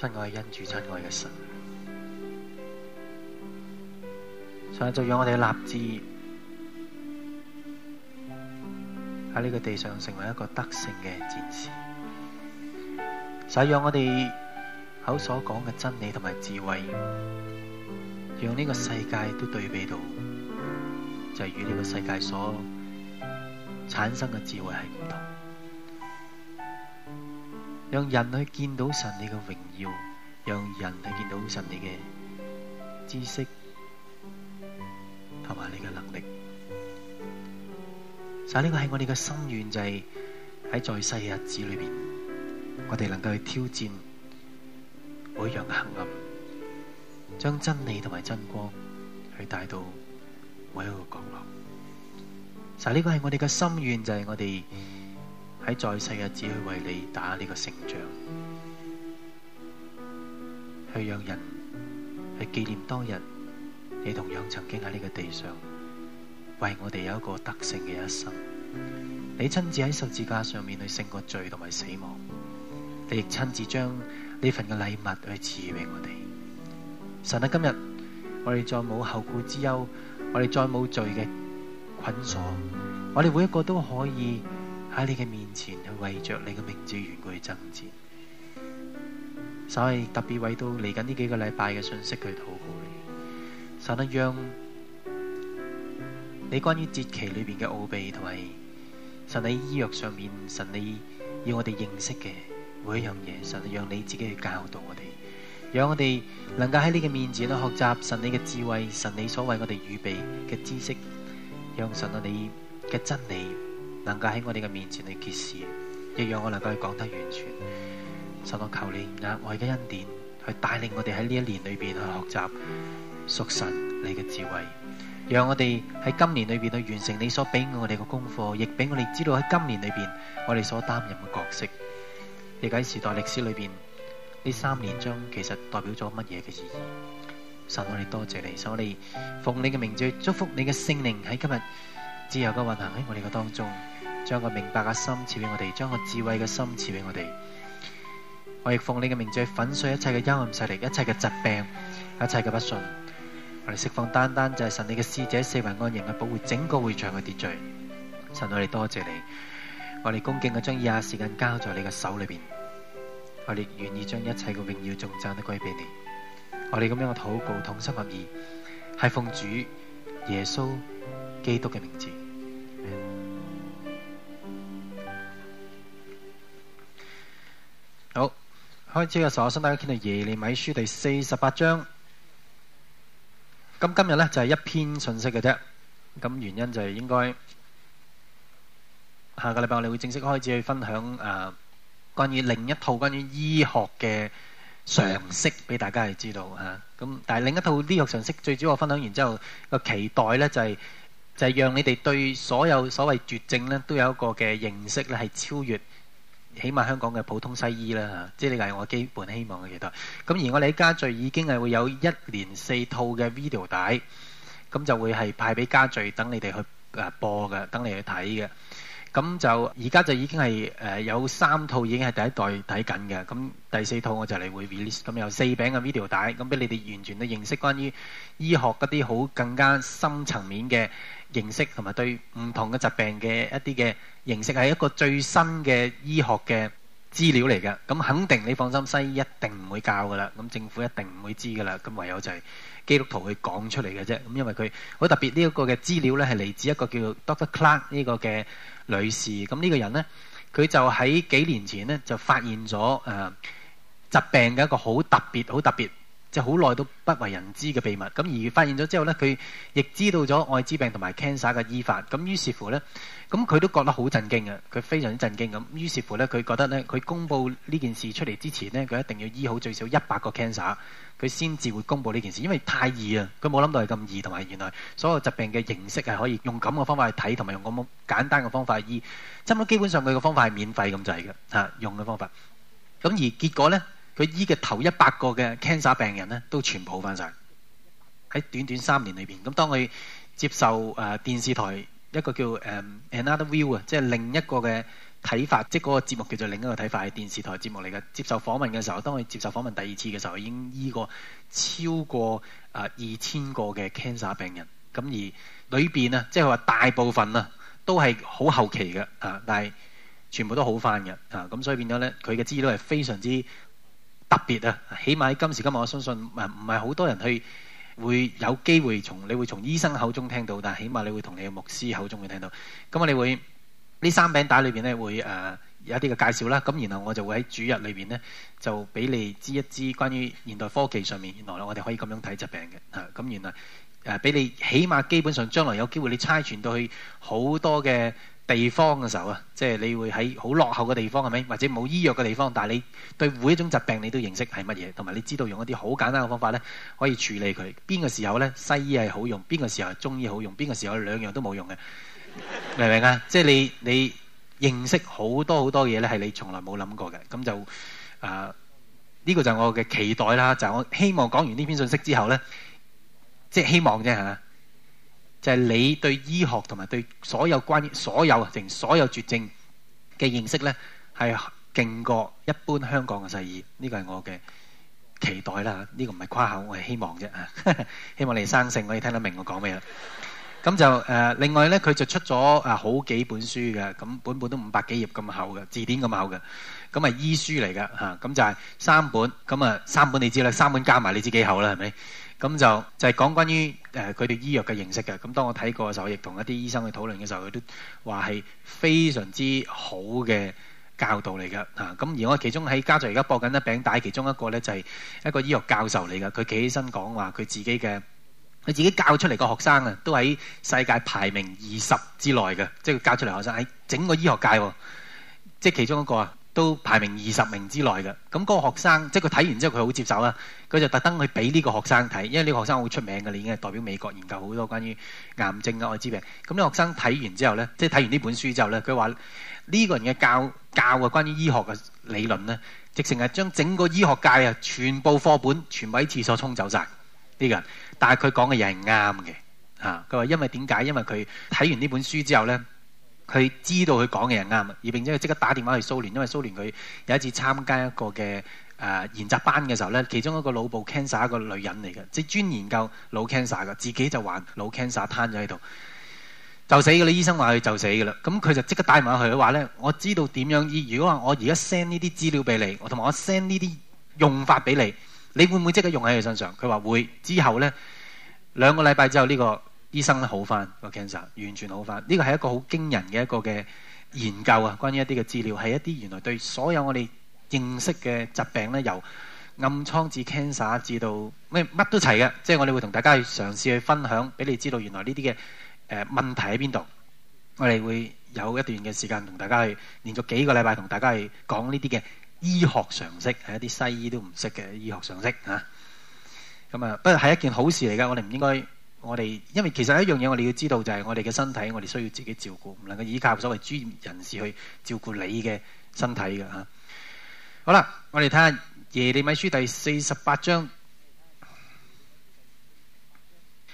親愛恩主，親愛嘅神，所以就讓我哋立志喺呢個地上成為一個得勝嘅戰士，使讓我哋口所講嘅真理同埋智慧，讓呢個世界都對比到，就係與呢個世界所產生嘅智慧係唔同。讓人去見到神你嘅榮耀，讓人去見到神你嘅知識同埋你嘅能力。就呢個係我哋嘅心願，就係、是、喺在，在世嘅日子裏邊，我哋能夠去挑戰每一樣黑暗，將真理同埋真光去帶到每一個角落。就呢個係我哋嘅心願，就係、是、我哋。喺在，在世日子去為你打呢個勝仗，去讓人去紀念當日，你同樣曾經喺呢個地上為我哋有一個得勝嘅一生。你親自喺十字架上面去勝過罪同埋死亡，你亦親自將呢份嘅禮物去賜予俾我哋。神啊，今日我哋再冇後顧之憂，我哋再冇罪嘅捆鎖，我哋每一個都可以。喺你嘅面前去為着你嘅名字、緣故去爭戰，所以特別為到嚟緊呢幾個禮拜嘅信息去討好你。神啊，讓你關於節期裏邊嘅奧秘同埋神你醫藥上面，神你要我哋認識嘅每一樣嘢，神啊，讓你自己去教導我哋，讓我哋能夠喺你嘅面前去學習神，神你嘅智慧，神你所為我哋預備嘅知識，讓神啊你嘅真理。能夠喺我哋嘅面前去揭示，亦讓我能夠去講得完全。神，我求你接納我而家恩典，去帶領我哋喺呢一年裏邊去學習屬神你嘅智慧，讓我哋喺今年裏邊去完成你所俾我哋嘅功課，亦俾我哋知道喺今年裏邊我哋所擔任嘅角色。亦喺時代歷史裏邊呢三年中，其實代表咗乜嘢嘅意義？神，我哋多謝你，所以我哋奉你嘅名字祝福你嘅聖靈喺今日自由嘅運行喺我哋嘅當中。將個明白嘅心賜俾我哋，將個智慧嘅心賜俾我哋。我亦奉你嘅名字粉碎一切嘅幽暗勢力，一切嘅疾病，一切嘅不信。我哋釋放單單就係神，你嘅使者四圍安營去保護整個會場嘅秩序。神，我哋多謝你。我哋恭敬嘅將以下時間交在你嘅手裏邊。我哋願意將一切嘅榮耀頌讚都歸俾你。我哋咁樣嘅禱告同心合意，係奉主耶穌基督嘅名字。開始嘅時候，我想大家睇到耶利米書第四十八章。咁今日咧就係一篇信息嘅啫。咁原因就係應該下個禮拜我哋會正式開始去分享誒，關於另一套關於醫學嘅常識俾大家係知道嚇。咁但係另一套醫學常識，最主要我分享完之後個期待咧就係就係讓你哋對所有所謂絕症咧都有一個嘅認識咧係超越，起碼香港嘅普通西醫啦，嚇，即係你係我基本希望嘅期待。咁而我哋喺家具已經係會有一連四套嘅 video 帶，咁就會係派俾家具等你哋去誒播嘅，等你去睇嘅。咁就而家就已經係誒、呃、有三套已經係第一代睇緊嘅，咁第四套我就嚟會 release。咁有四餅嘅 video 帶，咁俾你哋完全都認識關於醫學嗰啲好更加深層面嘅。認識同埋對唔同嘅疾病嘅一啲嘅認識係一個最新嘅醫學嘅資料嚟嘅，咁肯定你放心，西醫一定唔會教噶啦，咁政府一定唔會知噶啦，咁唯有就係基督徒去講出嚟嘅啫。咁因為佢好特別呢一個嘅資料呢，係嚟自一個叫 Dr. Clark 呢個嘅女士。咁呢個人呢，佢就喺幾年前呢，就發現咗誒、呃、疾病嘅一個好特別、好特別。即好耐都不為人知嘅秘密，咁而發現咗之後呢，佢亦知道咗愛滋病同埋 cancer 嘅醫法，咁於是乎呢，咁佢都覺得好震驚啊，佢非常震驚。咁於是乎呢，佢覺得呢，佢公佈呢件事出嚟之前呢，佢一定要醫好最少一百個 cancer，佢先至會公佈呢件事，因為太易啊，佢冇諗到係咁易，同埋原來所有疾病嘅形式係可以用咁嘅方法去睇，同埋用咁簡單嘅方法嚟醫，差唔多基本上佢嘅方法係免費咁滯嘅嚇，用嘅方法。咁而結果呢。佢醫嘅頭一百個嘅 cancer 病人咧，都全部好翻晒，喺短短三年裏邊。咁當佢接受誒、呃、電視台一個叫誒、um, Another View 啊，即係另一個嘅睇法，即係嗰個節目叫做另一個睇法，係電視台節目嚟嘅。接受訪問嘅時候，當佢接受訪問第二次嘅時候，已經醫過超過誒、呃、二千個嘅 cancer 病人咁，而裏邊啊，即係話大部分啊都係好後期嘅啊，但係全部都好翻嘅啊。咁所以變咗咧，佢嘅資料係非常之。特別啊，起碼今時今日，我相信唔唔係好多人去會有機會從你會從醫生口中聽到，但係起碼你會同你嘅牧師口中會聽到。咁我哋會三帶裡呢三餅帶裏邊咧會誒、呃、有一啲嘅介紹啦。咁、嗯、然後我就會喺主日裏邊咧就俾你知一知關於現代科技上面原來我哋可以咁樣睇疾病嘅嚇。咁、嗯、原來誒俾、呃、你起碼基本上將來有機會你差傳到去好多嘅。地方嘅時候啊，即係你會喺好落後嘅地方係咪？或者冇醫藥嘅地方，但係你對每一種疾病你都認識係乜嘢，同埋你知道用一啲好簡單嘅方法呢，可以處理佢。邊個時候呢？西醫係好用？邊個時候中醫好用？邊個時候兩樣都冇用嘅？ 明唔明啊？即係你你認識好多好多嘢呢，係你從來冇諗過嘅。咁就啊，呢個就我嘅期待啦。就係我希望講完呢篇信息之後呢，即係希望啫嚇。係就係你對醫學同埋對所有關於所有症、所有絕症嘅認識咧，係勁過一般香港嘅世業。呢個係我嘅期待啦。呢個唔係誇口，我係希望啫。希望你哋生性可以聽得明我講咩啦。咁就誒，另外咧，佢就出咗啊好幾本書嘅，咁本本都五百幾頁咁厚嘅，字典咁厚嘅，咁係醫書嚟㗎吓。咁就係三本，咁啊三本你知啦，三本加埋你知幾厚啦，係咪？咁就就係、是、講關於誒佢哋醫藥嘅認識嘅。咁當我睇過嘅時候，亦同一啲醫生去討論嘅時候，佢都話係非常之好嘅教導嚟嘅。吓、啊，咁而我其中喺家族而家播緊一餅帶其中一個咧就係、是、一個醫學教授嚟嘅。佢企起身講話佢自己嘅，佢自己教出嚟嘅學生啊，都喺世界排名二十之內嘅，即係佢教出嚟學生喺整個醫學界、啊，即係其中一個啊。都排名二十名之內嘅，咁嗰個學生即係佢睇完之後佢好接受啦，佢就特登去俾呢個學生睇，因為呢個學生好出名嘅，你已經係代表美國研究好多關於癌症嘅愛滋病。咁呢學生睇完之後呢，即係睇完呢本書之後呢，佢話呢個人嘅教教嘅關於醫學嘅理論呢，直情係將整個醫學界啊，全部課本全部喺廁所沖走晒。呢個人，但係佢講嘅嘢係啱嘅嚇。佢話因為點解？因為佢睇完呢本書之後呢。佢知道佢講嘅嘢啱，而並且佢即刻打電話去蘇聯，因為蘇聯佢有一次參加一個嘅誒、呃、研習班嘅時候咧，其中一個腦部 cancer，一個女人嚟嘅，即專研究腦 cancer 嘅，自己就患腦 cancer 癱咗喺度，就死嘅你醫生話佢就死嘅啦。咁佢就即刻打電話去，佢話咧，我知道點樣醫。如果話我而家 send 呢啲資料俾你，我同埋我 send 呢啲用法俾你，你會唔會即刻用喺佢身上？佢話會。之後咧兩個禮拜之後呢、這個。醫生咧，好返個 cancer 完全好返，呢個係一個好驚人嘅一個嘅研究啊！關於一啲嘅資料係一啲原來對所有我哋認識嘅疾病咧，由暗瘡至 cancer 至到咩乜都齊嘅，即係我哋會同大家去嘗試去分享，俾你知道原來呢啲嘅誒問題喺邊度。我哋會有一段嘅時間同大家去連續幾個禮拜同大家去講呢啲嘅醫學常識係一啲西醫都唔識嘅醫學常識嚇。咁啊，不過係一件好事嚟噶，我哋唔應該。我哋，因為其實一樣嘢我哋要知道，就係我哋嘅身體，我哋需要自己照顧，唔能夠依靠所謂專業人士去照顧你嘅身體嘅吓、啊。好啦，我哋睇下耶利米書第四十八章。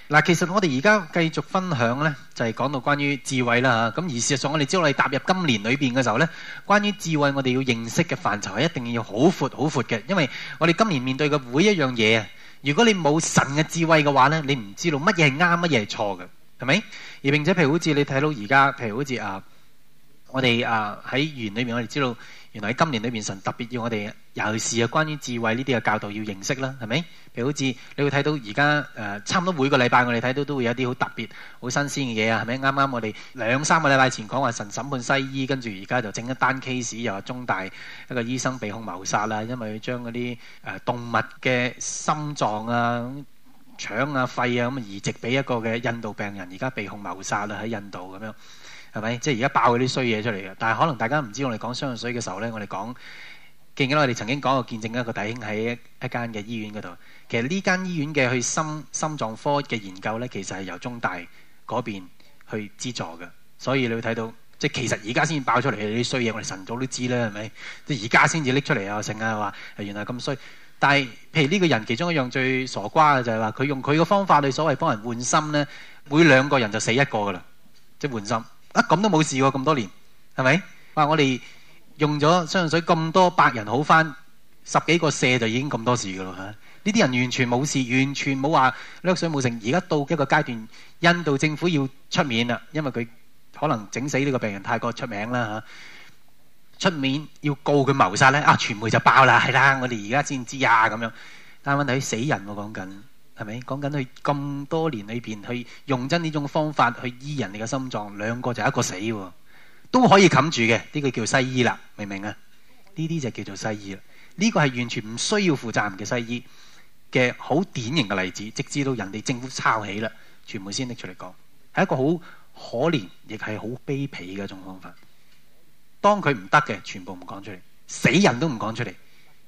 嗱、啊，其實我哋而家繼續分享呢，就係、是、講到關於智慧啦吓。咁、啊、而事實上，我哋只要我哋踏入今年裏邊嘅時候呢，關於智慧，我哋要認識嘅範疇係一定要好闊好闊嘅，因為我哋今年面對嘅每一樣嘢啊。如果你冇神嘅智慧嘅話咧，你唔知道乜嘢係啱，乜嘢係錯嘅，係咪？而並且譬如好似你睇到而家，譬如好似啊，我哋啊喺園裏面，我哋知道。原來喺今年裏邊，神特別要我哋尤其是啊，關於智慧呢啲嘅教導要認識啦，係咪？譬如好似你會睇到而家誒，差唔多每個禮拜我哋睇到都會有啲好特別、好新鮮嘅嘢啊，係咪？啱啱我哋兩三個禮拜前講話神審判西醫，跟住而家就整一單 case，又話中大一個醫生被控謀殺啦，因為佢將嗰啲誒動物嘅心臟啊、腸啊、肺啊咁移植俾一個嘅印度病人，而家被控謀殺啦，喺印度咁樣。係咪？即係而家爆嗰啲衰嘢出嚟嘅。但係可能大家唔知我哋講雙氧水嘅時候呢，我哋講記緊啦。我哋曾經講過見證一個弟兄喺一間嘅醫院嗰度。其實呢間醫院嘅去心心臟科嘅研究呢，其實係由中大嗰邊去資助嘅。所以你會睇到，即係其實而家先爆出嚟啲衰嘢，我哋神早都知啦，係咪？即係而家先至拎出嚟啊！成日話，原來咁衰。但係譬如呢個人其中一樣最傻瓜嘅就係話，佢用佢嘅方法去所謂幫人換心呢，每兩個人就死一個㗎啦，即係換心。啊咁都冇事喎，咁多年，係咪？話、啊、我哋用咗雙氧水咁多百人好返，十幾個社就已經咁多事噶啦嚇。呢、啊、啲人完全冇事，完全冇話甩水冇成。而家到一個階段，印度政府要出面啦，因為佢可能整死呢個病人太過出名啦嚇、啊。出面要告佢謀殺咧，啊，傳媒就爆啦，係啦，我哋而家先知呀咁、啊、樣。但問題啲死人喎講緊。係咪講緊佢咁多年裏邊去用真呢種方法去醫人哋嘅心臟？兩個就一個死喎，都可以冚住嘅。呢個叫西醫啦，明唔明啊？呢啲就叫做西醫啦。呢個係完全唔需要負責任嘅西醫嘅好典型嘅例子。直至到人哋政府抄起啦，全部先拎出嚟講，係一個好可憐，亦係好卑鄙嘅一種方法。當佢唔得嘅，全部唔講出嚟；死人都唔講出嚟。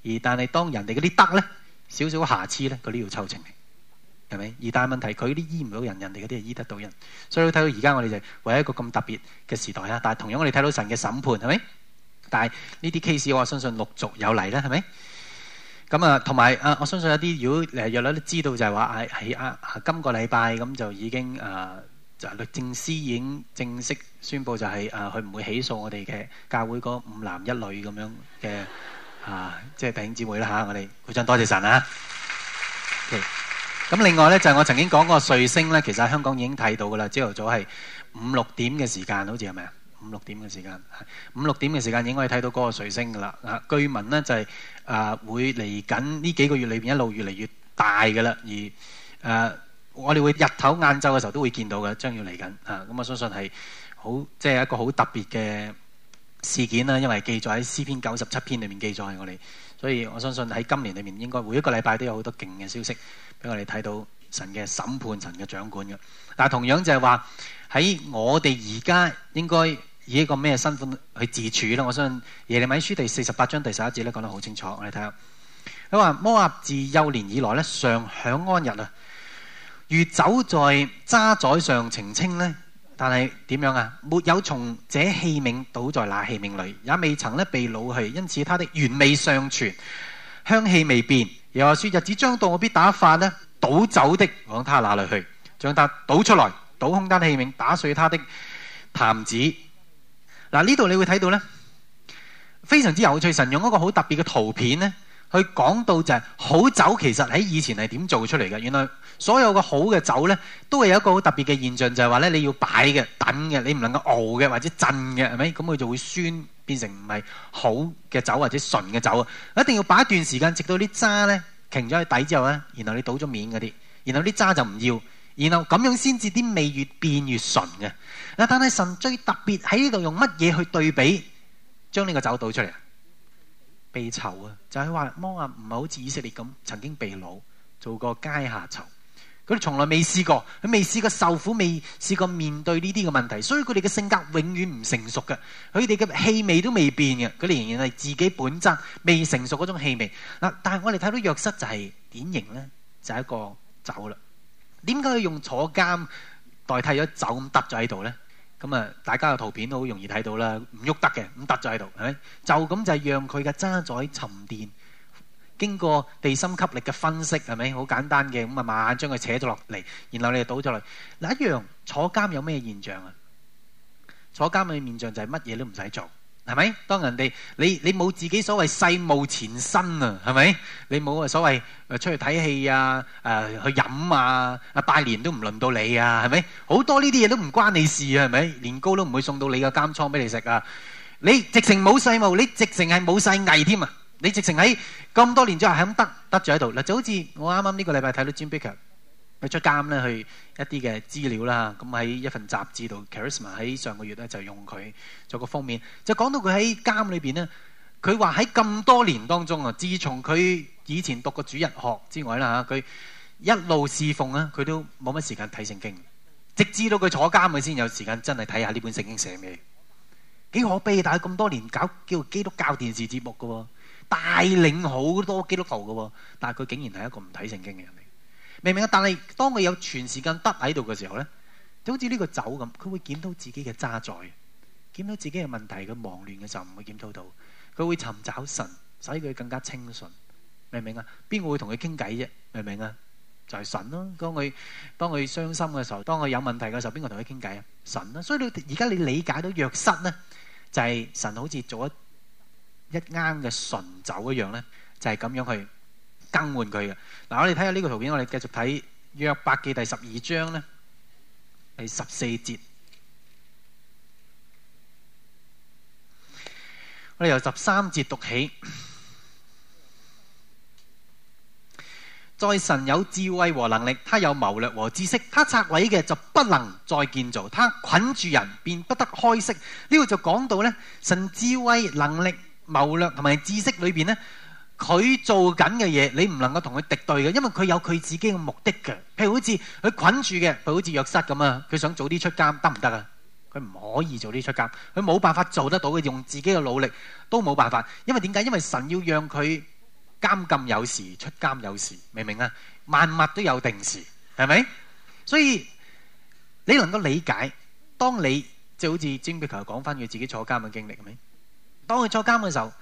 而但係當人哋嗰啲得呢，少少瑕疵呢，佢都要抽秤。係咪？而但係問題，佢啲醫唔到人，人哋嗰啲係醫得到人。所以睇到而家我哋就為一個咁特別嘅時代啊！但係同樣我哋睇到神嘅審判，係咪？但係呢啲 case，我相信陸續有嚟啦，係咪？咁啊，同埋啊，我相信有啲如果誒若然都知道，就係話係啊，今個禮拜咁就已經啊、uh, 就律政司已經正式宣布、就是，就係啊佢唔會起訴我哋嘅教會嗰五男一女咁樣嘅啊，即係弟兄姊妹啦嚇，我哋嗰張多謝神啊！Okay. 咁另外呢，就係、是、我曾經講過彗星呢，其實喺香港已經睇到噶啦。朝頭早係五六點嘅時間，好似係咪啊？五六點嘅時間，五六點嘅時間已經可以睇到嗰個彗星噶啦。啊，據聞呢，就係、是、啊、呃、會嚟緊呢幾個月裏邊一路越嚟越大噶啦。而誒、呃、我哋會日頭晏晝嘅時候都會見到嘅，將要嚟緊啊。咁、嗯、我相信係好即係一個好特別嘅事件啦，因為記載喺《詩篇》九十七篇裏面記載喺我哋。所以我相信喺今年裏面應該每一個禮拜都有好多勁嘅消息俾我哋睇到神嘅審判、神嘅掌管嘅。但同樣就係話喺我哋而家應該以一個咩身份去自處咧？我相信耶利米書第四十八章第十一節咧講得好清楚，我哋睇下佢話摩押自幼年以來咧，常享安逸啊，如酒在渣滓上澄清呢。但係點樣啊？沒有從這器皿倒在那器皿裏，也未曾咧被擄去，因此它的原味尚存，香氣未變。又話説日子將到，我必打發咧倒酒的往他那裏去，將它倒出來，倒空間器皿，打碎他的壇子。嗱呢度你會睇到呢，非常之有趣。神用一個好特別嘅圖片咧。佢講到就係、是、好酒，其實喺以前係點做出嚟嘅？原來所有嘅好嘅酒呢，都會有一個好特別嘅現象，就係話呢，你要擺嘅、等嘅，你唔能夠熬嘅或者震嘅，係咪？咁佢就會酸，變成唔係好嘅酒或者純嘅酒啊！一定要擺一段時間，直到啲渣呢停咗喺底之後呢，然後你倒咗面嗰啲，然後啲渣就唔要，然後咁樣先至啲味越變越純嘅。但係神最特別喺呢度，用乜嘢去對比將呢個酒倒出嚟啊？被囚啊，就係話摩押唔係好似以色列咁曾經被擄，做過階下囚，佢哋從來未試過，佢未試過受苦，未試過面對呢啲嘅問題，所以佢哋嘅性格永遠唔成熟嘅，佢哋嘅氣味都未變嘅，佢哋仍然係自己本質未成熟嗰種氣味嗱。但係我哋睇到約瑟就係、是、典型咧，就係、是、一個酒啦。點解佢用坐監代替咗酒咁搭咗喺度咧？咁啊，大家個圖片都好容易睇到啦，唔喐得嘅，咁突咗度，係咪？就咁就係讓佢嘅渣滓沉澱，經過地心吸力嘅分析，係咪？好簡單嘅，咁啊，慢慢將佢扯咗落嚟，然後你就倒咗落嚟。嗱，一樣，坐監有咩現象啊？坐監嘅現象就係乜嘢都唔使做。係咪？當人哋你你冇自己所謂世務纏身啊？係咪？你冇啊所謂出去睇戲啊？誒去飲啊？啊拜年都唔輪到你啊？係咪？好多呢啲嘢都唔關你事啊？係咪？年糕都唔會送到你個監倉俾你食啊！你直情冇世務，你直情係冇世藝添啊！你直情喺咁多年之後係咁得得咗喺度嗱，就好似我啱啱呢個禮拜睇到詹培強。去出監咧，去一啲嘅資料啦。咁喺一份雜誌度，Charisma 喺上個月咧就用佢做個封面。就講到佢喺監裏邊咧，佢話喺咁多年當中啊，自從佢以前讀過主日學之外啦嚇，佢一路侍奉啊，佢都冇乜時間睇聖經。直至到佢坐監，佢先有時間真係睇下呢本聖經寫咩。幾可悲！但係咁多年搞叫基督教電視節目㗎喎，帶領好多基督徒㗎喎，但係佢竟然係一個唔睇聖經嘅人。明唔明啊？但係當佢有全時間得喺度嘅時候咧，就好似呢個酒咁，佢會檢討自己嘅渣滓，檢討自己嘅問題，佢忙亂嘅時候唔會檢討到。佢會尋找神，使佢更加清純。明唔明，就是，啊？邊個會同佢傾偈啫？明唔明啊？就係神咯。當佢當佢傷心嘅時候，當佢有問題嘅時候，邊個同佢傾偈啊？神啦，啊。所以你而家你理解到約瑟咧，就係，是，神好似做一一啱嘅純酒一樣咧，就係，是，咁樣去。更換佢嘅。嗱，我哋睇下呢個圖片，我哋繼續睇約伯記第十二章咧，第十四節，我哋由十三節讀起， 在神有智慧和能力，他有謀略和知識，他拆毀嘅就不能再建造，他捆住人便不得開釋。呢、這個就講到咧，神智慧、能力、謀略同埋知識裏邊呢。佢做緊嘅嘢，你唔能夠同佢敵對嘅，因為佢有佢自己嘅目的嘅。譬如好似佢捆住嘅，佢好似約瑟咁啊，佢想早啲出監得唔得啊？佢唔可以早啲出監，佢冇辦法做得到嘅，用自己嘅努力都冇辦法。因為點解？因為神要讓佢監禁有時，出監有時，明唔明啊？萬物都有定時，係咪？所以你能夠理解，當你就好似詹碧球講翻佢自己坐監嘅經歷係咪？當佢坐監嘅時候。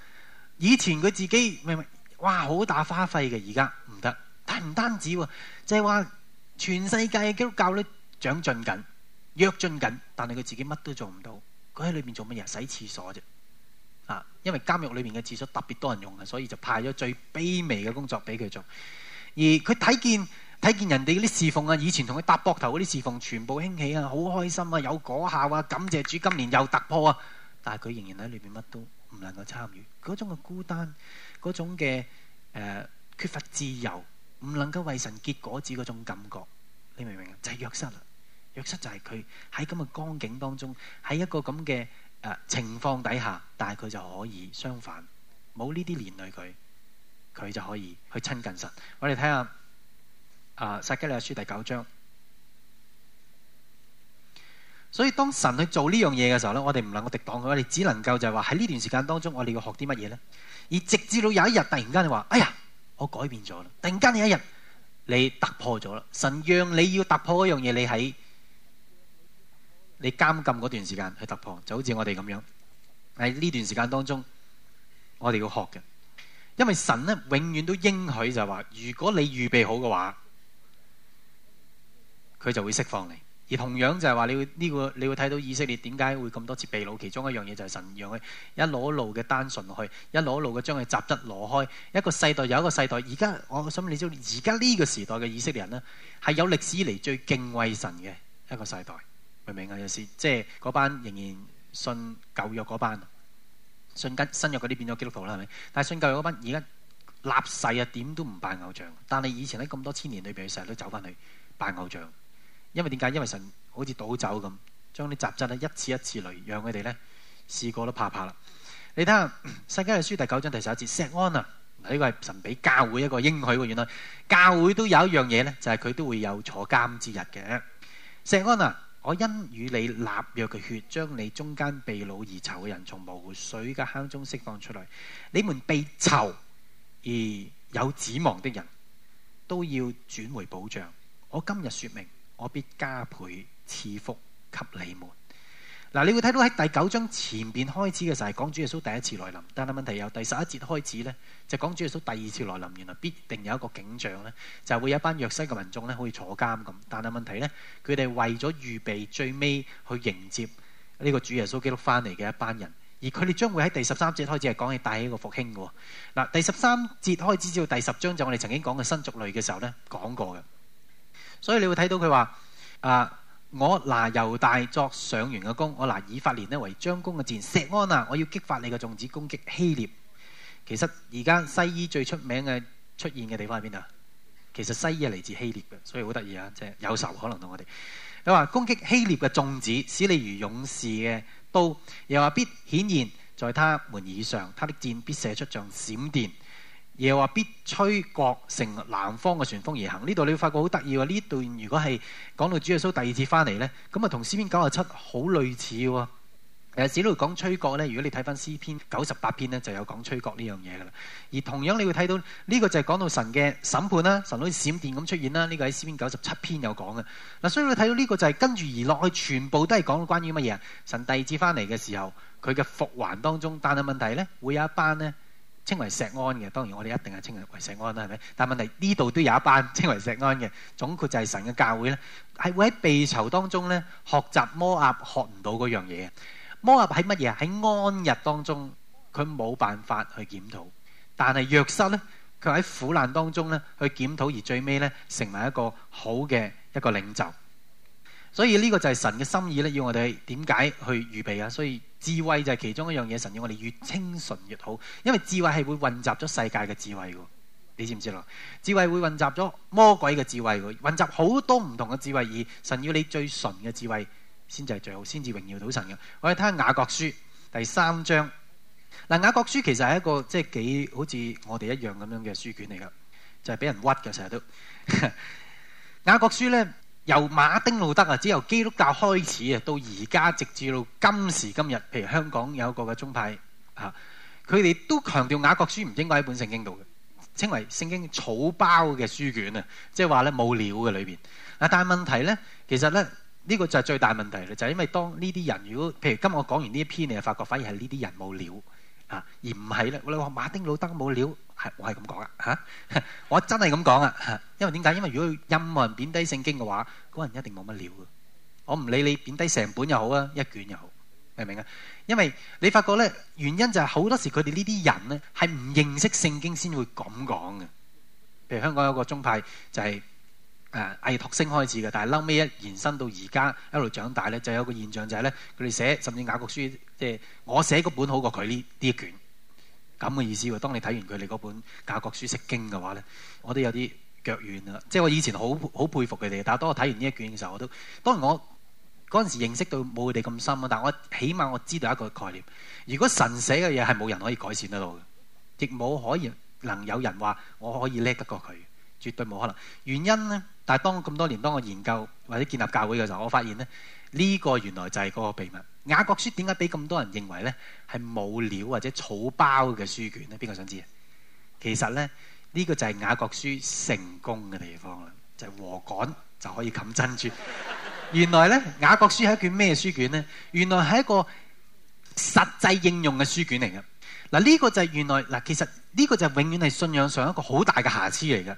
以前佢自己，唔係哇好大花費嘅，而家唔得。但唔單止喎，就係話全世界基督教都長進緊、躍進緊，但係佢自己乜都做唔到。佢喺裏面做乜嘢？洗廁所啫。啊，因為監獄裏面嘅廁所特別多人用啊，所以就派咗最卑微嘅工作俾佢做。而佢睇見睇見人哋啲侍奉啊，以前同佢搭膊頭嗰啲侍奉全部興起啊，好開心啊，有果效啊，感謝主，今年又突破啊。但係佢仍然喺裏面乜都。唔能夠參與嗰種嘅孤單，嗰種嘅誒、呃、缺乏自由，唔能夠為神結果子嗰種感覺，你明唔明啊？就係約瑟啦，約瑟就係佢喺咁嘅光景當中，喺一個咁嘅誒情況底下，但係佢就可以相反，冇呢啲連累佢，佢就可以去親近神。我哋睇下啊，撒、呃、迦利亞書第九章。所以當神去做呢樣嘢嘅時候咧，我哋唔能夠抵擋佢，我哋只能夠就係話喺呢段時間當中，我哋要學啲乜嘢咧？而直至到有一日突然間就話：哎呀，我改變咗啦！突然間有一日，你突破咗啦。神讓你要突破嗰樣嘢，你喺你監禁嗰段時間去突破，就好似我哋咁樣。喺呢段時間當中，我哋要學嘅，因為神咧永遠都應許就係話：如果你預備好嘅話，佢就會釋放你。而同樣就係話，你會呢個你會睇到以色列點解會咁多次被擄？其中一樣嘢就係神讓佢一路一路嘅單純去，一路一路嘅將佢雜質攞開。一個世代有一個世代。而家我想問你知道，而家呢個時代嘅以色列人呢，係有歷史嚟最敬畏神嘅一個世代，明唔明啊？有時即係嗰班仍然信舊約嗰班，信新新約嗰啲變咗基督徒啦，係咪？但係信舊約嗰班而家立誓啊，點都唔扮偶像。但係以前喺咁多千年裏邊，佢成日都走翻去扮偶像。因為點解？因為神好似倒酒咁，將啲雜質咧一次一次嚟，讓佢哋咧試過都怕怕啦。你睇下《世聖經書》書第九章第十一節，錫安啊，呢、這個係神俾教會一個應許。原來教會都有一樣嘢咧，就係、是、佢都會有坐監之日嘅。錫安啊，我因與你立約嘅血，將你中間被擄而囚嘅人從無水嘅坑中釋放出來。你們被囚而有指望的人，都要轉回保障。我今日說明，我必加倍賜福給你們。嗱，你會睇到喺第九章前邊開始嘅時候係講主耶穌第一次來臨，但係問題由第十一節開始咧就講主耶穌第二次來臨。原來必定有一個景象咧就會有一班弱勢嘅民眾咧好似坐監咁，但係問題咧佢哋為咗預備最尾去迎接呢個主耶穌基督翻嚟嘅一班人，而佢哋將會喺第十三節開始係講起帶起一個復興嘅。嗱，第十三節開始至到第十章就我哋曾經講嘅新族類嘅時候咧講過嘅。所以你會睇到佢話：啊，我拿猶大作上弦嘅弓，我拿以法蓮咧為張弓嘅箭，錫安啊，我要激發你嘅眾子攻擊希臘。其實而家西醫最出名嘅出現嘅地方喺邊啊？其實西醫係嚟自希臘嘅，所以好得意啊！即係有仇可能同我哋。佢話攻擊希臘嘅眾子，使你如勇士嘅刀，又話必顯現在他們以上，他的箭必射出像閃電。又話必吹角乘南方嘅旋風而行，呢度你會發覺好得意喎！呢段如果係講到主耶穌第二次翻嚟呢，咁啊同詩篇九十七好類似喎。誒，至於講吹角呢，如果你睇翻詩篇九十八篇呢，就有講吹角呢樣嘢噶啦。而同樣你會睇到呢個就係講到神嘅審判啦，神好似閃電咁出現啦。呢個喺詩篇九十七篇有講嘅。嗱，所以你睇到呢個就係跟住而落去，全部都係講關於乜嘢？神第二次翻嚟嘅時候，佢嘅復還當中，但係問題呢，會有一班呢。稱為石安嘅，當然我哋一定係稱為為石安啦，係咪？但問題呢度都有一班稱為石安嘅，總括就係神嘅教會咧，係會喺被囚當中咧學習摩押學唔到嗰樣嘢。摩押喺乜嘢？喺安逸當中，佢冇辦法去檢討，但係約瑟咧，佢喺苦難當中咧去檢討，而最尾咧成為一個好嘅一個領袖。所以呢個就係神嘅心意咧，要我哋點解去預備啊？所以智慧就係其中一樣嘢，神要我哋越清純越好，因為智慧係會混雜咗世界嘅智慧噶，你知唔知咯？智慧會混雜咗魔鬼嘅智慧噶，混雜好多唔同嘅智慧，而神要你最純嘅智慧先至係最好，先至榮耀到神嘅。我哋睇下雅各書第三章，嗱，雅各書其實係一個即係幾好似我哋一樣咁樣嘅書卷嚟噶，就係、是、俾人屈嘅成日都。 雅各書咧。由馬丁路德啊，只由基督教開始啊，到而家直至到今時今日，譬如香港有一個嘅宗派啊，佢哋都強調雅各書唔應該喺本聖經度嘅，稱為聖經草包嘅書卷啊，即係話咧冇料嘅裏邊啊。但係問題咧，其實咧呢個就係最大問題咧，就係因為當呢啲人如果譬如今日我講完呢一篇，你就發覺反而係呢啲人冇料。啊！而唔係咧，我哋話馬丁路德冇料，係我係咁講啊。嚇。我真係咁講啊，因為點解？因為如果要任何人貶低聖經嘅話，嗰人一定冇乜料嘅。我唔理你貶低整本又好啊，一卷又好，明唔明啊？因為你發覺咧，原因就係好多時佢哋呢啲人咧係唔認識聖經先會咁講嘅。譬如香港有一個宗派就係、是。誒，托星升開始嘅，但係撈尾一延伸到而家一路長大咧，就有個現象就係、是、咧，佢哋寫甚至雅各書，即、就、係、是、我寫嗰本好過佢呢一卷咁嘅意思喎。當你睇完佢哋嗰本雅各書《釋經》嘅話咧，我都有啲腳軟啦。即係我以前好好佩服佢哋，但係當我睇完呢一卷嘅時候，我都當然我嗰陣時認識到冇佢哋咁深啊。但係我起碼我知道一個概念：如果神寫嘅嘢係冇人可以改善得到嘅，亦冇可以能有人話我可以叻得過佢。絕對冇可能。原因呢，但係當我咁多年當我研究或者建立教會嘅時候，我發現咧呢、這個原來就係嗰個秘密。雅各書點解俾咁多人認為呢係冇料或者草包嘅書卷咧？邊個想知啊？其實呢，呢、這個就係雅各書成功嘅地方啦，就係、是、和趕就可以冚珍珠。原來呢，雅各書係一卷咩書卷呢？原來係一個實際應用嘅書卷嚟嘅。嗱、這、呢個就係原來嗱其實呢個就係永遠係信仰上一個好大嘅瑕疵嚟嘅。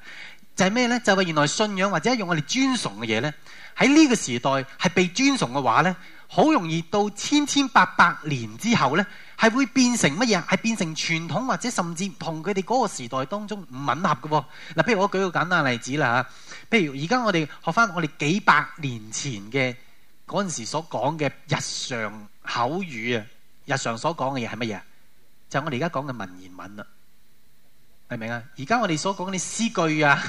就係咩呢？就係話，原來信仰或者用我哋尊崇嘅嘢呢。喺呢個時代係被尊崇嘅話呢，好容易到千千八百年之後呢，係會變成乜嘢？係變成傳統或者甚至同佢哋嗰個時代當中唔吻合嘅喎。嗱，譬如我舉個簡單例子啦嚇，譬如而家我哋學翻我哋幾百年前嘅嗰陣時所講嘅日常口語啊，日常所講嘅嘢係乜嘢？就係我哋而家講嘅文言文啊。明唔明啊？而家我哋所講啲詩句啊，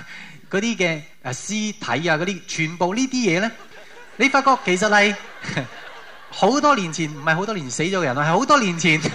嗰啲嘅誒屍體啊，嗰啲全部呢啲嘢咧，你發覺其實係好 多年前，唔係好多年死咗嘅人啊，係好多年前。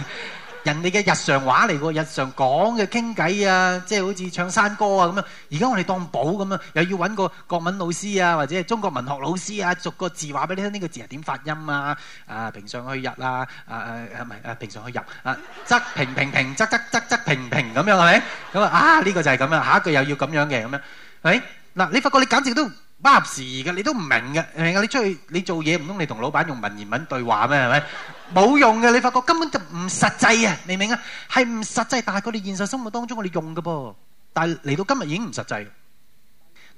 人哋嘅日常話嚟㗎，日常講嘅傾偈啊，即係好似唱山歌啊咁樣。而家我哋當寶咁樣，又要揾個國文老師啊，或者中國文學老師啊，逐個字話俾你聽，呢、這個字係點發音啊？啊，平上去日啊，啊啊啊，唔係啊，平上去入？啊，仄平平平，仄仄仄仄，側側側側平平咁樣係咪？咁啊啊，呢、這個就係咁樣，下一句又要咁樣嘅咁樣係咪？嗱，你發覺你簡直都～不合時宜嘅，你都唔明嘅，明啊！你出去你做嘢唔通你同老闆用文言文對話咩？係咪？冇用嘅，你發覺根本就唔實際啊！你明啊？係唔實際，但係佢哋現實生活當中我哋用嘅噃。但係嚟到今日已經唔實際。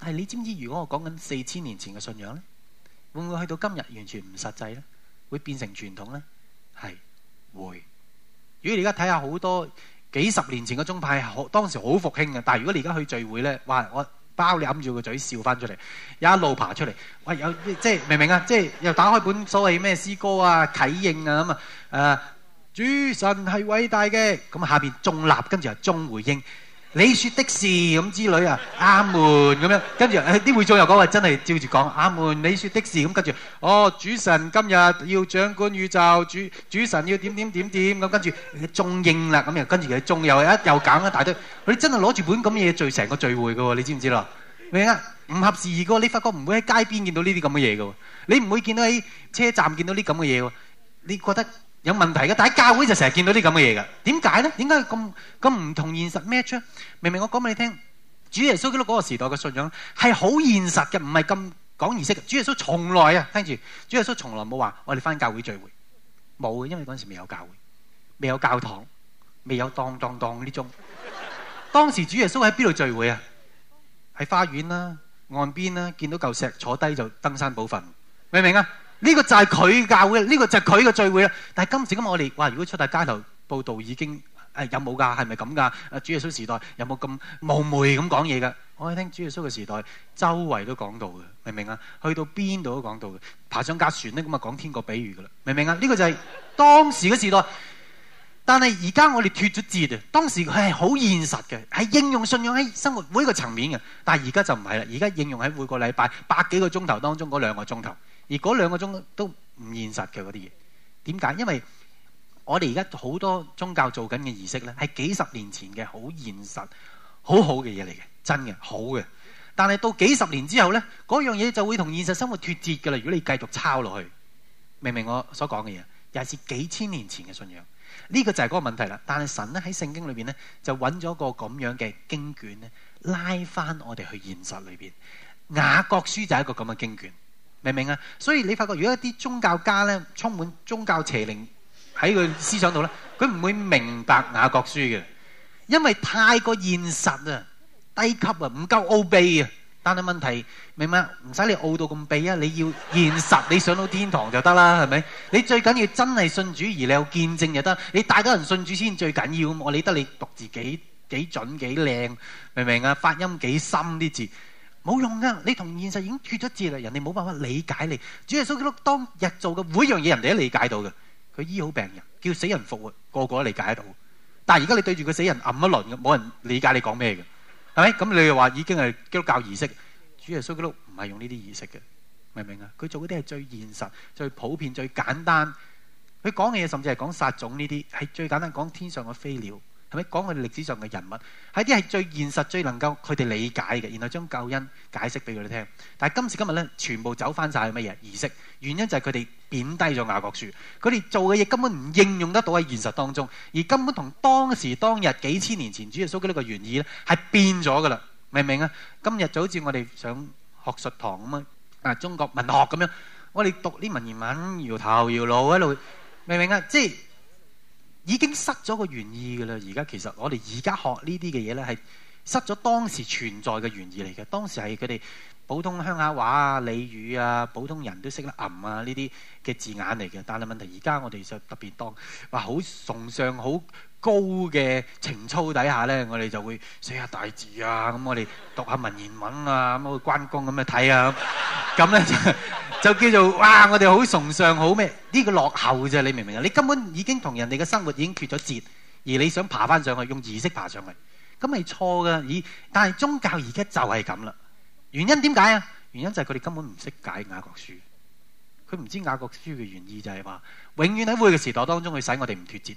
但係你知唔知如果我講緊四千年前嘅信仰咧，會唔會去到今日完全唔實際咧？會變成傳統咧？係會。如果你而家睇下好多幾十年前嘅宗派，好當時好復興嘅。但係如果你而家去聚會咧，話我。包你掩住個嘴笑翻出嚟，又一路爬出嚟。喂，有即係明唔明啊？即係又打開本所謂咩詩歌啊、啟應啊咁啊。誒、呃，主神係偉大嘅。咁下邊眾立，跟住又眾回應。你説的事咁之類啊，啱門咁樣，跟住啲會眾又講話真係照住講，啱門你説的事咁，跟住哦主神今日要掌管宇宙，主主神要點點點點咁，跟住仲應啦咁樣，跟住佢仲又一又搞一大堆，佢真係攞住本咁嘅嘢聚成個聚會㗎喎，你知唔知咯？明啊，唔合時宜㗎喎，你發覺唔會喺街邊見到呢啲咁嘅嘢㗎喎，你唔會見到喺車站見到呢咁嘅嘢喎，你覺得？有問題嘅，但係教會就成日見到啲咁嘅嘢嘅，點解咧？點解咁咁唔同現實 match 明明我講俾你聽，主耶穌喺嗰個時代嘅信仰係好現實嘅，唔係咁講儀式嘅。主耶穌從來啊，聽住，主耶穌從來冇話我哋返教會聚會，冇嘅，因為嗰陣時未有教會，未有教堂，未有當當當呢種。當時主耶穌喺邊度聚會啊？喺花園啦、啊，岸邊啦、啊，見到嚿石坐低就登山寶訓，明唔明啊？呢個就係佢教嘅，呢、呢個就係佢嘅聚會啦。但係今時今日我哋，哇！如果出大街頭報道已經誒、哎、有冇㗎？係咪咁㗎？啊，主耶穌時代有冇咁冒昧咁講嘢嘅？我哋聽主耶穌嘅時代，周圍都講到嘅，明唔明啊？去到邊度都講到嘅，爬上架船咧，咁啊講天國比喻㗎啦，明唔明啊？呢、呢個就係當時嘅時代，但係而家我哋脫咗節啊。當時佢係好現實嘅，係應用信仰喺生活每一個層面嘅，但係而家就唔係啦。而家應用喺每個禮拜百幾個鐘頭當中嗰兩個鐘頭。而嗰兩個鐘都唔現實嘅嗰啲嘢，點解？因為我哋而家好多宗教做緊嘅儀式呢，係幾十年前嘅好現實、好好嘅嘢嚟嘅，真嘅好嘅。但係到幾十年之後呢，嗰樣嘢就會同現實生活脱節噶啦。如果你繼續抄落去，明唔明我所講嘅嘢？又係幾千年前嘅信仰，呢、呢個就係嗰個問題啦。但係神咧喺聖經裏邊呢，就揾咗個咁樣嘅經卷呢，拉翻我哋去現實裏邊。雅各書就係一個咁嘅經卷。明唔明啊？所以你發覺，如果一啲宗教家咧充滿宗教邪靈喺佢思想度咧，佢唔會明白雅各書嘅，因為太過現實啊，低級啊，唔夠奧秘啊。但係問題，明唔明啊？唔使你奧到咁秘啊，你要現實，你上到天堂就得啦，係咪？你最緊要真係信主，而你有見證就得，你大家人信主先最緊要。我理得你讀字幾幾準幾靚，明唔明啊？發音幾深啲字。冇用噶，你同現實已經脫咗節啦，人哋冇辦法理解你。主耶穌基督當日做嘅每樣嘢，人哋都理解到嘅。佢醫好病人，叫死人復活，個個都理解得到。但係而家你對住個死人暗一輪，冇人理解你講咩嘅，係咪？咁你又話已經係基督教儀式？主耶穌基督唔係用呢啲儀式嘅，明唔明啊？佢做嗰啲係最現實、最普遍、最簡單。佢講嘅嘢甚至係講撒種呢啲，係最簡單講天上嘅飛鳥。係咪講佢哋歷史上嘅人物？係啲係最現實、最能夠佢哋理解嘅，然後將救恩解釋俾佢哋聽。但係今時今日咧，全部走翻曬係乜嘢？儀式原因就係佢哋貶低咗雅歌書，佢哋做嘅嘢根本唔應用得到喺現實當中，而根本同當時當日幾千年前主耶穌講呢個原意咧，係變咗噶啦，明唔明啊？今日就好似我哋上學術堂咁啊，中國文學咁樣，我哋讀啲文言文，搖頭搖腦喺度，明唔明啊？即係。已經失咗個原意㗎喇！而家其實我哋而家學呢啲嘅嘢呢，係失咗當時存在嘅原意嚟嘅。當時係佢哋普通鄉下話啊、俚語啊、普通人都識得吟啊呢啲嘅字眼嚟嘅。但係問題而家我哋就特別多，話好崇尚好高嘅情操底下呢，我哋就會寫下大字啊，咁我哋讀下文言文啊，咁去關公咁去睇啊，咁呢就，就叫做哇！我哋好崇尚好咩？呢、這個落後嘅啫，你明唔明啊？你根本已經同人哋嘅生活已經脫咗節，而你想爬翻上去用意識爬上去，咁係錯嘅。而但係宗教而家就係咁啦，原因點解啊？原因就係佢哋根本唔識解雅各書，佢唔知雅各書嘅原意就係、是、話永遠喺每個時代當中去使我哋唔脫節。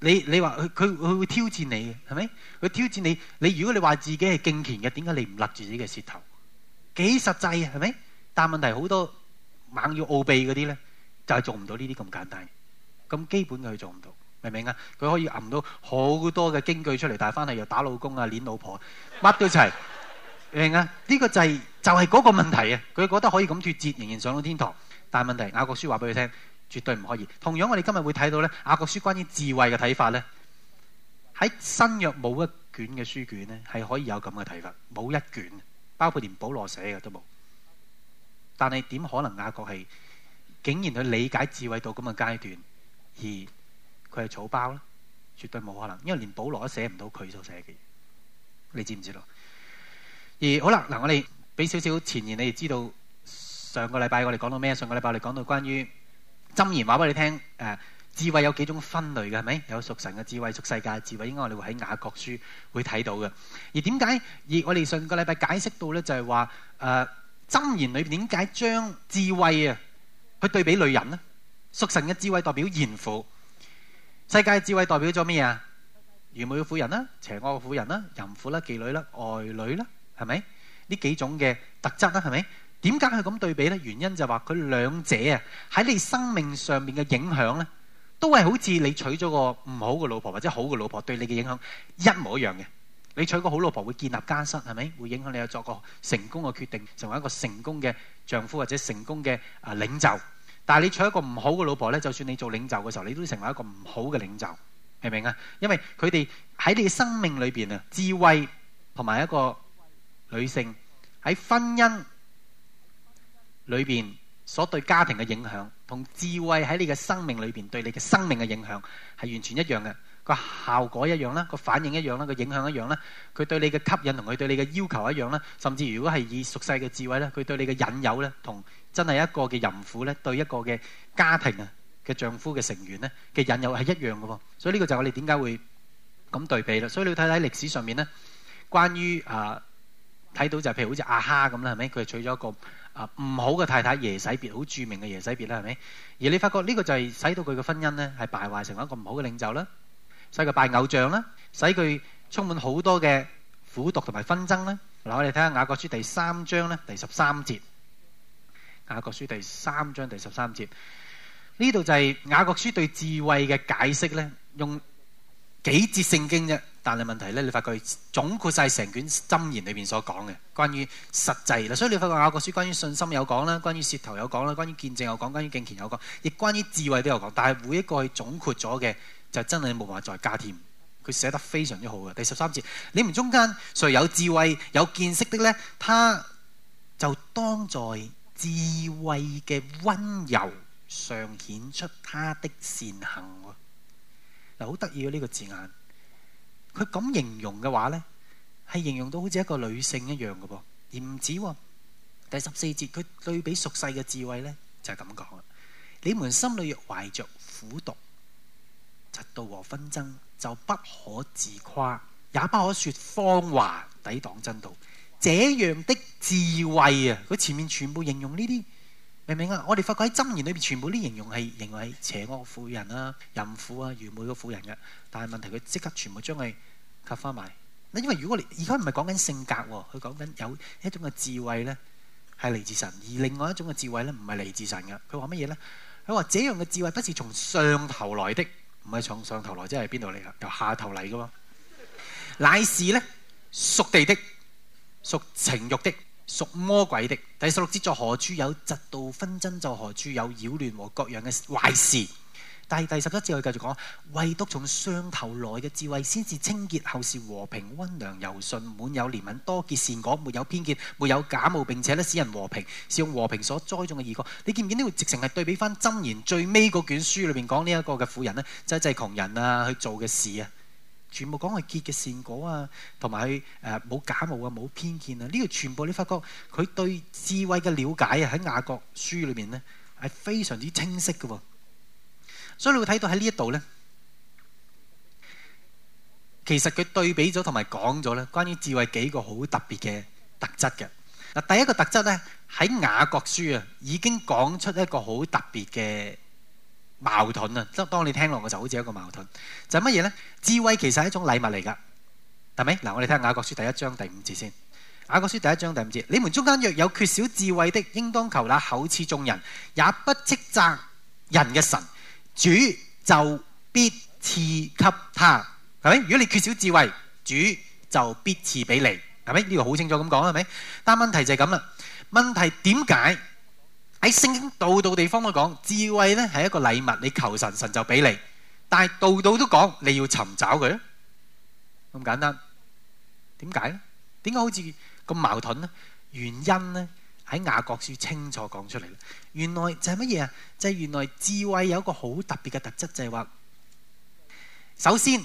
你你話佢佢佢會挑戰你嘅係咪？佢挑戰你，你如果你話自己係敬虔嘅，點解你唔勒住自己嘅舌頭？幾實際啊，係咪？但問題好多猛要奧秘嗰啲咧，就係、是、做唔到呢啲咁簡單。咁基本佢做唔到，明唔明啊？佢可以揞到好多嘅經句出嚟，帶翻嚟又打老公啊，攆老婆，乜都齊。明啊？呢、這個就係、是、就係、是、嗰個問題啊！佢覺得可以咁脫節，仍然上到天堂。但問題，雅各書話俾佢聽。絕對唔可以。同樣我，我哋今日會睇到咧雅各書關於智慧嘅睇法咧，喺新約冇一卷嘅書卷咧係可以有咁嘅睇法，冇一卷，包括連保羅寫嘅都冇。但係點可能雅各係竟然去理解智慧到咁嘅階段，而佢係草包咧？絕對冇可能，因為連保羅都寫唔到佢所寫嘅嘢，你知唔知道？而好啦，嗱，我哋俾少少前言，你哋知道上個禮拜我哋講到咩？上個禮拜我哋講到關於。箴言話俾你聽，誒、呃，智慧有幾種分類嘅，係咪？有屬神嘅智慧，屬世界嘅智慧，應該我哋會喺雅各書會睇到嘅。而點解？而我哋上個禮拜解釋到咧，就係、是、話，誒、呃，箴言裏邊點解將智慧啊，去對比女人咧？屬神嘅智慧代表賢婦，世界智慧代表咗咩啊？愚昧嘅婦人啦，邪惡嘅婦人啦，淫婦啦，妓女啦，外女啦，係咪？呢幾種嘅特質啦，係咪？點解係咁對比咧？原因就話佢兩者啊，喺你生命上面嘅影響咧，都係好似你娶咗個唔好嘅老婆或者好嘅老婆對你嘅影響一模一樣嘅。你娶個好老婆會建立家室，係咪會影響你有作個成功嘅決定，成為一個成功嘅丈夫或者成功嘅啊領袖？但係你娶一個唔好嘅老婆咧，就算你做領袖嘅時候，你都會成為一個唔好嘅領袖，明唔明啊？因為佢哋喺你嘅生命裏邊啊，智慧同埋一個女性喺婚姻，裏邊所對家庭嘅影響，同智慧喺你嘅生命裏邊對你嘅生命嘅影響，係完全一樣嘅，個效果一樣啦，個反應一樣啦，個影響一樣啦，佢對你嘅吸引同佢對你嘅要求一樣啦，甚至如果係以熟悉嘅智慧咧，佢對你嘅引誘咧，同真係一個嘅淫婦咧，對一個嘅家庭啊嘅丈夫嘅成員咧嘅引誘係一樣嘅喎，所以呢個就係我哋點解會咁對比啦。所以你要睇睇歷史上面咧，關於啊睇到就係譬如好似亞哈咁啦，係咪佢係娶咗一個？啊！唔好嘅太太，耶洗別，好著名嘅耶洗別啦，係咪？而你發覺呢、這個就係使到佢嘅婚姻咧，係敗壞成為一個唔好嘅領袖啦，使佢拜偶像啦，使佢充滿好多嘅苦毒同埋紛爭啦。嗱，我哋睇下雅各書第三章咧，第十三節。雅各書第三章第十三節，呢度就係雅各書對智慧嘅解釋咧，用幾節聖經啫。但係問題咧，你發覺總括晒成卷箴言裏面所講嘅，關於實際啦，所以你發覺雅各書，關於信心有講啦，關於舌頭有講啦，關於見證有講，關於敬虔有講，亦關於智慧都有講。但係每一個去總括咗嘅，就真係冇辦法再加添。佢寫得非常之好嘅。第十三節，你們中間誰有智慧有見識的呢？他就當在智慧嘅溫柔上顯出他的善行。嗱，好得意嘅呢個字眼。佢咁形容嘅話咧，係形容到好似一個女性一樣嘅噃，而唔止。第十四節佢對比俗世嘅智慧咧，就係咁講啦。你們心裏若懷着苦毒、嫉妒和紛爭，就不可自誇，也不可說謊話抵擋真道。這樣的智慧啊，佢前面全部形容呢啲。明唔明啊？我哋發覺喺箴言裏邊，全部啲形容係認為係邪惡婦人啦、淫婦啊、愚昧嘅婦人嘅。但係問題，佢即刻全部將佢吸翻埋。嗱，因為如果你而家唔係講緊性格喎，佢講緊有一種嘅智慧咧，係嚟自神；而另外一種嘅智慧咧，唔係嚟自神嘅。佢話乜嘢咧？佢話：這樣嘅智慧不是從上頭來的，唔係從上頭來，即係邊度嚟啊？由下頭嚟噶嘛？乃是咧，屬地的，屬情欲的。屬魔鬼的。第十六節在何處有嫉妒紛爭，就在何處有擾亂和各樣嘅壞事。但係第十七節佢繼續講，唯獨從上頭來嘅智慧，先至清潔，後是和平、溫良柔順、滿有憐憫、多結善果，沒有偏見，沒有假冒，並且呢，使人和平，是用和平所栽種嘅義果。你見唔見呢段直情係對比翻箴言最尾嗰卷書裏面講呢一個嘅婦人呢？「濟濟窮人啊去做嘅事啊？全部講係結嘅善果啊，同埋佢誒冇假冒啊，冇偏見啊，呢個全部你發覺佢對智慧嘅瞭解啊，喺雅各書裏面咧係非常之清晰嘅。所以你會睇到喺呢一度咧，其實佢對比咗同埋講咗咧，關於智慧幾個好特別嘅特質嘅。嗱，第一個特質咧喺雅各書啊，已經講出一個好特別嘅。矛盾啊！當你聽落，我就好似一個矛盾。就係乜嘢呢？智慧其實係一種禮物嚟㗎，係咪？嗱，我哋聽雅各書第一章第五節先。雅各書第一章第五節：你們中間若有缺少智慧的，應當求那厚賜眾人，也不斥責人嘅神主就必賜給他，係咪？如果你缺少智慧，主就必賜俾你，係咪？呢個好清楚咁講啦，係咪？但問題就係咁啦。問題點解？喺聖經度度地方都講智慧咧，係一個禮物，你求神，神就俾你。但係度度都講你要尋找佢，咁簡單。點解咧？點解好似咁矛盾呢？原因咧，喺雅各書清楚講出嚟。原來就係乜嘢啊？就係、是、原來智慧有一個好特別嘅特質，就係、是、話首先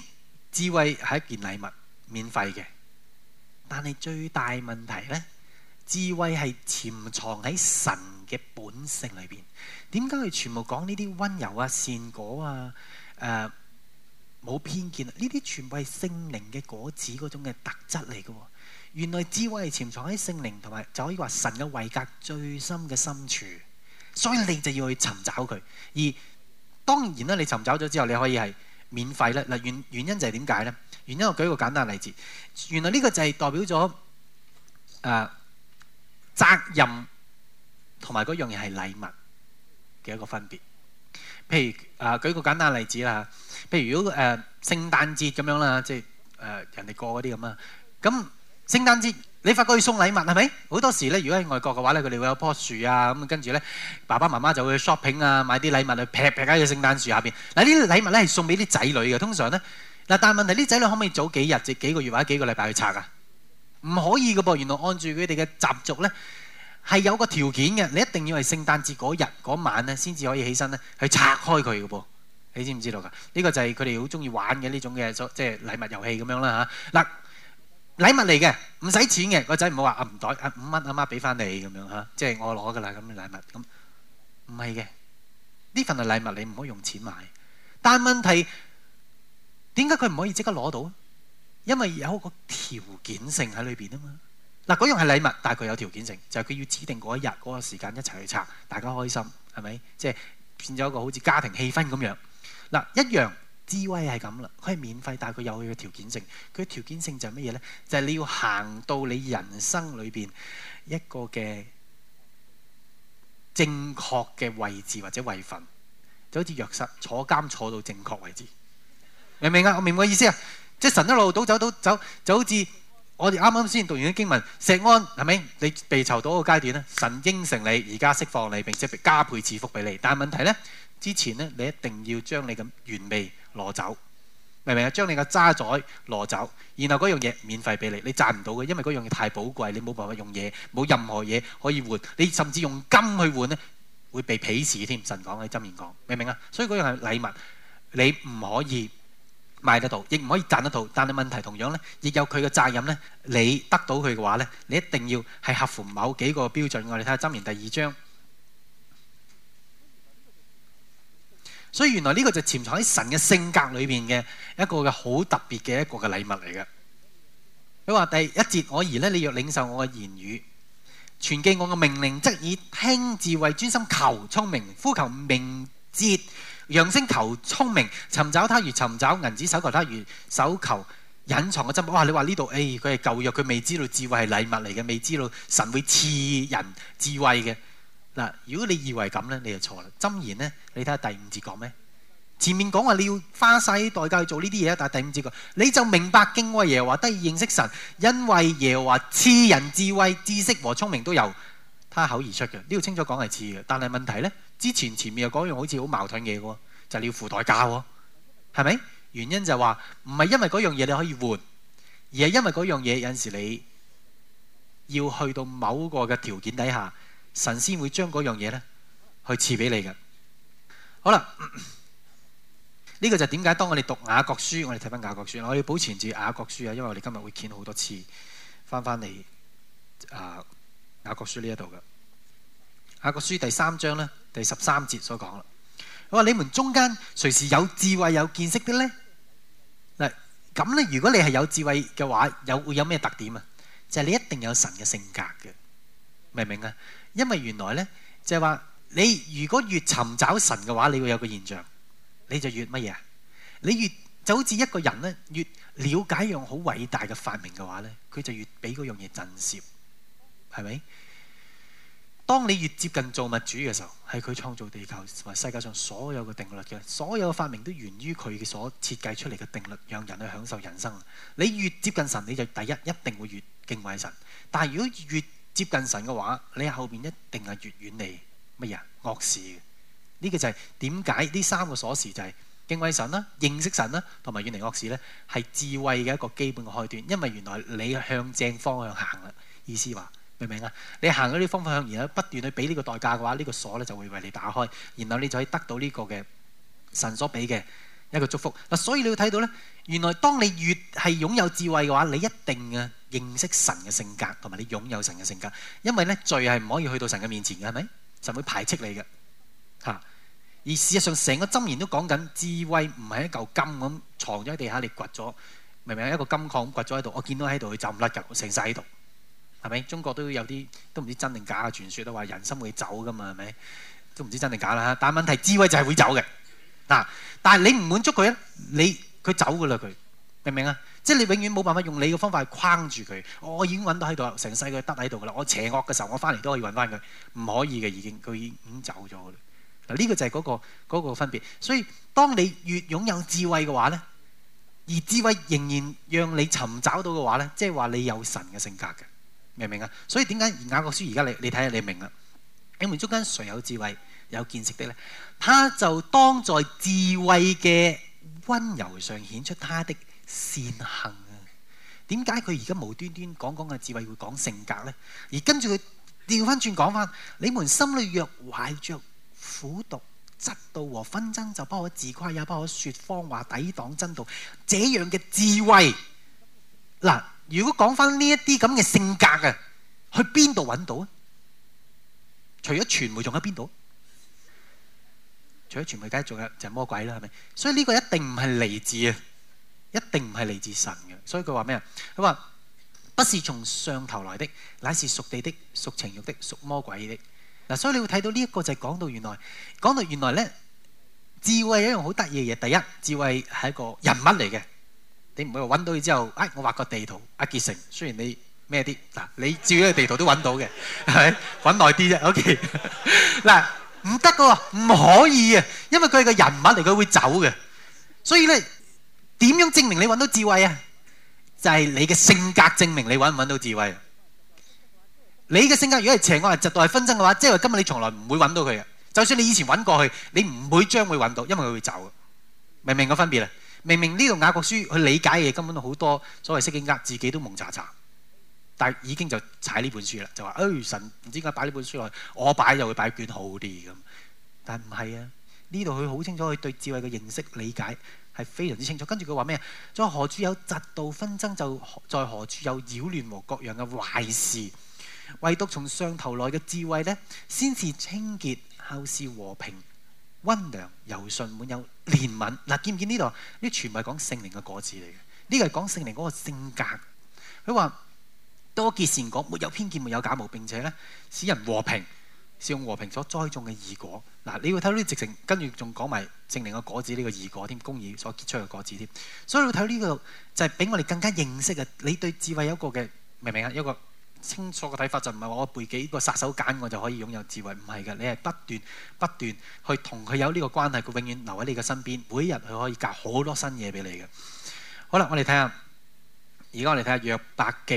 智慧係一件禮物，免費嘅。但係最大問題咧，智慧係潛藏喺神嘅本性裏邊，點解佢全部講呢啲溫柔啊、善果啊、誒、呃、冇偏見啊？呢啲全部係聖靈嘅果子嗰種嘅特質嚟嘅、哦。原來智慧係潛藏喺聖靈同埋，就可以話神嘅位格最深嘅深處。所以你就要去尋找佢。而當然啦，你尋找咗之後，你可以係免費咧。嗱，原原因就係點解咧？原因我舉一個簡單例子。原來呢個就係代表咗誒、呃、責任。同埋嗰樣嘢係禮物嘅一個分別。譬如啊、呃，舉個簡單例子啦。譬如如果誒聖誕節咁樣啦，即係誒、呃、人哋過嗰啲咁啊。咁、嗯、聖誕節你發覺要送禮物係咪？好多時咧，如果喺外國嘅話咧，佢哋會有樖樹啊，咁跟住咧，爸爸媽媽就會去 shopping 啊，買啲禮物去劈劈喺個聖誕樹下邊。嗱，呢啲禮物咧係送俾啲仔女嘅，通常咧嗱，但係問題，啲仔女可唔可以早幾日即幾個月或者幾個禮拜去拆啊？唔可以㗎噃，原來按住佢哋嘅習俗咧。係有個條件嘅，你一定要係聖誕節嗰日嗰晚咧，先至可以起身咧，去拆開佢嘅噃。你知唔知道噶？呢、這個就係佢哋好中意玩嘅呢種嘅，即係禮物遊戲咁樣啦嚇。嗱、啊，禮物嚟嘅，唔使錢嘅。個仔唔好話銀袋，五蚊阿媽俾翻你咁樣嚇、啊，即係我攞嘅啦咁嘅禮物咁。唔係嘅，呢份係禮物，嗯、物你唔可以用錢買。但問題點解佢唔可以即刻攞到啊？因為有個條件性喺裏邊啊嘛。嗱，嗰樣係禮物，但係佢有條件性，就係、是、佢要指定嗰一日嗰、那個時間一齊去拆，大家開心，係咪？即、就、係、是、變咗一個好似家庭氣氛咁樣。嗱，一樣智慧係咁啦，佢係免費，但係佢有佢嘅條件性。佢嘅條件性就係乜嘢呢？就係、是、你要行到你人生裏邊一個嘅正確嘅位置或者位份，就好似約瑟坐監坐到正確位置，明唔明啊？我明唔明意思啊？即係神一路到走到走，就好似～我哋啱啱先讀完啲經文，石安係咪？你被囚到一個階段咧，神應承你，而家釋放你，並且加倍賜福俾你。但係問題呢，之前呢，你一定要將你嘅原味攞走，明唔明啊？將你嘅渣滓攞走，然後嗰樣嘢免費俾你，你賺唔到嘅，因為嗰樣嘢太寶貴，你冇辦法用嘢，冇任何嘢可以換，你甚至用金去換呢，會被鄙視添。神講喺《真言講》，明唔明啊？所以嗰樣係禮物，你唔可以賣得到，亦唔可以賺得到。但係問題同樣呢，亦有佢嘅責任呢，你得到佢嘅話呢，你一定要係合乎某幾個標準。我哋睇下箴言第二章， 所以原來呢個就潛藏喺神嘅性格裏面嘅一個嘅好特別嘅一個嘅禮物嚟嘅。佢話第一節我，我而呢，你若領受我嘅言語，傳記我嘅命令，則以聽智慧，專心求聰明，呼求明哲。揚聲求聰明，尋找他如尋找銀子，手求他如手求隱藏嘅針。哇！你話呢度，誒、哎，佢係舊約，佢未知道智慧係禮物嚟嘅，未知道神會賜人智慧嘅。嗱，如果你以為咁咧，你就錯啦。箴言咧，你睇下第五節講咩？前面講話你要花晒代價去做呢啲嘢，但係第五節講，你就明白敬畏耶和華，得以認識神，因為耶和華賜人智慧、知識和聰明都，都由他口而出嘅。呢度清楚講係賜嘅，但係問題咧。之前前面有嗰樣好似好矛盾嘢嘅，就係、是、你要付代價，係咪？原因就係話唔係因為嗰樣嘢你可以換，而係因為嗰樣嘢有陣時你要去到某個嘅條件底下，神先會將嗰樣嘢呢去賜俾你嘅。好啦，呢、 這個就點解當我哋讀雅各書，我哋睇翻雅各書，我哋保存住雅各書啊，因為我哋今日會見好多次，翻翻嚟啊雅各書呢一度嘅。下個書第三章咧，第十三節所講啦。佢話你們中間誰是有智慧有見識的咧？嗱，咁咧如果你係有智慧嘅話，有會有咩特點啊？就係你一定有神嘅性格嘅，明唔明啊？因為原來咧，就係話你如果越尋找神嘅話，你會有個現象，你就越乜嘢？你越就好似一個人咧，越了解一樣好偉大嘅發明嘅話咧，佢就越俾嗰樣嘢震懾，係咪？當你越接近造物主嘅時候，係佢創造地球同埋世界上所有嘅定律嘅，所有發明都源於佢嘅所設計出嚟嘅定律，讓人去享受人生。你越接近神，你就第一一定會越敬畏神。但係如果越接近神嘅話，你後面一定係越遠離乜嘢啊，惡事嘅。呢、這個就係點解呢三個鎖匙就係、是、敬畏神啦、認識神啦，同埋遠離惡事咧，係智慧嘅一個基本嘅開端。因為原來你向正方向行啦，意思話。明啊！你行嗰啲方向，然後不斷去俾呢個代價嘅話，呢個鎖咧就會為你打開，然後你就可以得到呢個嘅神所俾嘅一個祝福。嗱，所以你要睇到咧，原來當你越係擁有智慧嘅話，你一定啊認識神嘅性格，同埋你擁有神嘅性格。因為咧，罪係唔可以去到神嘅面前嘅，係咪？神會排斥你嘅嚇。而事實上，成個箴言都講緊智慧唔係一嚿金咁藏咗喺地下，你掘咗，明唔明？一個金礦掘咗喺度，我見到喺度，佢就唔甩㗎，成曬喺度。係咪？中國都有啲都唔知真定假嘅傳説都話人心會走噶嘛，係咪？都唔知真定假啦。但係問題，智慧就係會走嘅嗱、啊。但係你唔滿足佢咧，你佢走噶啦佢，明唔明啊？即係你永遠冇辦法用你嘅方法去框住佢。我已經揾到喺度，成世都得喺度噶啦。我邪惡嘅時候，我翻嚟都可以揾翻佢，唔可以嘅已經，佢已經走咗噶啦。嗱、這、呢個就係嗰個嗰個分別。所以當你越擁有智慧嘅話咧，而智慧仍然讓你尋找到嘅話咧，即係話你有神嘅性格嘅。明唔明啊？所以點解雅各書而家你你睇下你明啊，你們中間誰有智慧有見識的呢？他就當在智慧嘅溫柔上顯出他的善行啊！點解佢而家無端端講講嘅智慧會講性格呢？而跟住佢調翻轉講翻，你們心裏若懷着苦毒、嫉妒和紛爭，就不可自誇，也不可說謊話抵擋真道。這樣嘅智慧，嗱。如果講翻呢一啲咁嘅性格啊，去邊度揾到啊？除咗傳媒，仲喺邊度？除咗傳媒，梗係仲有就係魔鬼啦，係咪？所以呢個一定唔係嚟自啊，一定唔係嚟自神嘅。所以佢話咩啊？佢話不是從上頭來的，乃是屬地的、屬情慾的、屬魔鬼的。嗱，所以你會睇到呢一個就係講到原來，講到原來咧，智慧係一樣好得意嘅嘢。第一，智慧係一個人物嚟嘅。你唔會話搵到佢之後，哎，我畫個地圖，阿杰成，雖然你咩啲，嗱，你照呢個地圖都搵到嘅，係搵耐啲啫。O K，嗱，唔得噶，唔可以嘅，因為佢係個人物嚟，佢會走嘅。所以咧，點樣證明你搵到智慧啊？就係你嘅性格證明你搵唔搵到智慧。你嘅性格如果係邪惡嘅話，就係紛爭嘅話，即係話今日你從來唔會搵到佢嘅。就算你以前搵過去，你唔會將會搵到，因為佢會走。明唔明個分別啊？明明呢度雅各書，佢理解嘅嘢根本都好多，所謂識嘅呃自己都蒙查查，但係已經就踩呢本書啦，就話，哎，神唔知點解擺呢本書落，我擺就會擺卷好啲咁。但係唔係啊？呢度佢好清楚，佢對智慧嘅認識理解係非常之清楚。跟住佢話咩啊？在何處有嫉妒紛爭，就在何處有擾亂和各樣嘅壞事。唯獨從上頭來嘅智慧呢，先是清潔，後是和平。溫良柔順，滿有憐憫。嗱、啊，見唔見呢度？呢全部係講聖靈嘅果子嚟嘅。呢個係講聖靈嗰個性格。佢話多結善果，沒有偏見，沒有假冒，並且咧使人和平，是用和平所栽種嘅異果。嗱、啊，你要睇到啲直情，跟住仲講埋聖靈嘅果子呢個異果添，公義所結出嘅果子添。所以你會睇到呢個就係、是、俾我哋更加認識嘅。你對智慧有一個嘅明唔明啊？有一個。清楚嘅睇法就唔係話我背幾個殺手鐧，我就可以擁有智慧，唔係嘅。你係不斷不斷去同佢有呢個關係，佢永遠留喺你嘅身邊。每日佢可以教好多新嘢俾你嘅。好啦，我哋睇下，而家我哋睇下《約伯記》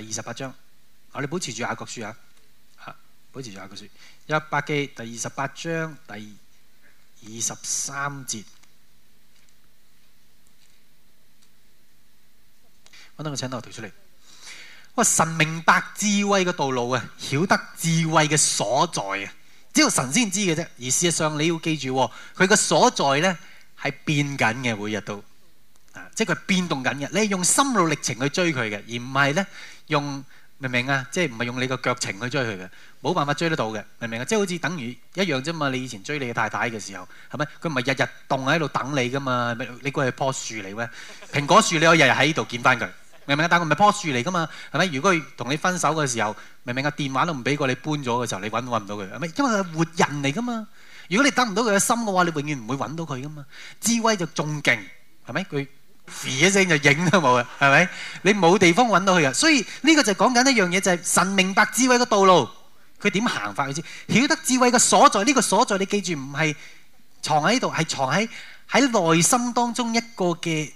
第二十八章。我哋保持住阿角書啊，嚇保持住阿角書，《約伯記》第二十八章第二十三節。我等個簽到退出嚟。我神明白智慧嘅道路啊，曉得智慧嘅所在啊，只有神先知嘅啫。而事實上你要記住，佢嘅所在呢係變緊嘅，每日都即係佢變動緊嘅。你用心路歷程去追佢嘅，而唔係呢，用，明唔明啊？即係唔係用你個腳程去追佢嘅？冇辦法追得到嘅，明唔明啊？即係好似等於一樣啫嘛。你以前追你嘅太太嘅時候係咪？佢唔係日日凍喺度等你噶嘛？你估係樖樹嚟咩？蘋果樹你可以日日喺呢度見翻佢。明唔明啊？但係我唔係棵樹嚟噶嘛，係咪？如果佢同你分手嘅時候，明唔明啊？電話都唔俾過你，搬咗嘅時候，你搵，搵唔到佢，係咪？因為佢係活人嚟噶嘛。如果你得唔到佢嘅心嘅話，你永遠唔會搵到佢噶嘛。智慧就仲勁，係咪？佢吠一聲就影都冇啊，係咪？你冇地方搵到佢啊。所以呢個就講緊一樣嘢，就係神明白智慧嘅道路，佢點行法，佢知，曉得智慧嘅所在。呢個所在，你記住唔係藏喺度，係藏喺喺內心當中一個嘅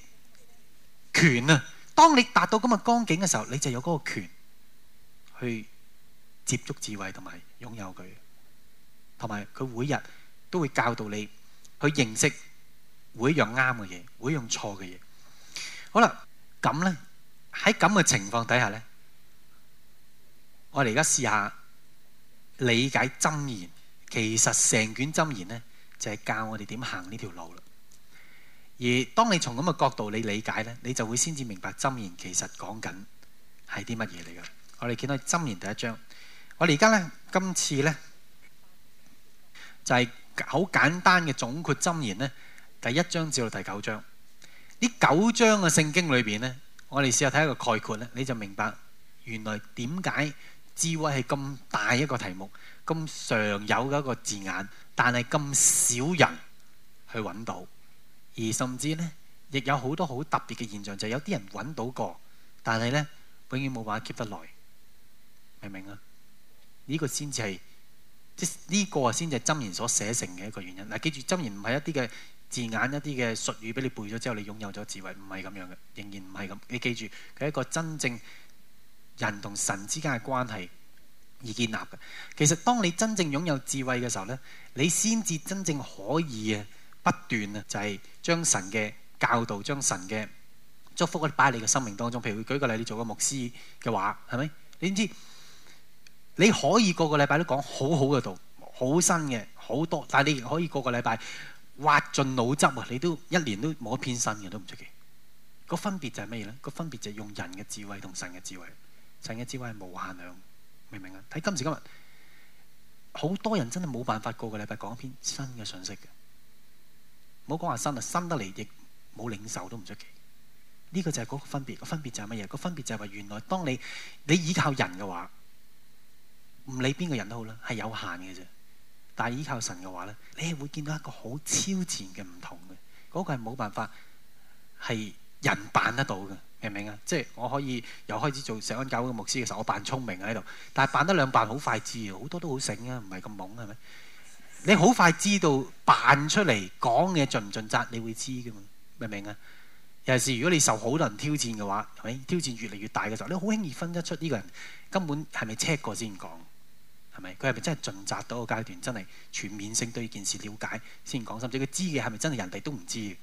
權啊。當你達到咁嘅光景嘅時候，你就有嗰個權去接觸智慧同埋擁有佢，同埋佢每日都會教導你去認識每一樣啱嘅嘢，每一樣錯嘅嘢。好啦，咁呢？喺咁嘅情況底下呢，我哋而家試下理解箴言。其實成卷箴言呢，就係教我哋點行呢條路啦。而當你從咁嘅角度你理解呢，你就會先至明白箴言其實講緊係啲乜嘢嚟㗎。我哋見到箴言第一章，我哋而家呢，今次呢，就係好簡單嘅總括箴言呢，第一章至到第九章。呢九章嘅聖經裏邊呢，我哋試下睇一個概括呢，你就明白原來點解智慧係咁大一個題目，咁常有嘅一個字眼，但係咁少人去揾到。而甚至呢，亦有好多好特別嘅現象，就係、有啲人揾到過，但係呢，永遠冇辦法 keep 得耐，明唔明啊？呢、呢個先至係即呢個先至係箴言所寫成嘅一個原因。嗱，記住，箴言唔係一啲嘅字眼、一啲嘅術語俾你背咗之後，你擁有咗智慧，唔係咁樣嘅，仍然唔係咁。你記住，佢係一個真正人同神之間嘅關係而建立嘅。其實，當你真正擁有智慧嘅時候呢，你先至真正可以嘅。不斷啊，就係將神嘅教導、將神嘅祝福咧擺喺你嘅生命當中。譬如舉個例，你做個牧師嘅話，係咪？你知你可以個個禮拜都講好好嘅道，好新嘅好多，但係你可以個個禮拜挖盡腦汁啊！你都一年都冇一篇新嘅都唔出奇。個分別就係咩呢？個分別就係用人嘅智慧同神嘅智慧。神嘅智慧係無限量，明唔明啊？睇今時今日，好多人真係冇辦法個個禮拜講一篇新嘅信息嘅。唔好講話深啊，深得嚟亦冇領受都唔出奇。呢個就係嗰個分別，個分別就係乜嘢？個分別就係話原來當你你依靠人嘅話，唔理邊個人都好啦，係有限嘅啫。但係依靠神嘅話咧，你係會見到一個好超前嘅唔同嘅。嗰個係冇辦法係人扮得到嘅，明唔明啊？即係我可以由開始做錫安教會嘅牧師嘅時候，我扮聰明喺度，但係扮得兩扮好快智，好多都好醒啊，唔係咁懵係咪？你好快知道扮出嚟講嘅盡唔盡責，你會知㗎嘛？明唔明啊？尤其是如果你受好多人挑戰嘅話，係咪挑戰越嚟越大嘅時候，你好輕易分得出呢個人根本係咪 check 過先講？係咪佢係咪真係盡責到個階段？真係全面性對件事了解先講，甚至佢知嘅係咪真係人哋都唔知？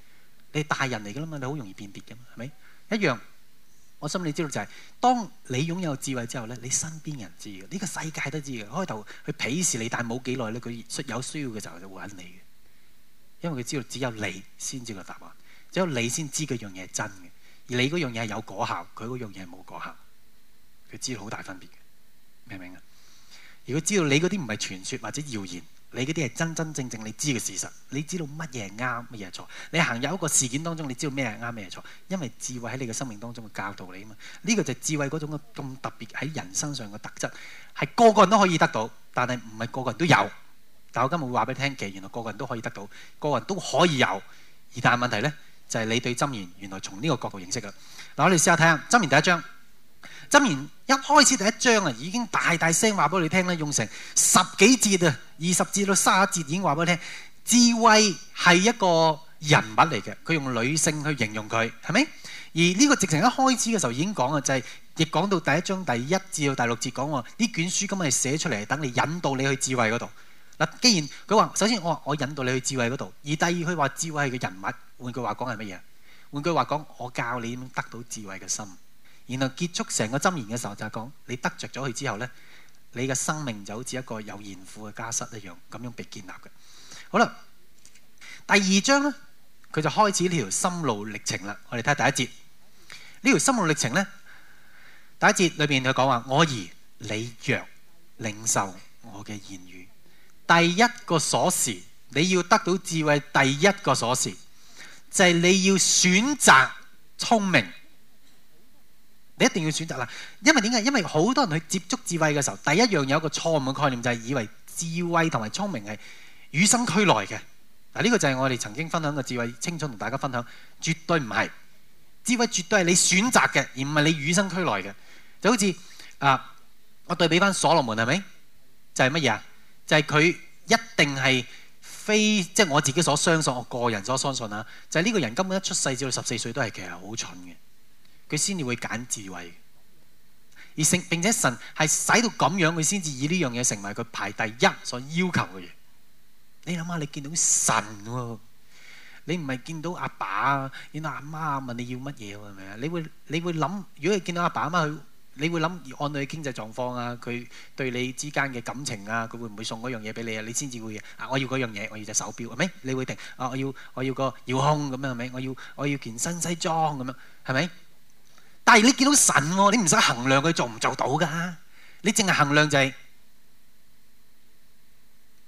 你大人嚟噶啦嘛，你好容易辨別㗎嘛，係咪一樣？我心裡知道就係、是，當你擁有智慧之後咧，你身邊人知嘅，呢個世界都知嘅。開頭佢鄙視你，但冇幾耐咧，佢有需要嘅時候就會揾你嘅，因為佢知道只有你先知個答案，只有你先知嗰樣嘢係真嘅，而你嗰樣嘢係有果效，佢嗰樣嘢係冇果效，佢知道好大分別嘅，明唔明啊？如果知道你嗰啲唔係傳説或者謠言。你嗰啲係真真正正你知嘅事實，你知道乜嘢係啱，乜嘢係錯。你行入一個事件當中，你知道咩係啱，咩係錯，因為智慧喺你嘅生命當中會教導你啊嘛。呢、這個就智慧嗰種咁特別喺人生上嘅特質，係個個人都可以得到，但係唔係個個人都有。但我今日會話俾你聽，其實原來個個人都可以得到，個個人都可以有。而但係問題呢，就係、是、你對箴言原來從呢個角度認識啦。嗱，我哋試下睇下箴言第一章。箴言一開始第一章啊，已經大大聲話俾你聽啦，用成十幾節啊、二十節到卅節已經話俾你聽。智慧係一個人物嚟嘅，佢用女性去形容佢，係咪？而呢個直情一開始嘅時候已經講啊，就係亦講到第一章第一至到第六節講喎，呢卷書今日係寫出嚟等你引導你去智慧嗰度。嗱，既然佢話首先我我引導你去智慧嗰度，而第二佢話智慧係個人物，換句話講係乜嘢？換句話講，我教你點樣得到智慧嘅心。然後結束成個箴言嘅時候，就係講你得着咗佢之後呢，你嘅生命就好似一個有賢婦嘅家室一樣咁樣被建立嘅。好啦，第二章呢，佢就開始呢條心路歷程啦。我哋睇下第一節呢條心路歷程呢，第一節裏邊佢講話，我兒你若領受我嘅言語，第一個鎖匙你要得到智慧，第一個鎖匙就係你要選擇聰明。你一定要選擇啦，因為點解？因為好多人去接觸智慧嘅時候，第一樣有一個錯誤嘅概念，就係、是、以為智慧同埋聰明係與生俱來嘅。嗱，呢個就係我哋曾經分享嘅智慧，清楚同大家分享，絕對唔係。智慧絕對係你選擇嘅，而唔係你與生俱來嘅。就好似啊，我對比翻所羅門係咪？就係乜嘢啊？就係、是、佢一定係非即係、就是、我自己所相信，我個人所相信啦。就係、是、呢個人根本一出世至到十四歲都係其實好蠢嘅。佢先至會揀智慧，而神並且神係使到咁樣，佢先至以呢樣嘢成為佢排第一所要求嘅嘢。你諗下，你見到神喎，你唔係見到阿爸啊，然後阿媽問你要乜嘢喎？係咪啊？你會你會諗，如果你見到阿爸阿媽，媽，你會諗按你經濟狀況啊，佢對你之間嘅感情啊，佢會唔會送嗰樣嘢俾你啊？你先至會啊，我要嗰樣嘢，我要隻手錶係咪？你會定啊，我要我要個遙控咁樣係咪？我要是是我要件新西裝咁樣係咪？但係你見到神，你唔使衡量佢做唔做到噶，你淨係衡量就係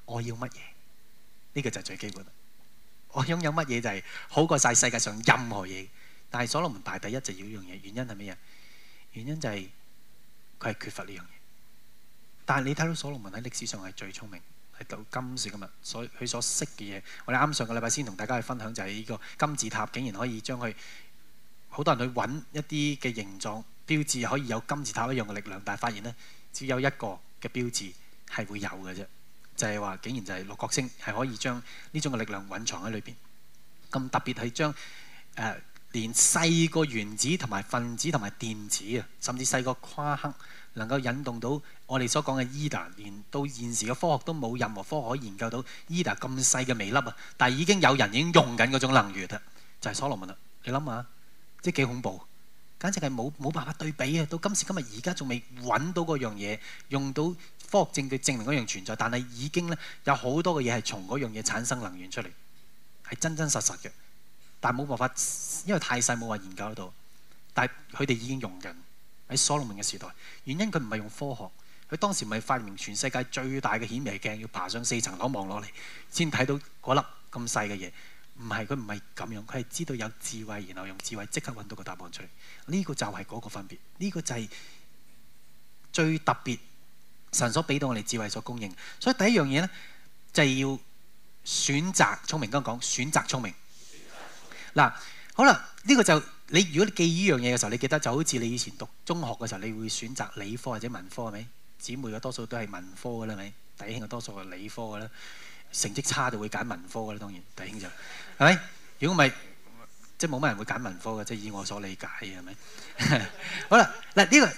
我要乜嘢，呢個就係最基本啦。我擁有乜嘢就係好過晒世界上任何嘢。但係所羅門大帝一直要呢樣嘢，原因係乜嘢？原因就係佢係缺乏呢樣嘢。但係你睇到所羅門喺歷史上係最聰明，係到今時今日，所以佢所識嘅嘢，我哋啱上個禮拜先同大家去分享就係呢個金字塔竟然可以將佢。好多人去揾一啲嘅形狀標誌，可以有金字塔一樣嘅力量，但係發現呢，只有一個嘅標誌係會有嘅啫，就係話竟然就係六角星係可以將呢種嘅力量蘊藏喺裏邊，咁特別係將誒連細個原子同埋分子同埋電子啊，甚至細個夸克能夠引動到我哋所講嘅伊達，連到現時嘅科學都冇任何科學可以研究到伊達咁細嘅微粒啊。但係已經有人已經用緊嗰種能源啦，就係所羅門啦。你諗下？即係幾恐怖，簡直係冇冇辦法對比啊！到今時今日而家仲未揾到嗰樣嘢，用到科學證據證明嗰樣存在，但係已經咧有好多嘅嘢係從嗰樣嘢產生能源出嚟，係真真實實嘅。但係冇辦法，因為太細冇話研究得到。但係佢哋已經用緊喺所羅門嘅時代，原因佢唔係用科學，佢當時咪發明全世界最大嘅顯微鏡，要爬上四層樓望落嚟先睇到嗰粒咁細嘅嘢。唔係佢唔係咁樣，佢係知道有智慧，然後用智慧即刻揾到個答案出嚟。呢個就係嗰個分別，呢個就係最特別神所俾到我哋智慧所供應。所以第一樣嘢呢，就係要選擇聰明，剛剛講選擇聰明。嗱，好啦，呢個就你如果你記呢樣嘢嘅時候，你記得就好似你以前讀中學嘅時候，你會選擇理科或者文科係咪？姊妹嘅多數都係文科嘅啦，係咪？弟兄嘅多數係理科嘅啦。成績差就會揀文科㗎啦，當然，弟兄就係咪？如果唔係，即係冇乜人會揀文科嘅，即係以我所理解嘅係咪？ 好啦，嗱、這、呢個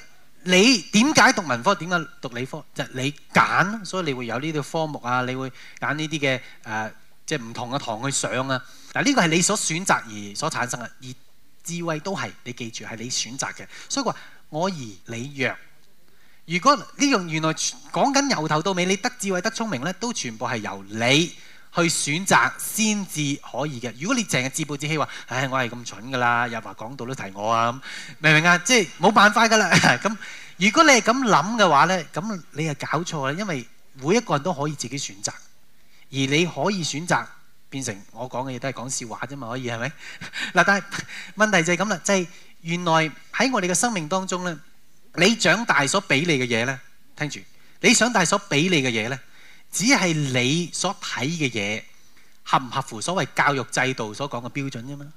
你點解讀文科？點解讀理科？就係、你揀，所以你會有呢啲科目啊，你會揀呢啲嘅，誒，即係唔同嘅堂去上啊。嗱，呢個係你所選擇而所產生嘅，而智慧都係你記住係你選擇嘅。所以話我而你弱。如果呢樣原來講緊由頭到尾，你得智慧得聰明咧，都全部係由你去選擇先至可以嘅。如果你淨係自暴自棄話，唉，我係咁蠢噶啦，又話講到都提我啊，明唔明啊？即係冇辦法噶啦。咁如果你係咁諗嘅話咧，咁你係搞錯啦，因為每一個人都可以自己選擇，而你可以選擇變成我講嘅嘢都係講笑話啫嘛，可以係咪？嗱，但係問題就係咁啦，即係原來喺我哋嘅生命當中咧。你長大所俾你嘅嘢咧，聽住，你長大所俾你嘅嘢咧，只係你所睇嘅嘢合唔合乎所謂教育制度所講嘅標準啫嘛。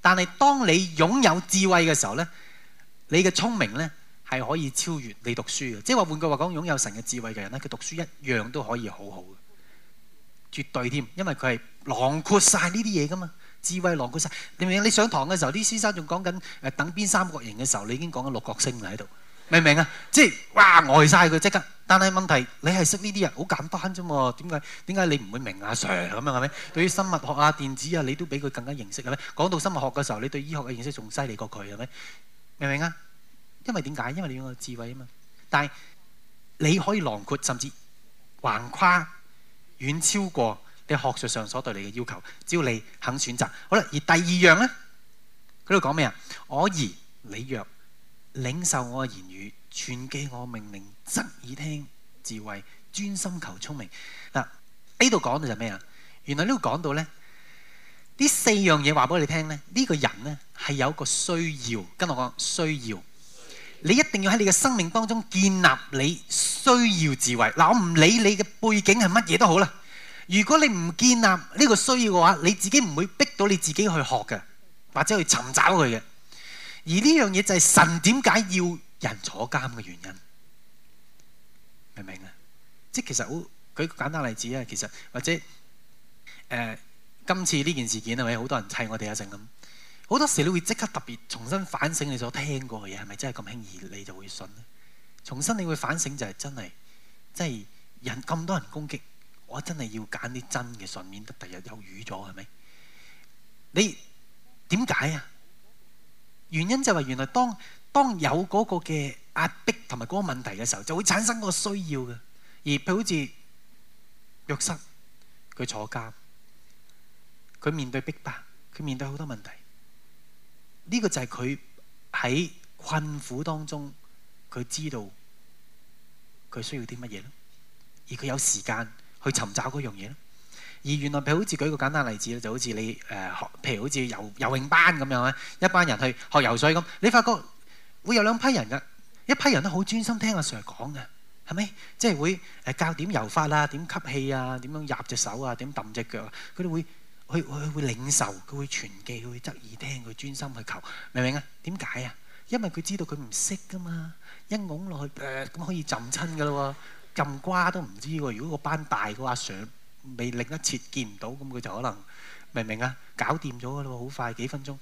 但係當你擁有智慧嘅時候咧，你嘅聰明咧係可以超越你讀書嘅，即係話換句話講，擁有神嘅智慧嘅人咧，佢讀書一樣都可以好好嘅，絕對添，因爲佢係囊括晒呢啲嘢噶嘛。智慧囊括曬，明唔明？你上堂嘅時候，啲先生仲講緊誒等邊三角形嘅時候，你已經講緊六角星喇喺度，明唔明啊？即係哇，呆曬佢即刻！但係問題，你係識呢啲人，好簡單啫喎。點解點解你唔會明阿 Sir 咁樣係咪？對於生物學啊、電子啊，你都比佢更加認識係咪？講到生物學嘅時候，你對醫學嘅認識仲犀利過佢係咪？明唔明啊？因為點解？因為你用個智慧啊嘛。但係你可以囊括甚至橫跨遠超過。你學術上所對你嘅要求，只要你肯選擇，好啦。而第二樣呢？佢度講咩啊？我兒你若領受我嘅言語，存記我命令，側耳聽智慧，專心求聰明。嗱，呢度講到就咩啊？原來呢度講到呢，呢四樣嘢話俾你聽呢。呢、這個人呢，係有一個需要，跟我講需要。你一定要喺你嘅生命當中建立你需要智慧。嗱，我唔理你嘅背景係乜嘢都好啦。如果你唔建立呢個需要嘅話，你自己唔會逼到你自己去學嘅，或者去尋找佢嘅。而呢樣嘢就係神點解要人坐監嘅原因，明唔明啊？即係其實好，舉個簡單例子啊，其實或者誒、呃，今次呢件事件係咪好多人砌我哋啊？成咁好多時你會即刻特別重新反省你所聽過嘅嘢，係咪真係咁輕易你就會信咧？重新你會反省就係真係，即係引咁多人攻擊。我真係要揀啲真嘅，順便得第日有魚咗，係咪？你點解啊？原因就係原來當當有嗰個嘅壓迫同埋嗰個問題嘅時候，就會產生個需要嘅。而譬如好似約瑟，佢坐監，佢面對逼迫，佢面對好多問題。呢個就係佢喺困苦當中，佢知道佢需要啲乜嘢咯。而佢有時間。去尋找嗰樣嘢，而原來譬如好似舉一個簡單例子啦，就好似你誒學，譬、呃、如好似遊游，游泳班咁樣咧，一班人去學游水咁，你發覺會有兩批人嘅，一批人都好專心聽阿 Sir 講嘅，係咪？即係會誒教點游法啊、點吸氣啊、點樣入隻手啊、點揼隻腳啊，佢哋會去去會，會領受，佢會傳記，會側耳聽，佢專心去求，明唔明啊？點解啊？因為佢知道佢唔識噶嘛，一拱落去誒咁、呃、可以浸親噶啦喎。浸瓜都唔知喎，如果個班大個阿 Sir 未另一切見唔到，咁佢就可能明唔明啊？搞掂咗噶啦，好快幾分鐘。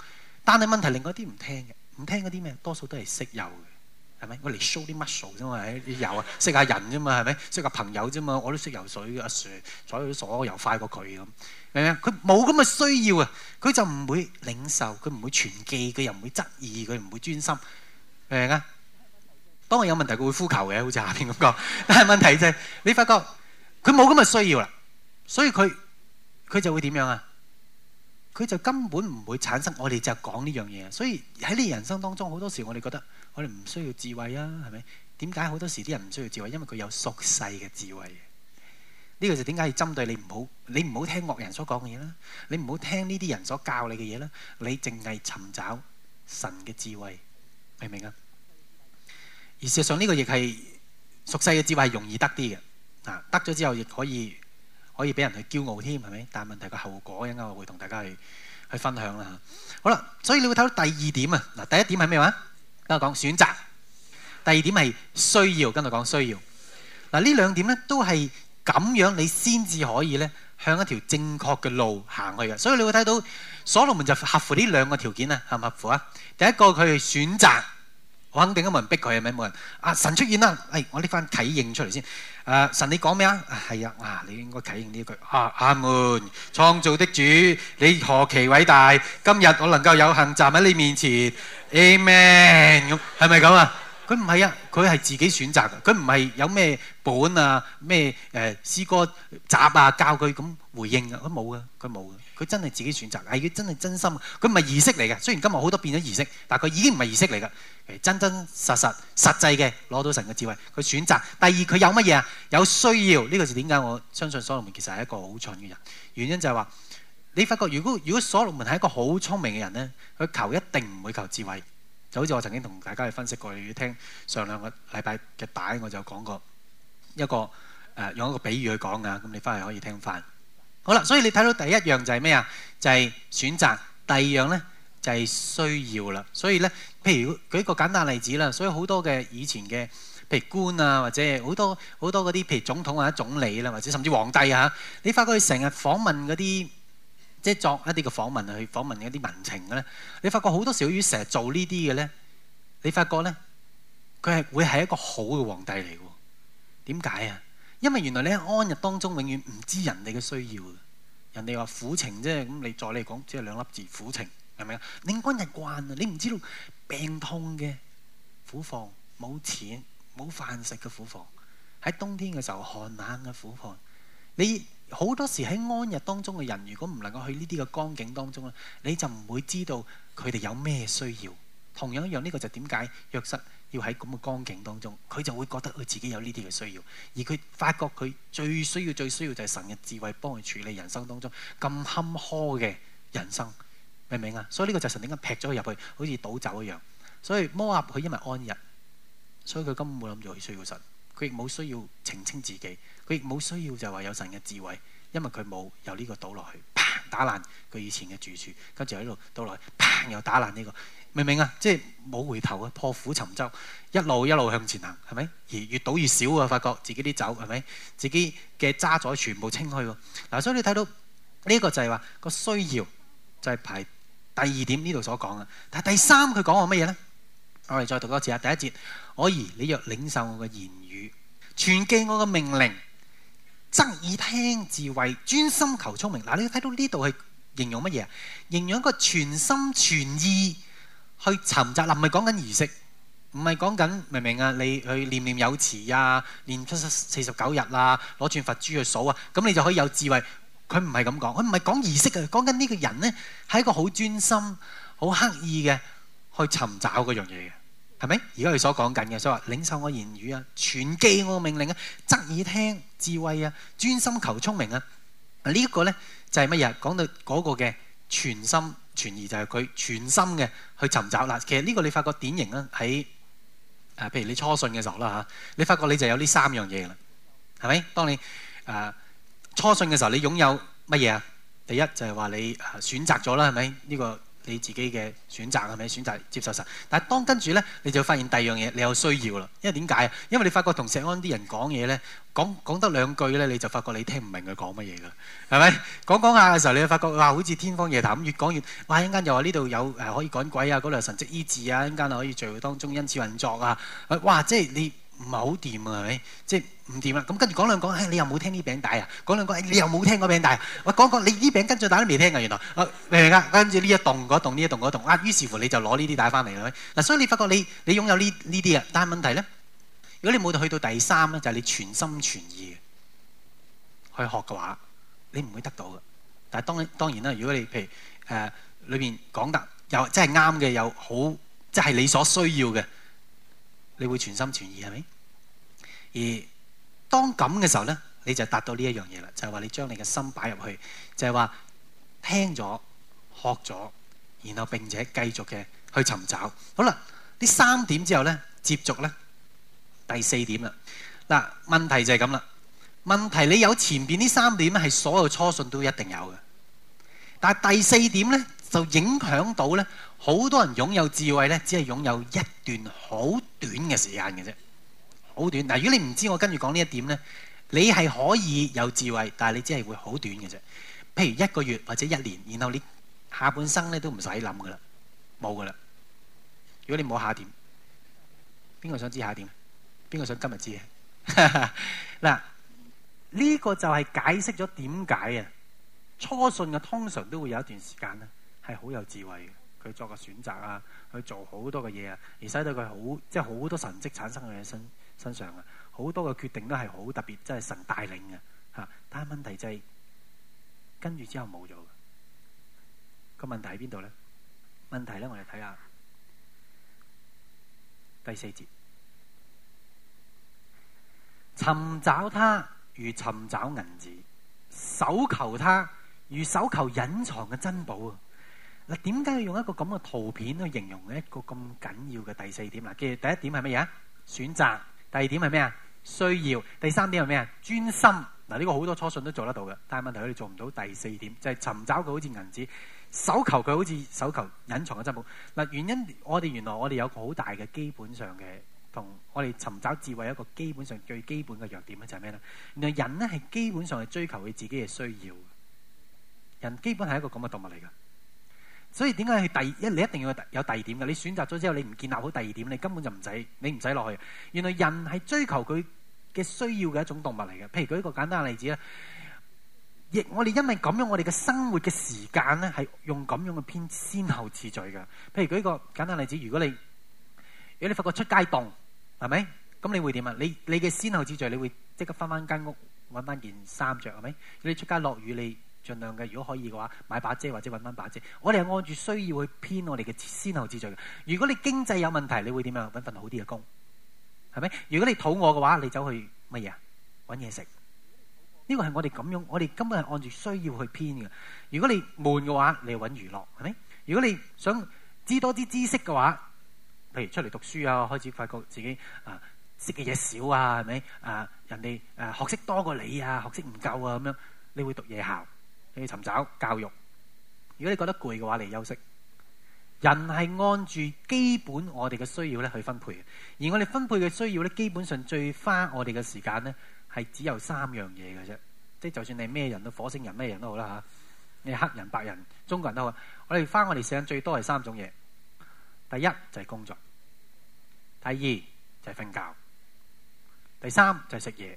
但係問題另外一啲唔聽嘅，唔聽嗰啲咩？多數都係識游嘅，係咪？我嚟 show 啲 muscle 啫嘛，啲游啊，識下人啫嘛，係咪？識下朋友啫嘛，我都識游水嘅阿 Sir，所以都傻，我游快過佢咁，明唔明？佢冇咁嘅需要啊，佢就唔會領受，佢唔會傳記，佢又唔會質疑，佢唔會專心，明唔明啊？當我有問題，佢會呼求嘅，好似下邊咁講。但係問題就係、是，你發覺佢冇咁嘅需要啦，所以佢佢就會點樣啊？佢就根本唔會產生。我哋就講呢樣嘢，所以喺你人生當中好多時，我哋覺得我哋唔需要智慧啊，係咪？點解好多時啲人唔需要智慧？因為佢有屬世嘅智慧。呢、這個就點解要針對你唔好？你唔好聽惡人所講嘅嘢啦，你唔好聽呢啲人所教你嘅嘢啦，你淨係尋找神嘅智慧，明唔明啊？事實上呢、呢個亦係熟悉嘅智慧，係容易得啲嘅。嗱，得咗之後亦可以可以俾人去驕傲添，係咪？但係問題個後果，應該我會同大家去去分享啦嚇。好啦，所以你會睇到第二點啊。嗱，第一點係咩話？等我講選擇。第二點係需要，跟我講需要。嗱，呢兩點咧都係咁樣，你先至可以咧向一條正確嘅路行去嘅。所以你會睇到所羅門就合乎呢兩個條件啊，合唔合乎啊？第一個佢選擇。我肯定都冇人逼佢，係咪冇人？啊神出現啦！哎，我搦翻啟應出嚟先。誒神，你講咩啊？係啊，嗱，你應該啟應呢一句。啊阿門，創造的主，你何其偉大！今日我能夠有幸站喺你面前。Amen。咁係咪咁啊？佢唔係啊，佢係自己選擇嘅。佢唔係有咩本啊，咩誒詩歌集啊教佢咁回應嘅。佢冇嘅，佢冇嘅。佢真係自己選擇，係佢真係真心，佢唔係儀式嚟嘅。雖然今日好多變咗儀式，但係佢已經唔係儀式嚟嘅。誒真真實實實際嘅攞到神嘅智慧，佢選擇。第二佢有乜嘢啊？有需要呢個就點解我相信所羅門其實係一個好蠢嘅人？原因就係、是、話你發覺，如果如果所羅門係一個好聰明嘅人呢，佢求一定唔會求智慧。就好似我曾經同大家去分析過，你聽上兩個禮拜嘅帶，我就講過一個誒、呃、用一個比喻去講㗎，咁你翻嚟可以聽翻。好啦，所以你睇到第一樣就係咩啊？就係選擇。第二樣咧就係需要啦。所以咧，譬如舉個簡單例子啦，所以好多嘅以前嘅，譬如官啊，或者好多好多嗰啲，譬如總統啊、總理啦，或者甚至皇帝啊，你發覺佢成日訪問嗰啲，即係作一啲嘅訪問去訪問一啲民情嘅咧，你發覺好多時候成日做呢啲嘅咧，你發覺咧，佢係會係一個好嘅皇帝嚟嘅，點解啊？因為原來你喺安逸當中，永遠唔知人哋嘅需要。人哋話苦情啫，咁你再嚟講，只係兩粒字苦情，明唔明啊？你安逸慣啊，你唔知道病痛嘅苦況，冇錢冇飯食嘅苦況，喺冬天嘅時候寒冷嘅苦況。你好多時喺安逸當中嘅人，如果唔能夠去呢啲嘅光景當中咧，你就唔會知道佢哋有咩需要。同樣一樣，呢、這個就點解約瑟？要喺咁嘅光景當中，佢就會覺得佢自己有呢啲嘅需要，而佢發覺佢最需要、最需要就係神嘅智慧幫佢處理人生當中咁坎坷嘅人生，明唔明啊？所以呢個就係神點解劈咗佢入去，好似倒酒一樣。所以摩押佢因為安逸，所以佢根本冇諗住去需要神，佢亦冇需要澄清自己，佢亦冇需要就話有神嘅智慧，因為佢冇由呢個倒落去，砰打爛佢以前嘅住處，跟住喺度倒落去，砰又打爛呢個。明明啊，即係冇回頭啊，破釜沉舟，一路一路向前行，係咪？而越倒越少啊，發覺自己啲酒，係咪？自己嘅渣咗全部清去喎。嗱、啊，所以你睇到呢一個就係話、這個需要，就係排第二點呢度所講啊。但係第三佢講話乜嘢呢？我哋再讀多次啊，第一節，我而你若領受我嘅言語，傳記我嘅命令，側耳聽自慧，專心求聰明。嗱、啊，你睇到呢度係形容乜嘢啊？形容一個全心全意。去尋集林，唔係講緊儀式，唔係講緊明明啊？你去念念有詞啊，唸七七四十九日啊，攞串佛珠去數啊，咁你就可以有智慧。佢唔係咁講，佢唔係講儀式嘅，講緊呢個人呢，係一個好專心、好刻意嘅去尋找嗰樣嘢嘅，係咪？而家佢所講緊嘅，所以話領受我言語啊，全記我命令啊，側耳聽智慧啊，專心求聰明啊。呢、呢、一個呢，就係乜嘢？講到嗰個嘅全心。傳疑就係佢全心嘅去尋找啦，其實呢個你發覺典型啦，喺啊，譬如你初信嘅時候啦嚇，你發覺你就有呢三樣嘢啦，係咪？當你啊、呃、初信嘅時候，你擁有乜嘢啊？第一就係話你選擇咗啦，係咪呢個？你自己嘅選擇係咪選擇接受神？但係當跟住呢，你就發現第二樣嘢，你有需要啦。因為點解啊？因為你發覺同石安啲人講嘢呢，講講得兩句呢，你就發覺你聽唔明佢講乜嘢㗎啦，係咪？講講下嘅時候，你又發覺話好似天方夜譚咁，越講越，哇！一間又話呢度有誒、啊、可以趕鬼啊，嗰度神跡醫治啊，一間又可以聚會當中恩賜運作啊，哇！即係你唔係好掂係咪？即唔掂啊！咁跟住講兩講，嘿、哎，你又冇聽呢餅帶啊？講兩講，你又冇聽嗰餅帶喂，講講你呢餅跟住帶都未聽嘅、啊，原、啊、來，明唔明啊？跟住呢一棟嗰棟，呢一棟嗰棟啊，於是乎你就攞呢啲帶翻嚟啦。嗱，所以你發覺你你擁有呢呢啲啊，但係問題咧，如果你冇到去到第三咧，就係、是、你全心全意去學嘅話，你唔會得到嘅。但係當當然啦，如果你譬如誒裏邊講得有真係啱嘅，有好即係你所需要嘅，你會全心全意係咪？而當咁嘅時候呢，你就達到呢一樣嘢啦，就係話你將你嘅心擺入去，就係話聽咗、學咗，然後並且繼續嘅去尋找。好啦，呢三點之後呢，接續呢，第四點啦。嗱，問題就係咁啦。問題你有前邊呢三點係所有初信都一定有嘅，但係第四點呢，就影響到呢，好多人擁有智慧呢，只係擁有一段好短嘅時間嘅啫。好短。嗱，啊，如果你唔知我跟住講呢一點咧，你係可以有智慧，但係你只係會好短嘅啫。譬如一個月或者一年，然後你下半生咧都唔使諗嘅啦，冇嘅啦。如果你冇下一點，邊個想知下一點？邊個想今日知 啊？嗱，呢個就係解釋咗點解啊。初信嘅通常都會有一段時間咧係好有智慧嘅，佢作個選擇啊，去做好多嘅嘢啊，而使到佢好即係好多神跡產生喺身。身上嘅好多嘅決定都係好特別，真係神帶領嘅嚇。但係問題就係、是、跟住之後冇咗嘅個問題喺邊度咧？問題咧，我哋睇下第四節，尋找他如尋找銀子，搜求他如搜求隱藏嘅珍寶啊！嗱，點解要用一個咁嘅圖片去形容一個咁緊要嘅第四點？嗱，嘅第一點係乜嘢？選擇。第二點係咩啊？需要。第三點係咩啊？專心。嗱，呢個好多初信都做得到嘅，但係問題佢哋做唔到第四點，就係、是、尋找佢好似銀子，搜求佢好似搜求隱藏嘅珍寶。嗱，原因我哋原來我哋有個好大嘅基本上嘅同我哋尋找智慧一個基本上最基本嘅弱點咧，就係咩咧？原來人呢係基本上係追求佢自己嘅需要，人基本係一個咁嘅動物嚟噶。所以點解係第一？因為你一定要有第二點嘅。你選擇咗之後，你唔建立好第二點，你根本就唔使，你唔使落去。原來人係追求佢嘅需要嘅一種動物嚟嘅。譬如舉一個簡單嘅例子咧，亦我哋因為咁樣，我哋嘅生活嘅時間咧係用咁樣嘅編先後次序嘅。譬如舉一個簡單例子，如果你如果你發覺出街凍，係咪？咁你會點啊？你你嘅先後次序，你會即刻翻翻間屋揾翻件衫着，係咪？如果你出街落雨，你儘量嘅，如果可以嘅話，買把遮或者揾翻把遮。我哋係按住需要去編我哋嘅先後之序嘅。如果你經濟有問題，你會點樣啊？揾份好啲嘅工，係咪？如果你肚餓嘅話，你走去乜嘢啊？揾嘢食。呢個係我哋咁樣，我哋根本係按住需要去編嘅。如果你悶嘅話，你揾娛樂係咪？如果你想知多啲知識嘅話，譬如出嚟讀書啊，開始發覺自己啊識嘅嘢少啊，係咪啊？人哋誒、啊、學識多過你啊，學識唔夠啊，咁樣你會讀夜校。去尋找教育。如果你覺得攰嘅話，嚟休息。人係按住基本我哋嘅需要咧去分配嘅，而我哋分配嘅需要咧，基本上最花我哋嘅時間咧，係只有三樣嘢嘅啫。即係就算你咩人都，火星人咩人都好啦吓，你黑人白人中國人都好，我哋花我哋時間最多係三種嘢。第一就係工作，第二就係瞓覺，第三就係食嘢。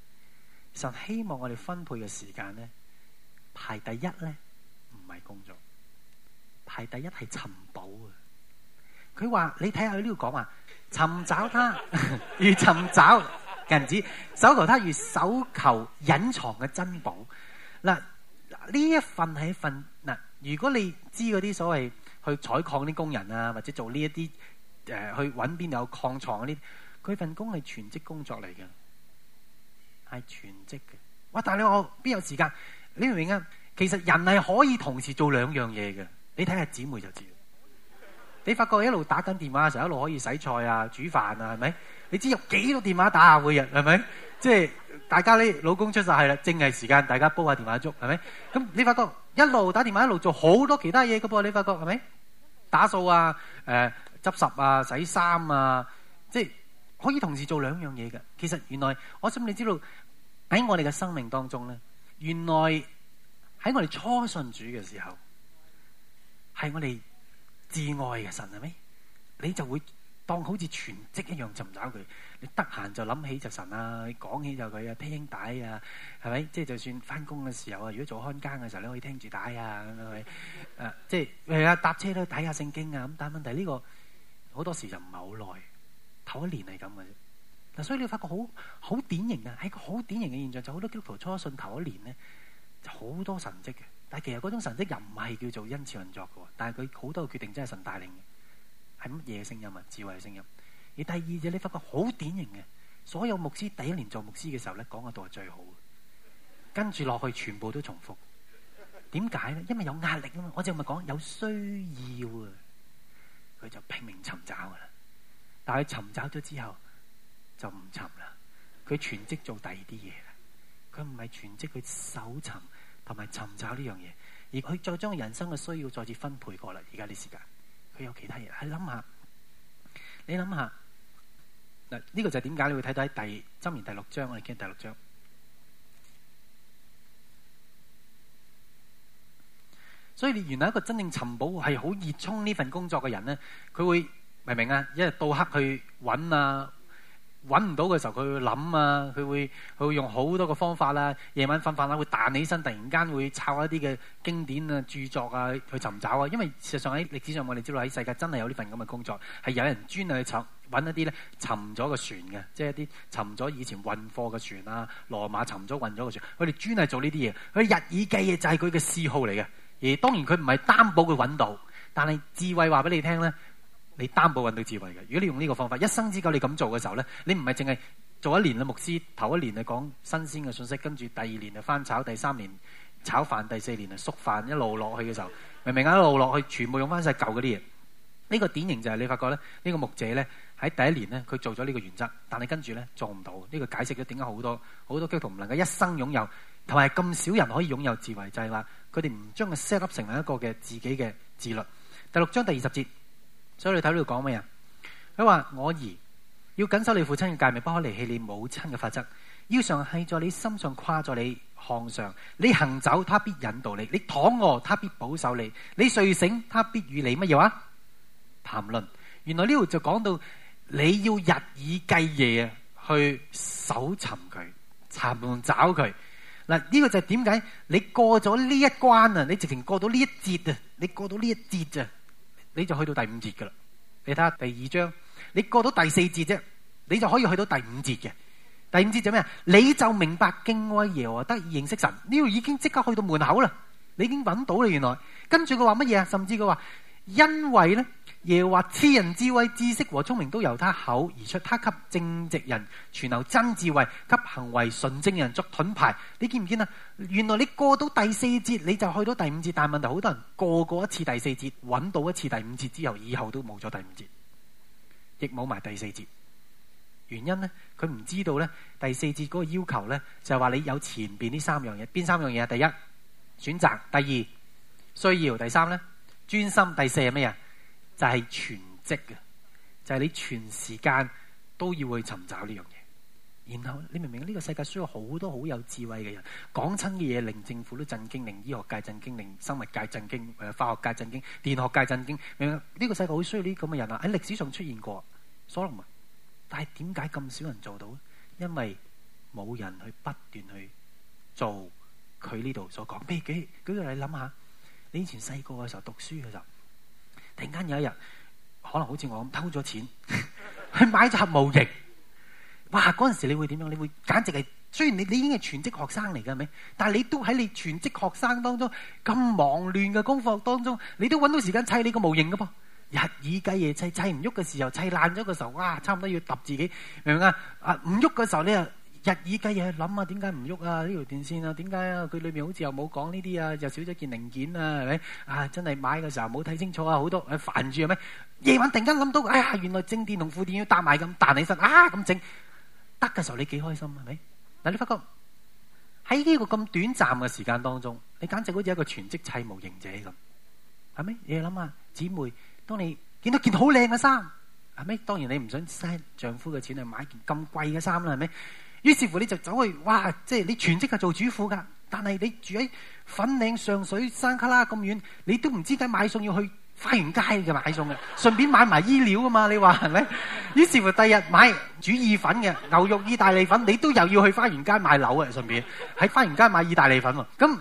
就希望我哋分配嘅時間咧，排第一咧唔係工作，排第一係尋寶啊！佢話你睇下佢呢度講話，尋 找他，越 尋找銀子，搜求他越搜求隱藏嘅珍寶。嗱，呢一份係一份嗱，如果你知嗰啲所謂去採礦啲工人啊，或者做呢一啲誒、呃、去搵邊度有礦藏嗰啲，佢份工係全職工作嚟嘅。係全職嘅，哇！但係你我邊有時間？你明唔明啊？其實人係可以同時做兩樣嘢嘅。你睇下姊妹就知，你發覺一路打緊電話時候，成日一路可以洗菜啊、煮飯啊，係咪？你知有幾多電話打下每日，係咪？即係大家咧，老公出晒去啦，正係時間，大家煲下電話粥，係咪？咁你發覺一路打電話，一路做好多其他嘢嘅噃，你發覺係咪？打掃啊，誒、呃，執拾啊，洗衫啊，即係。可以同時做兩樣嘢嘅，其實原來我想你知道喺我哋嘅生命當中咧，原來喺我哋初信主嘅時候，係我哋至愛嘅神係咪？你就會當好似全職一樣尋找佢，你得閒就諗起就神啊，講起就佢啊聽帶啊，係咪？即係就算返工嘅時候啊，如果做看更嘅時候你可以聽住帶啊，係咪？誒，即係誒搭車都睇下聖經啊，咁但係問題呢個好多時就唔係好耐。頭一年係咁嘅啫，嗱，所以你會發覺好好典型嘅，係個好典型嘅現象，就好多基督徒初信頭一年呢，就好多神蹟嘅。但係其實嗰種神蹟又唔係叫做恩賜運作嘅，但係佢好多決定真係神帶領嘅，係乜嘢嘅聲音啊？智慧嘅聲音。而第二就你發覺好典型嘅，所有牧師第一年做牧師嘅時候呢，講嘅都係最好，跟住落去全部都重複。點解呢？因為有壓力啊嘛，我淨係咪講有需要啊？佢就拼命尋找噶啦。但係佢尋找咗之後就唔尋啦，佢全職做第二啲嘢啦，佢唔係全職去搜尋同埋尋找呢樣嘢，而佢再將人生嘅需要再次分配過啦。而家呢時間，佢有其他嘢。你諗下，你諗下嗱，呢、這個就係點解你會睇到喺箴言第六章，我哋見第六章。所以你原來一個真正尋寶係好熱衷呢份工作嘅人咧，佢會。係明啊！因為一日到黑去揾啊，揾唔到嘅時候佢會諗啊，佢會佢會用好多嘅方法啦。夜晚瞓瞓下會彈起身，突然間會抄一啲嘅經典啊著作啊去尋找啊。因為事實上喺歷史上我哋知道喺世界真係有呢份咁嘅工作，係有人專係去揾一啲咧沉咗嘅船嘅，即係一啲沉咗以前運貨嘅船啊，羅馬沉咗運咗嘅船。佢哋專係做呢啲嘢，佢日以繼夜就係佢嘅嗜好嚟嘅。而當然佢唔係擔保佢揾到，但係智慧話俾你聽咧。你擔保揾到智慧嘅。如果你用呢個方法，一生之久你咁做嘅時候呢，你唔係淨係做一年嘅牧師，頭一年係講新鮮嘅信息，跟住第二年就翻炒，第三年炒飯，第四年就縮飯，一路落去嘅時候，明明一路落去，全部用翻晒舊嗰啲嘢。呢個典型就係你發覺咧，呢個牧者呢，喺第一年呢，佢做咗呢個原則，但係跟住呢，做唔到。呢個解釋咗點解好多好多基督徒唔能夠一生擁有，同埋咁少人可以擁有智慧，就係話佢哋唔將佢 set up 成為一個嘅自己嘅自律。第六章第二十節。所以你睇到講咩啊？佢話，我兒要謹守你父親嘅誡命，不可離棄你母親嘅法則。要常繫在你心上，跨在你項上。你行走，他必引導你；你躺臥，他必保守你；你睡醒，他必與你乜嘢啊？談論。原來呢度就講到你要日以繼夜啊，去搜尋佢，尋找佢。嗱，呢個就係點解你過咗呢一關啊？你直情過到呢一節啊？你過到呢一節啊？你就去到第五節噶啦，你睇下第二章，你過到第四節啫，你就可以去到第五節嘅。第五節就咩？你就明白敬畏耶和華，得以認識神。呢度已經即刻去到門口啦，你已經揾到啦。原來跟住佢話乜嘢啊？甚至佢話因為咧。耶話知人智慧，知識和聰明都由他口而出。他給正直人存留真智慧，給行為純正人作盾牌。你見唔見啊？原來你過到第四節，你就去到第五節，但係問題好多人過過一次第四節，揾到一次第五節之後，以後都冇咗第五節，亦冇埋第四節。原因呢？佢唔知道呢。第四節嗰個要求呢，就係、是、話你有前邊呢三樣嘢，邊三樣嘢啊？第一，選擇；第二，需要；第三呢，專心；第四係咩啊？但係全職嘅，就係、是、你全時間都要去尋找呢樣嘢。然後你明唔明？呢、這個世界需要好多好有智慧嘅人。講親嘅嘢令政府都震驚，令醫學界震驚，令生物界震驚，誒化學界震驚，電學界震驚。明白？呢、這個世界好需要呢啲咁嘅人啊！喺歷史上出現過，所羅門。但係點解咁少人做到咧？因為冇人去不斷去做佢呢度所講。譬如舉舉個你諗下，你以前細個嘅時候讀書嘅時候。突然間有一日，可能好似我咁偷咗錢去 買盒模型，哇！嗰陣時你會點樣？你會簡直係雖然你你已經係全職學生嚟嘅，係咪？但係你都喺你全職學生當中咁忙亂嘅功課當中，你都揾到時間砌你個模型嘅噃，日以繼夜砌，砌唔喐嘅時候砌爛咗嘅時候，哇！差唔多要揼自己，明唔明啊？啊，唔喐嘅時候咧啊！日以繼夜諗啊，點解唔喐啊？呢條電線啊，點解啊？佢裏面好似又冇講呢啲啊，又少咗件零件啊，係咪？啊，真係買嘅時候冇睇清楚啊，好多誒，煩住係咪？夜晚突然間諗到，哎呀，原來正電同負電要搭埋咁，彈起身啊咁整，得嘅時候你幾開心係咪？嗱，你發覺喺呢個咁短暫嘅時間當中，你簡直好似一個全職砌模型者咁，係咪？你諗下，姊妹，當你見到件好靚嘅衫，係咪？當然你唔想嘥丈夫嘅錢去買件咁貴嘅衫啦，係咪？於是乎你就走去，哇！即係你全職係做主婦㗎，但係你住喺粉嶺上水山卡拉咁遠，你都唔知解買餸要去花園街嘅買餸嘅， 順便買埋衣料啊嘛！你話係咪？ 於是乎第日買煮意粉嘅牛肉意大利粉，你都又要去花園街買樓嘅，順便喺花園街買意大利粉喎。咁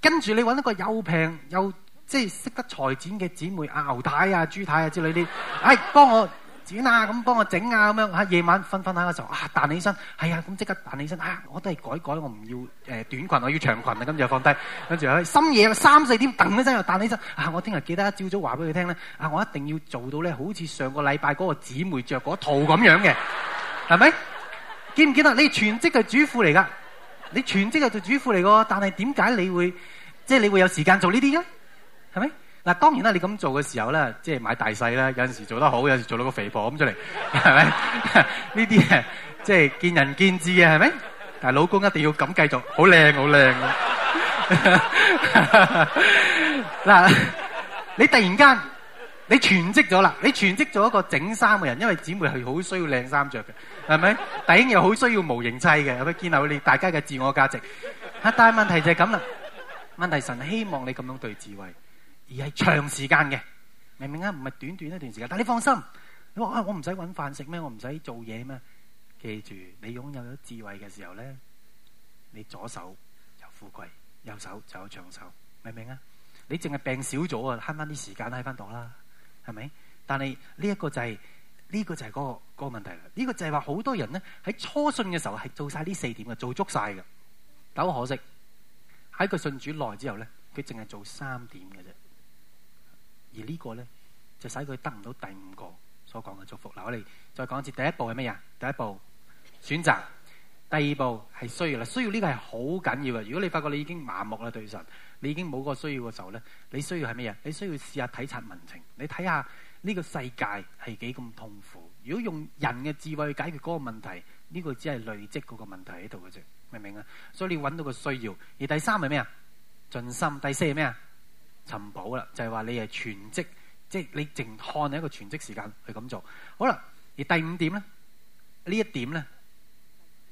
跟住你揾一個又平又即係識得裁剪嘅姊妹，牛太啊、豬太啊之類啲，係、哎、幫我。剪啊！咁幫我整啊！咁樣喺夜晚瞓瞓下嘅時候啊，彈起身，係啊！咁即刻彈起身啊！我都係改改，我唔要誒、呃、短裙，我要長裙啊！咁就放低，跟住去深夜三四點，彈、呃、起身又彈起身啊！我聽日記得一朝早話俾佢聽咧啊！我一定要做到咧，好似上個禮拜嗰個姊妹着嗰套咁樣嘅，係咪？記唔記得？你全職係主婦嚟噶，你全職係做主婦嚟嘅，但係點解你會即係、就是、你會有時間做呢啲啊？係咪？嗱，當然啦！你咁做嘅時候咧，即係買大細啦。有陣時做得好，有陣時做到個肥婆咁出嚟，係咪？呢啲啊，即係見仁見智啊，係咪？但係老公一定要咁繼續，好靚好靚。嗱，你突然間你全職咗啦，你全職做一個整衫嘅人，因為姊妹係好需要靚衫著嘅，係咪？弟兄又好需要模型砌嘅，有咩建立你大家嘅自我價值？嚇，但係問題就係咁啦。問題，神希望你咁樣對智慧。而係長時間嘅，明唔明啊，唔係短短一段時間。但係你放心，你話啊，我唔使揾飯食咩？我唔使做嘢咩？記住，你擁有咗智慧嘅時候咧，你左手有富貴，右手就有長壽，明唔明啊？你淨係病少咗啊，慳翻啲時間喺翻度啦，係咪？但係呢一個就係，呢個就係嗰個嗰個問題啦。呢個就係話好多人咧喺初信嘅時候係做晒呢四點嘅，做足晒嘅，但好可惜喺佢信主耐之後咧，佢淨係做三點嘅。而呢個呢，就使佢得唔到第五個所講嘅祝福。嗱，我哋再講一次，第一步係咩啊？第一步選擇，第二步係需要啦。需要呢個係好緊要嘅。如果你發覺你已經麻木啦對神，你已經冇個需要嘅時候呢，你需要係咩啊？你需要試下體察民情，你睇下呢個世界係幾咁痛苦。如果用人嘅智慧去解決嗰個問題，呢個只係累積嗰個問題喺度嘅啫，明唔明啊？所以你要揾到個需要。而第三係咩啊？盡心。第四係咩啊？尋寶啦，就係話你係全職，即係你淨看一個全職時間去咁做，好啦。而第五點咧，呢一點咧，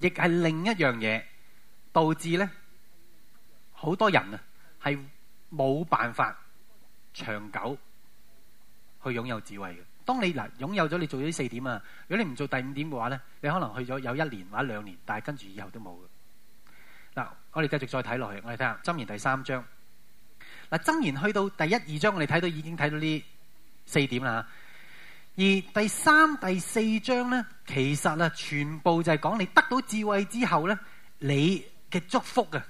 亦係另一樣嘢導致咧，好多人啊係冇辦法長久去擁有智慧嘅。當你嗱，擁有咗你做咗呢四點啊，如果你唔做第五點嘅話咧，你可能去咗有一年或者兩年，但係跟住以後都冇嘅。嗱，我哋繼續再睇落去，我哋睇下箴言第三章。嗱，箴言去到第一、二章，我哋睇到已經睇到呢四點啦。而第三、第四章呢，其實咧全部就係講你得到智慧之後呢，你嘅祝福啊。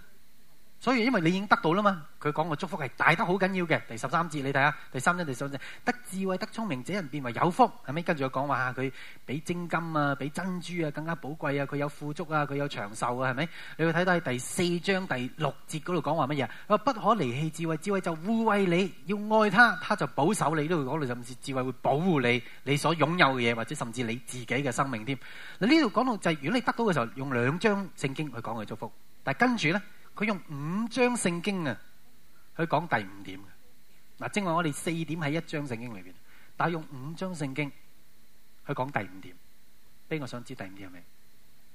所以，因為你已經得到啦嘛，佢講個祝福係大得好緊要嘅。第十三節，你睇下第三章第十三節，得智慧得聰明，這人變為有福。係咪？跟住佢講話佢比精金啊，比珍珠啊，更加寶貴啊。佢有富足啊，佢有長壽啊，係咪？你去睇睇第四章第六節嗰度講話乜嘢啊？不可離棄智慧，智慧就護衛你，要愛他，他就保守你。呢度講到就甚至智慧會保護你，你所擁有嘅嘢，或者甚至你自己嘅生命添。嗱呢度講到就係，如果你得到嘅時候，用兩章聖經去講佢祝福，但係跟住咧。佢用五章聖經啊，去講第五點。嗱，正話我哋四點喺一章聖經裏邊，但係用五章聖經去講第五點。邊個想知第五點係咩？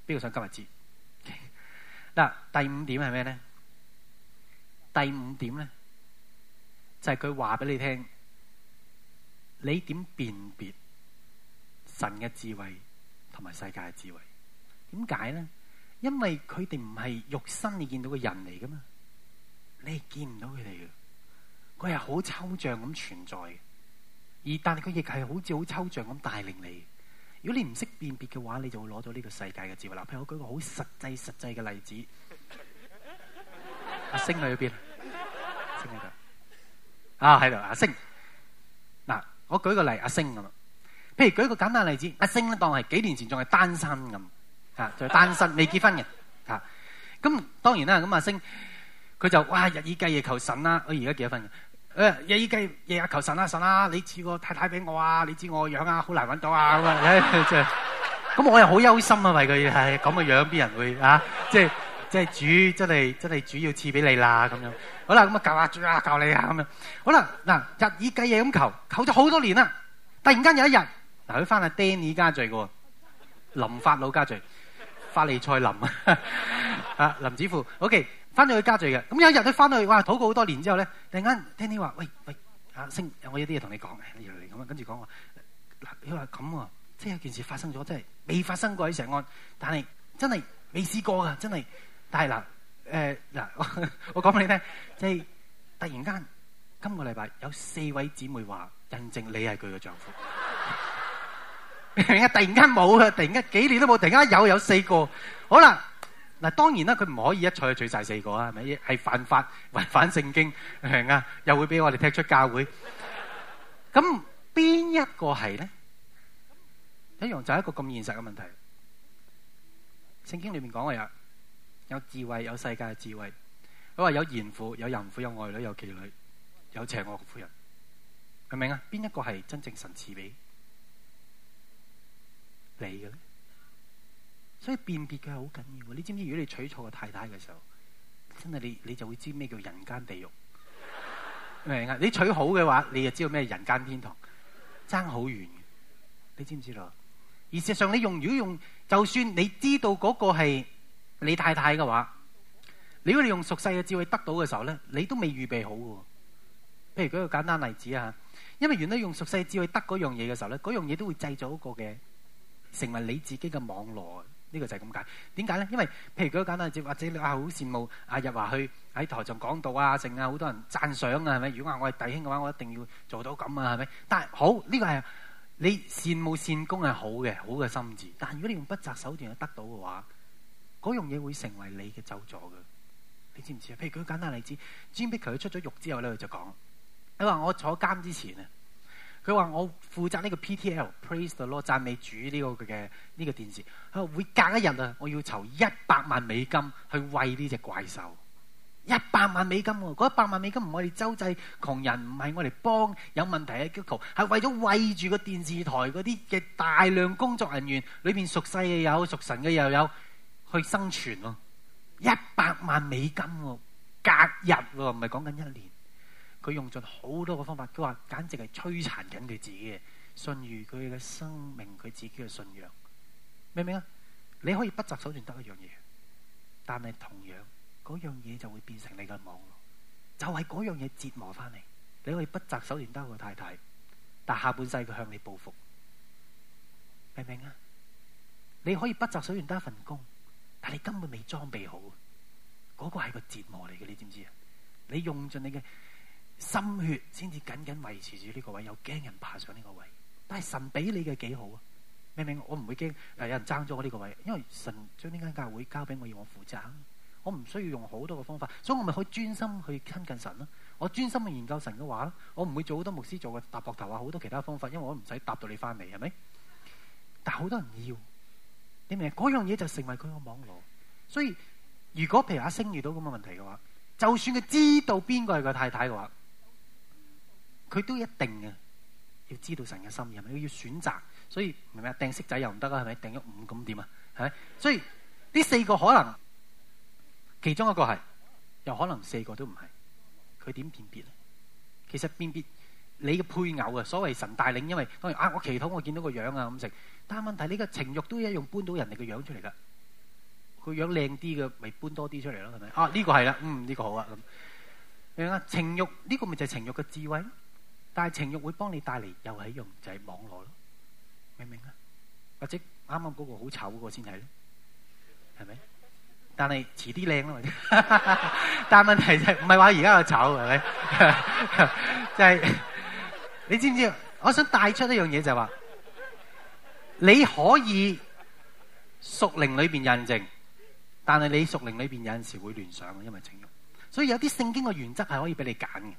邊個想，想今日知？嗱， 第五點係咩咧？第五點咧，就係佢話俾你聽，你點辨別神嘅智慧同埋世界嘅智慧？點解咧？因為佢哋唔係肉身，你見到嘅人嚟噶嘛？你係見唔到佢哋嘅，佢係好抽象咁存在嘅。而但係佢亦係好似好抽象咁帶領你。如果你唔識辨別嘅話，你就會攞到呢個世界嘅智慧。嗱，譬如我舉個好實際實際嘅例子，阿星喺邊？阿星喺度。啊喺度，阿星。嗱，我舉個例，阿星啊，譬如舉個簡單例子，阿星咧當係幾年前仲係單身咁。就單身未結婚嘅，嚇、啊，咁當然啦，咁、啊、阿星，佢就哇日以繼夜求神啦，佢而家結咗婚嘅，日以繼夜求神啊，啊，求神，啊神啊，你賜個太太俾我啊，你知我個樣啊，好難揾到啊咁啊，即、就、係、是，咁我又好憂心啊，為佢係咁嘅樣，樣，啲人會啊，即係即係主真係真係主要賜俾你啦咁樣，好啦，咁啊教下、啊、教下、啊、教你啊咁樣，好啦嗱、啊，日以繼夜咁求，求咗好多年啦，突然間有一日，嗱、啊、佢翻阿 Danny 家聚個， 林發老家聚。法利塞林啊， 林子富，OK，翻到去家聚嘅，咁有一日佢翻到去，哇，禱告好多年之後咧，突然間聽你話，喂喂，阿、啊、星，我有啲嘢同你講，嚟嚟咁啊，跟住講話，嗱、啊，佢話咁啊，即係有件事發生咗，即係未發生過喺成案，但係真係未試過噶，真係，但係嗱，誒、啊、嗱、啊啊啊，我講俾你聽，即、就、係、是、突然間，今個禮拜有四位姊妹話，印證你係佢嘅丈夫。 突然間冇嘅，突然間幾年都冇，突然間有有四個，好啦，嗱，當然啦，佢唔可以一齊取晒四個啊，係犯法違反聖經，明啊？又會俾我哋踢出教會。咁邊 一個係呢？ 一樣就係一個咁現實嘅問題。聖經裏面講嘅有有智慧，有世界嘅智慧。佢話有賢婦，有淫婦，有外女，有妓女，有邪惡婦人。明唔明啊？邊一個係真正神賜俾？嚟嘅，所以辨別佢係好緊要。你知唔知？如果你娶錯個太太嘅時候，真係你你就會知咩叫人間地獄。明啊？你娶好嘅話，你就知道咩人間天堂，爭好遠。你知唔知道？而事實上，你用如果用，就算你知道嗰個係你太太嘅話，如果你用俗世嘅智慧得到嘅時候咧，你都未預備好嘅。譬如舉個簡單例子啊，因為原來用俗世嘅智慧得嗰樣嘢嘅時候咧，嗰樣嘢都會製造一個嘅。成為你自己嘅網羅，呢個就係咁解。點解咧？因為譬如舉個簡單例子，或者你話好羨慕阿日華去喺台上講道啊，剩啊，好多人讚賞啊，係咪？如果話我係弟兄嘅話，我一定要做到咁啊，係咪？但係好呢個係你羨慕善功係好嘅，好嘅心智。但係如果你用不擇手段去得到嘅話，嗰樣嘢會成為你嘅咒詛嘅。你知唔知啊？譬如舉個簡單例子，朱碧佢出咗獄之後咧，佢就講：佢話我坐監之前啊。佢話我負責呢個 PTL，Praise the Lord 讚美主呢、這個佢嘅呢個電視，佢話會隔一日啊，我要籌一百萬美金去餵呢隻怪獸，一百萬美金，嗰一百萬美金唔係我哋周濟窮人，唔係我哋幫有問題啊，Jaco，係為咗餵住個電視台啲嘅大量工作人員，裏邊屬世嘅有，屬神嘅又有，有去生存喎，一百萬美金喎，隔日喎，唔係講緊一年。佢用盡好多個方法，佢話簡直係摧殘緊佢自己嘅、信譽、佢嘅生命、佢自己嘅信仰，明唔明啊？你可以不擇手段得一樣嘢，但係同樣嗰樣嘢就會變成你嘅網，就係嗰樣嘢折磨翻你。你可以不擇手段得個太太，但下半世佢向你報復，明唔明啊？你可以不擇手段得一份工，但你根本未裝備好，嗰、嗰個係個折磨嚟嘅，你知唔知啊？你用盡你嘅。心血先至緊緊維持住呢個位，有驚人爬上呢個位。但係神俾你嘅幾好啊？明唔明？我唔會驚有人爭咗我呢個位，因為神將呢間教會交俾我，要我負責。我唔需要用好多嘅方法，所以我咪可以專心去親近神咯。我專心去研究神嘅話，我唔會做好多牧師做嘅搭膊頭啊，好多其他方法，因為我唔使搭到你翻嚟，係咪？但係好多人要，你明？嗰樣嘢就成為佢嘅網絡。所以如果譬如阿、啊、星遇到咁嘅問題嘅話，就算佢知道邊個係佢太太嘅話，佢都一定嘅，要知道神嘅心意，咪要選擇，所以明唔明啊？定色仔又唔得啦，係咪？定咗五咁點啊？係咪？所以呢四個可能，其中一個係，又可能四個都唔係，佢點辨別咧？其實辨別你嘅配偶啊，所謂神帶領，因為當然啊，我祈禱我見到個樣啊，咁食。但係問題你嘅情欲都一樣搬到人哋嘅樣出嚟噶，個樣靚啲嘅咪搬多啲出嚟咯，係咪？啊呢個係啦，嗯呢個好啊咁，明啊？情欲呢個咪就係情欲嘅智慧。但係情慾會幫你帶嚟又係用就係網絡咯，明唔明啊？或者啱啱嗰個好醜個先係咯，係咪？但係遲啲靚咯， 但問題就唔係話而家又醜係咪？ 就係、是、你知唔知？我想帶出一樣嘢就係、是、話，你可以屬靈裏邊印證，但係你屬靈裏邊有陣時會亂想，因為情慾。所以有啲聖經嘅原則係可以俾你揀嘅。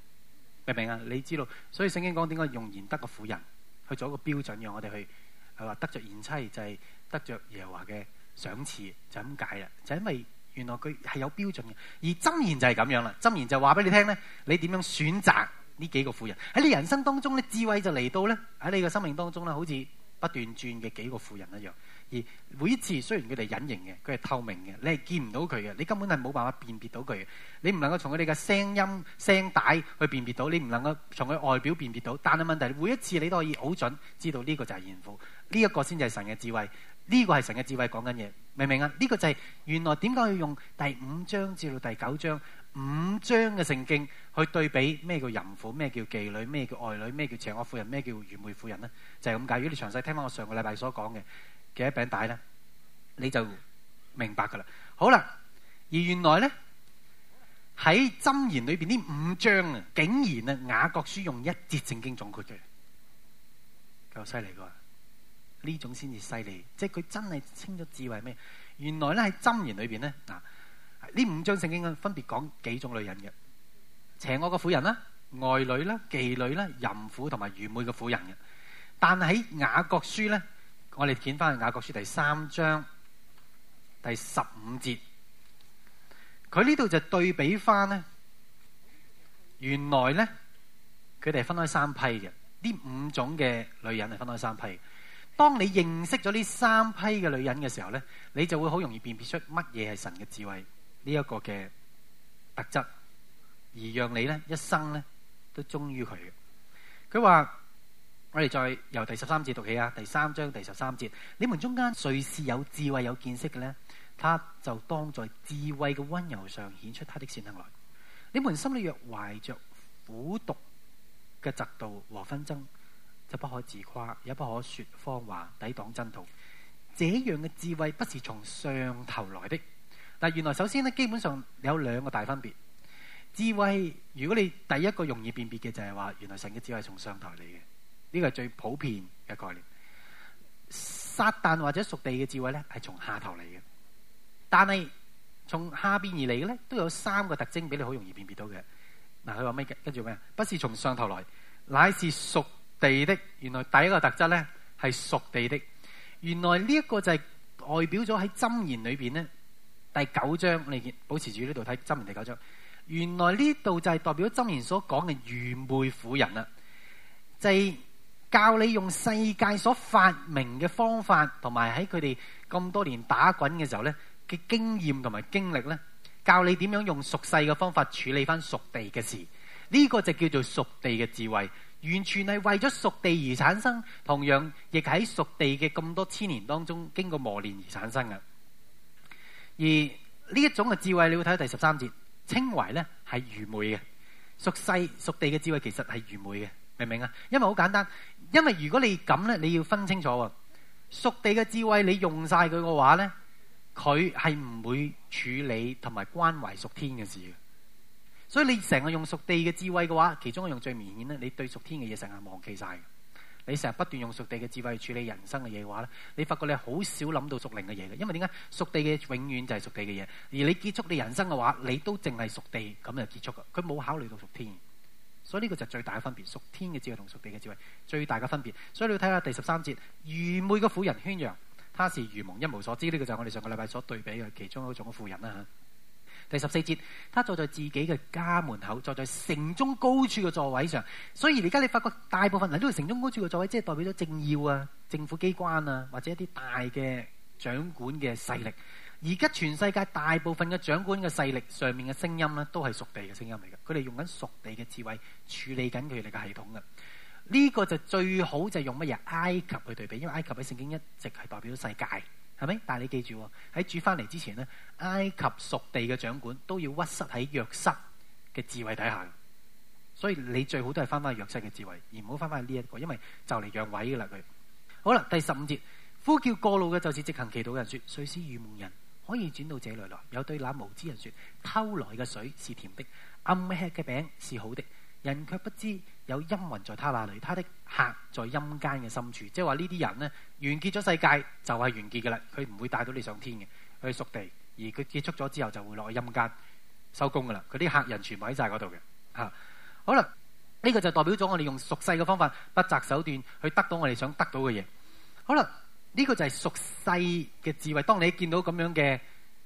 啊，你知道，所以聖經講點解用賢德個婦人去做一個標準，讓我哋去係話得着賢妻，就係、是、得着耶和華嘅賞賜，就咁解啦。就是、因為原來佢係有標準嘅，而箴言就係咁樣啦。箴言就話俾你聽咧，你點樣選擇呢幾個婦人喺你人生當中咧，智慧就嚟到咧，喺你嘅生命當中啦，好似不斷轉嘅幾個婦人一樣。而每一次，雖然佢哋隱形嘅，佢係透明嘅，你係見唔到佢嘅，你根本係冇辦法辨別到佢。你唔能夠從佢哋嘅聲音、聲帶去辨別到，你唔能夠從佢外表辨別到。但係問題，每一次你都可以好準知道呢個就係淫婦，呢一個先至係神嘅智慧，呢個係神嘅智慧講緊嘢，明唔明啊？呢個就係原來點解要用第五章至到第九章五章嘅聖經去對比咩叫淫婦，咩叫妓女，咩叫外女，咩叫邪惡婦人，咩叫愚昧婦人呢？就係咁解。如果你詳細聽翻我上個禮拜所講嘅。幾多餅底咧？你就明白噶啦。好啦，而原來咧喺箴言裏邊呢五章啊，竟然啊雅各書用一節聖經總括嘅，夠犀利噶。呢種先至犀利，即係佢真係清咗智慧咩？原來咧喺箴言裏邊咧，嗱呢五章聖經啊，分別講幾種女人嘅，邪惡嘅婦人啦、外女啦、妓女啦、淫婦同埋愚昧嘅婦人嘅。但喺雅各書咧。我哋見翻《雅各書》第三章第十五節，佢呢度就對比翻呢。原來呢，佢哋係分開三批嘅，呢五種嘅女人係分開三批。當你認識咗呢三批嘅女人嘅時候呢，你就會好容易辨別出乜嘢係神嘅智慧呢一個嘅特質，而讓你呢一生呢都忠於佢。佢話。我哋再由第十三節讀起啊。第三章第十三節，你們中間誰是有智慧有見識嘅呢？他就當在智慧嘅溫柔上顯出他的善行來。你們心裏若懷着苦毒嘅嫉妒和紛爭，就不可自誇，也不可說謊話抵擋真道。這樣嘅智慧不是從上頭來的。但原來首先呢，基本上有兩個大分別。智慧，如果你第一個容易辨別嘅就係話，原來神嘅智慧從上頭嚟嘅。呢個係最普遍嘅概念，撒旦或者屬地嘅智慧咧，係從下頭嚟嘅。但係從下邊而嚟嘅咧，都有三個特徵俾你好容易辨別到嘅。嗱、啊，佢話咩跟住咩啊？不是從上頭來，乃是屬地的。原來第一個特質咧係屬地的。原來呢一個就係代表咗喺箴言裏邊咧第九章，你保持住呢度睇箴言第九章。原來呢度就係代表箴言所講嘅愚昧婦人啦，就係、是。教你用世界所發明嘅方法，同埋喺佢哋咁多年打滾嘅時候呢嘅經驗同埋經歷呢，教你點樣用屬世嘅方法處理翻屬地嘅事。呢個就叫做屬地嘅智慧，完全係為咗屬地而產生，同樣亦喺屬地嘅咁多千年當中經過磨練而產生嘅。而呢一種嘅智慧，你會睇到第十三節稱為呢係愚昧嘅，屬世屬地嘅智慧其實係愚昧嘅。明唔明啊？因為好簡單，因為如果你咁咧，你要分清楚喎。屬地嘅智慧你用晒佢嘅話咧，佢係唔會處理同埋關懷屬天嘅事嘅。所以你成日用屬地嘅智慧嘅話，其中一樣最明顯咧，你對屬天嘅嘢成日忘記晒。你成日不斷用屬地嘅智慧去處理人生嘅嘢嘅話咧，你發覺你好少諗到屬靈嘅嘢嘅。因為點解？屬地嘅永遠就係屬地嘅嘢，而你結束你人生嘅話，你都淨係屬地咁就結束。佢冇考慮到屬天。所以呢個就最大嘅分別，屬天嘅智慧同屬地嘅智慧最大嘅分別。所以你要睇下第十三節，愚昧嘅婦人喧嚷，他是愚蒙一無所知。呢個就係我哋上個禮拜所對比嘅其中一種嘅婦人啦。嚇，第十四節，他坐在自己嘅家門口，坐在城中高處嘅座位上。所以而家你發覺大部分人都喺城中高處嘅座位，即係代表咗政要啊、政府機關啊，或者一啲大嘅掌管嘅勢力。而家全世界大部分嘅掌管嘅勢力上面嘅聲音咧，都係屬地嘅聲音嚟嘅。佢哋用緊屬地嘅智慧處理緊佢哋嘅系統嘅。呢個就最好就用乜嘢埃及去對比，因為埃及喺聖經一直係代表咗世界，係咪？但係你記住喺轉翻嚟之前呢，埃及屬地嘅掌管都要屈膝喺約瑟嘅智慧底下。所以你最好都係翻翻約瑟嘅智慧，而唔好翻翻呢一個，因為就嚟讓位噶啦佢。好啦，第十五節，呼叫過路嘅就是直行其道嘅人說，誰是愚蒙人。可以轉到這裡來。有對那無知人説：偷來嘅水是甜的，暗吃嘅餅是好的。人卻不知有陰魂在他那裏，他的客在陰間嘅深處。即係話呢啲人呢，完結咗世界就係、是、完結嘅啦。佢唔會帶到你上天嘅，去屬地，而佢結束咗之後就會落去陰間收工嘅啦。佢啲客人全部喺晒嗰度嘅嚇。好啦，呢、這個就代表咗我哋用俗世嘅方法、不擇手段去得到我哋想得到嘅嘢。好啦。呢個就係屬世嘅智慧。當你見到咁樣嘅，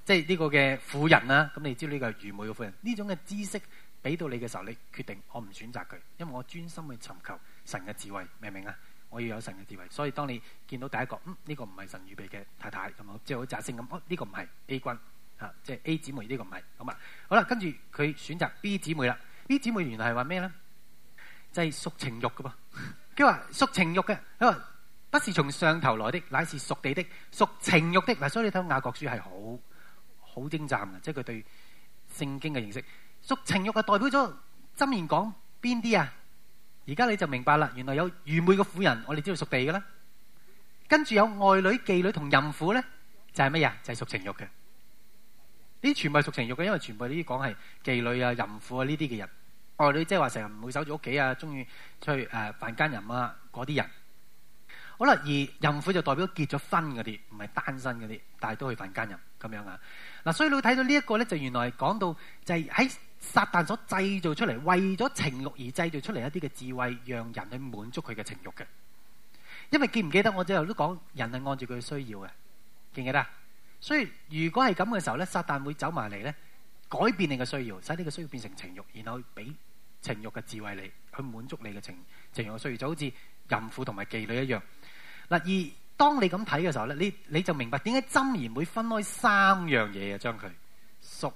即係呢個嘅婦人啦，咁你知呢個係愚昧嘅婦人。呢種嘅知識俾到你嘅時候，你決定我唔選擇佢，因為我專心去尋求神嘅智慧，明唔明啊？我要有神嘅智慧。所以當你見到第一個，嗯，呢、這個唔係神預備嘅太太咁，即係好扎性咁。哦，呢、這個唔係 A 君嚇、啊，即係 A 姊妹呢、這個唔係。咁啊，好啦，跟住佢選擇 B 姊妹啦。B 姊妹原來係話咩咧？就係、是、屬情欲嘅噃。佢話屬情欲嘅。佢話。不是從上頭來的，乃是屬地的、屬情欲的。嗱，所以你睇雅各書係好好精湛嘅，即係佢對聖經嘅認識。屬情欲啊，代表咗箴言講邊啲啊？而家你就明白啦，原來有愚昧嘅婦人，我哋知道屬地嘅啦。跟住有外女、妓女同淫婦咧，就係咩啊？就係屬情欲嘅。呢啲全部係屬情欲嘅，因為全部呢啲講係妓女啊、淫婦啊呢啲嘅人，外女即係話成日唔會守住屋企啊，中意出去誒，犯奸淫啊嗰啲人。好啦，而淫婦就代表結咗婚嗰啲，唔係單身嗰啲，但係都去犯奸淫咁樣啊。嗱，所以你會睇到呢一個咧，就原來講到就係喺撒但所製造出嚟，為咗情慾而製造出嚟一啲嘅智慧，讓人去滿足佢嘅情慾嘅。因為記唔記得我最後都講人係按住佢嘅需要嘅，記唔記得？所以如果係咁嘅時候咧，撒但會走埋嚟咧，改變你嘅需要，使呢個需要變成情慾，然後俾情慾嘅智慧你去滿足你嘅情情慾嘅需要，就好似淫婦同埋妓女一樣。嗱，而當你咁睇嘅時候咧，你你就明白點解箴言會分開三樣嘢啊？將佢屬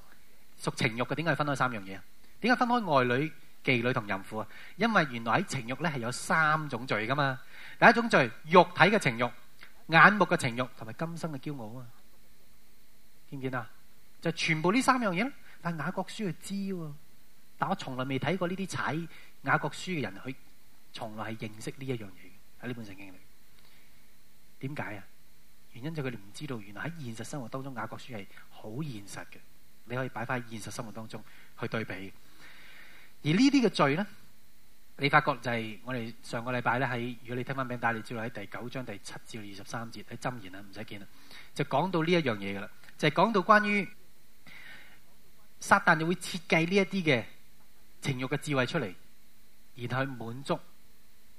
屬情欲嘅，點解分開三樣嘢啊？點解分開外女、妓女同淫婦啊？因為原來喺情欲咧係有三種罪噶嘛。第一種罪，肉體嘅情欲、眼目嘅情欲同埋今生嘅驕傲啊，見唔見啊？就全部呢三樣嘢。但係雅各書係知，但我從來未睇過呢啲踩雅各書嘅人佢，從來係認識呢一樣嘢喺呢本聖經裏。點解啊？原因就佢哋唔知道，原來喺現實生活當中，雅各書係好現實嘅。你可以擺翻喺現實生活當中去對比。而呢啲嘅罪咧，你發覺就係我哋上個禮拜咧喺，如果你聽翻名帶嚟，知道喺第九章第七至二十三節喺箴言啊，唔使見啦，就講到呢一樣嘢噶啦，就係講到關於撒旦就會設計呢一啲嘅情欲嘅智慧出嚟，然後，去滿足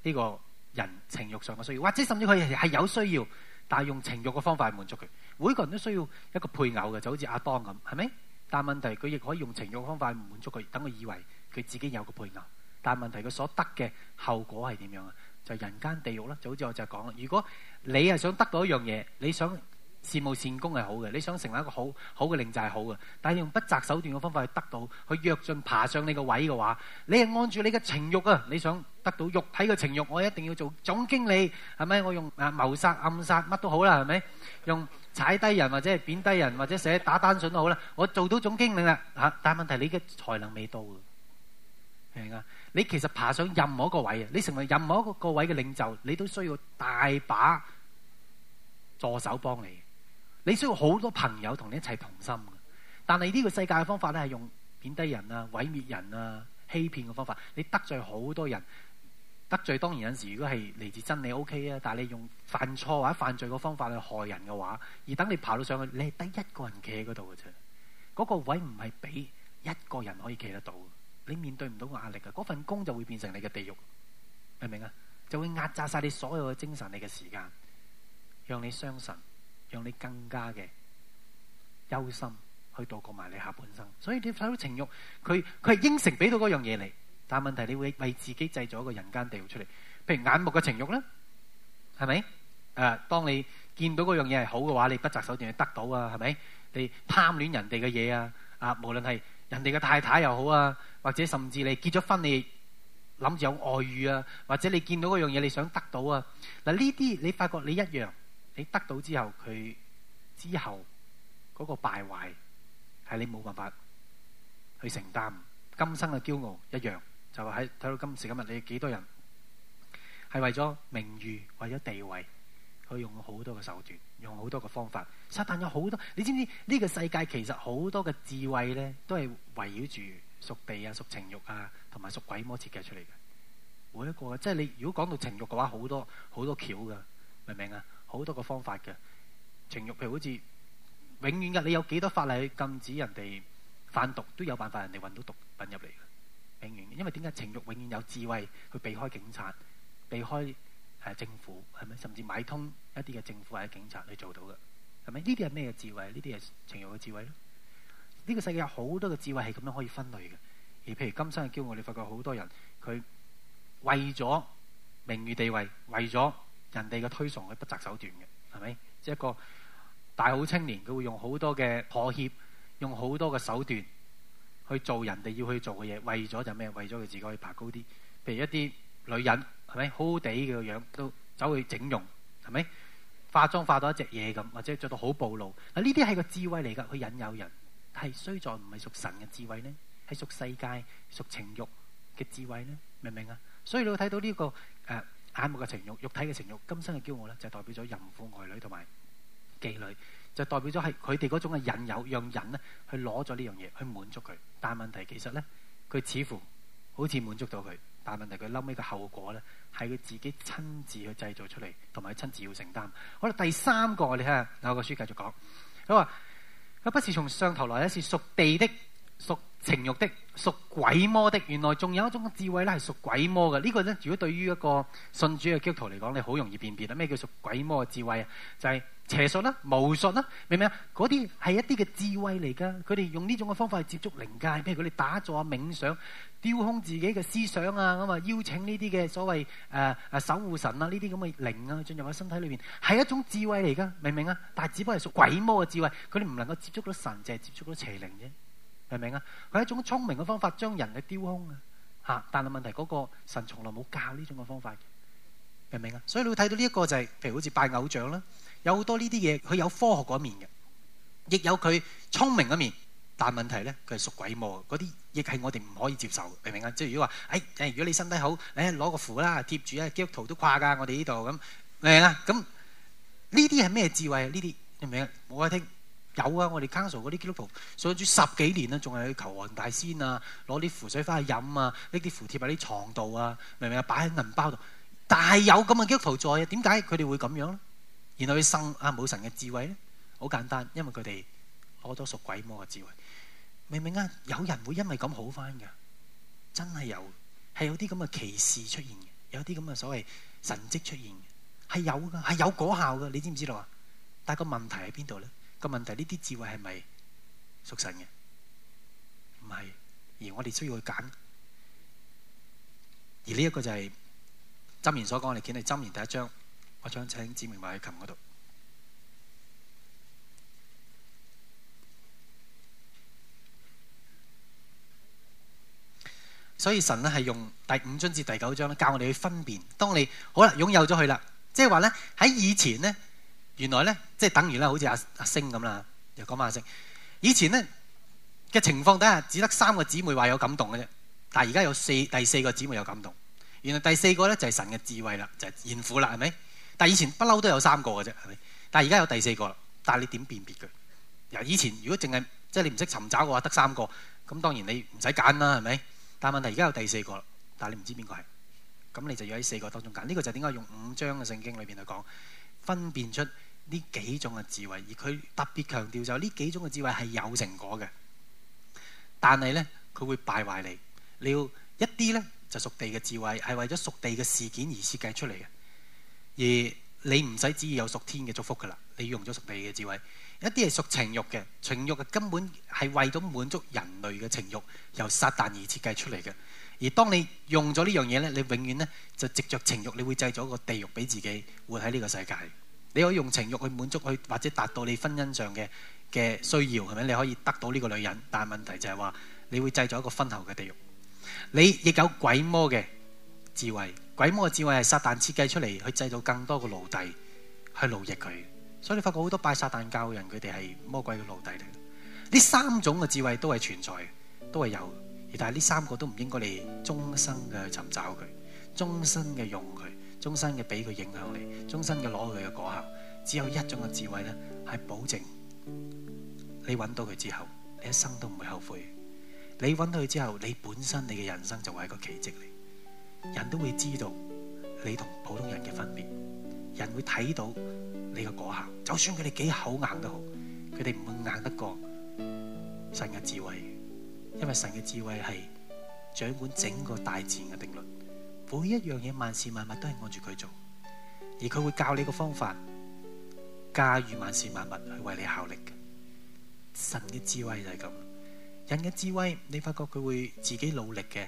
呢個。人情欲上嘅需要，或者甚至佢係有需要，但係用情欲嘅方法去滿足佢。每個人都需要一個配偶嘅，就好似阿當咁，係咪？但問題，佢亦可以用情欲嘅方法去滿足佢，等佢以為佢自己有個配偶，但問題，佢所得嘅後果係點樣啊？就係人間地獄啦！就好似我就講啦，如果你係想得到一樣嘢，你想。善務善功係好嘅，你想成為一個好好嘅領袖係好嘅，但係用不擇手段嘅方法去得到、去躍進、爬上你個位嘅話，你係按住你嘅情慾啊！你想得到肉體嘅情慾，我一定要做總經理，係咪？我用誒謀殺、暗殺乜都好啦，係咪？用踩低人或者係貶低人或者寫打單信都好啦，我做到總經理啦嚇！但係問題你嘅才能未到嘅，明啊？你其實爬上任何一個位啊，你成為任何一個位嘅領袖，你都需要大把助手幫你。你需要好多朋友同你一齊同心，但係呢個世界嘅方法咧係用貶低人啊、毀滅人啊、欺騙嘅方法，你得罪好多人，得罪當然有時如果係嚟自真理 OK 啊，okay，但係你用犯錯或者犯罪嘅方法去害人嘅話，而等你爬到上去，你係得一個人企喺嗰度嘅啫，嗰、嗰個位唔係俾一個人可以企得到，你面對唔到個壓力嘅，嗰份工就會變成你嘅地獄，明唔明啊？就會壓榨晒你所有嘅精神、你嘅時間，讓你傷神。讓你更加嘅憂心去度過埋你下半生，所以你睇到情慾，佢佢係應承俾到嗰樣嘢嚟，但係問題你會為自己製咗一個人間地獄出嚟，譬如眼目嘅情慾啦，係咪？誒、啊，當你見到嗰樣嘢係好嘅話，你不擇手段去得到啊，係咪？你貪戀人哋嘅嘢啊，啊，無論係人哋嘅太太又好啊，或者甚至你結咗婚你諗住有外遇啊，或者你見到嗰樣嘢你想得到啊，嗱呢啲你發覺你一樣。你得到之後，佢之後嗰個敗壞係你冇辦法去承擔，今生嘅驕傲一樣。就話喺睇到今時今日，你有幾多人係為咗名譽、為咗地位，去用好多嘅手段，用好多嘅方法。撒但有好多，你知唔知呢個世界其實好多嘅智慧咧，都係圍繞住屬地啊、屬情欲啊，同埋屬鬼魔設計出嚟嘅。每一個即係你，如果講到情欲嘅話，好多好多橋㗎，明唔明啊？好多個方法嘅情欲，譬如好似永遠嘅，你有幾多法例去禁止人哋販毒，都有辦法人哋運到毒品入嚟嘅。永遠，因為點解情欲永遠有智慧去避開警察、避開誒、啊、政府，係咪？甚至買通一啲嘅政府或者警察去做到嘅，係咪？呢啲係咩智慧？呢啲係情欲嘅智慧咯。呢、呢個世界有好多嘅智慧係咁樣可以分類嘅。而譬如今生嘅驕傲，你發覺好多人佢為咗名譽地位，為咗。人哋嘅推崇係不擇手段嘅，係咪？就是、一個大好青年，佢會用好多嘅妥協，用好多嘅手段去做人哋要去做嘅嘢，為咗就咩？為咗佢自己可以爬高啲。譬如一啲女人，係咪好好地嘅樣都走去整容，係咪化妝化到一隻嘢咁，或者做到好暴露？嗱，呢啲係個智慧嚟㗎，佢引誘人係衰在唔係屬神嘅智慧呢？係屬世界、屬情欲嘅智慧呢？明唔明啊？所以你會睇到呢、這個。眼目嘅情欲，肉體嘅情欲，今生嘅驕傲咧，就代表咗淫婦、外女同埋妓女，就代表咗係佢哋嗰種嘅引誘，讓人咧去攞咗呢樣嘢去滿足佢。但係問題其實咧，佢似乎好似滿足到佢，但係問題佢嬲尾嘅後果咧，係佢自己親自去製造出嚟，同埋佢親自要承擔。好啦，第三個我哋睇下，雅各書繼續講佢話，佢不是從上頭來，而是屬地的。屬情欲的、屬鬼魔的，原來仲有一種智慧咧，係屬鬼魔嘅。這個、呢個咧，如果對於一個信主嘅基督徒嚟講，你好容易辨別、就是、啊。咩叫屬鬼魔嘅智慧啊？就係邪術啦、巫術啦，明唔明啊？嗰啲係一啲嘅智慧嚟㗎，佢哋用呢種嘅方法去接觸靈界，譬如佢哋打坐冥想、丟空自己嘅思想啊，咁啊邀請呢啲嘅所謂誒誒守護神啊呢啲咁嘅靈啊進入佢身體裏邊，係一種智慧嚟㗎，明唔明啊？但係只不過係屬鬼魔嘅智慧，佢哋唔能夠接觸到神，淨係接觸到邪靈啫。明唔明啊？佢係一種聰明嘅方法，將人去雕空啊！嚇，但係問題嗰、那個神從來冇教呢種嘅方法，明唔明啊？所以你會睇到呢一個就係、是，譬如好似拜偶像啦，有好多呢啲嘢，佢有科學嗰面嘅，亦有佢聰明嗰面，但問題咧，佢係屬鬼魔嗰啲，亦係我哋唔可以接受，明唔明啊？即係如果話，誒、哎、誒，如果你身體好，誒、哎、攞個符啦貼住啊，基督徒都掛㗎，我哋呢度咁，明唔明啊？咁呢啲係咩智慧啊？呢啲明唔明啊？冇得聽。有啊！我哋 cancel 嗰啲基督徒，所以住十幾年啦，仲係去求黃大仙啊，攞啲符水翻去飲啊，搦啲符貼喺啲牀度啊，明唔明啊？擺喺銀包度，但係有咁嘅基督徒在，點解佢哋會咁樣咧？原來佢生啊冇神嘅智慧咧，好簡單，因為佢哋攞咗屬鬼魔嘅智慧，明唔明啊？有人會因為咁好翻嘅，真係有係有啲咁嘅奇事出現嘅，有啲咁嘅所謂神跡出現嘅，係有嘅，係有果效嘅，你知唔知道啊？但係個問題喺邊度咧？個問題，呢啲智慧係咪屬神嘅？唔係，而我哋需要去揀。而呢一個就係箴言所講，我哋見喺箴言第一章，我想請子明埋喺琴嗰度。所以神咧係用第五章至第九章咧教我哋去分辨，當你好啦擁有咗佢啦，即係話咧喺以前咧。原來咧，即係等於咧，好似阿阿星咁啦，又講翻阿星。以前咧嘅情況底下，只得三個姊妹話有感動嘅啫。但係而家有四，第四個姊妹有感動。原來第四個咧就係神嘅智慧啦，就係艱苦啦，係咪？但係以前不嬲都有三個嘅啫，係咪？但係而家有第四個啦。但係你點辨別嘅？嗱，以前如果淨係即係你唔識尋找嘅話，得三個，咁當然你唔使揀啦，係咪？但係問題而家有第四個啦，但係你唔知邊個係，咁你就要喺四個當中揀。呢個就係點解用五章嘅聖經裏邊去講，分辨出。呢幾種嘅智慧，而佢特別強調就呢、係、幾種嘅智慧係有成果嘅，但係呢，佢會敗壞你。你要一啲呢，就屬地嘅智慧，係為咗屬地嘅事件而設計出嚟嘅。而你唔使指意有屬天嘅祝福噶啦，你用咗屬地嘅智慧，一啲係屬情欲嘅。情欲嘅根本係為咗滿足人類嘅情欲，由撒旦而設計出嚟嘅。而當你用咗呢樣嘢呢，你永遠呢，就藉着情欲，你會製造個地獄俾自己活喺呢個世界。你可以用情欲去滿足佢，去或者達到你婚姻上嘅嘅需要，係咪？你可以得到呢個女人，但係問題就係話，你會製造一個婚後嘅地獄。你亦有鬼魔嘅智慧，鬼魔嘅智慧係撒旦設計出嚟去製造更多嘅奴隸去奴役佢。所以你發覺好多拜撒旦教人，佢哋係魔鬼嘅奴隸嚟。呢三種嘅智慧都係存在，都係有，而但係呢三個都唔應該你終生嘅尋找佢，終生嘅用佢。終身嘅俾佢影響你，終身嘅攞佢嘅果效。只有一種嘅智慧呢，係保證你揾到佢之後，你一生都唔會後悔。你揾到佢之後，你本身你嘅人生就會係一個奇蹟嚟。人都會知道你同普通人嘅分別，人會睇到你嘅果效。就算佢哋幾口硬都好，佢哋唔會硬得過神嘅智慧。因為神嘅智慧係掌管整個大自然嘅定律。每一樣嘢，萬事萬物都係按住佢做，而佢會教你個方法駕馭萬事萬物去為你效力嘅。神嘅智慧就係咁，人嘅智慧你發覺佢會自己努力嘅。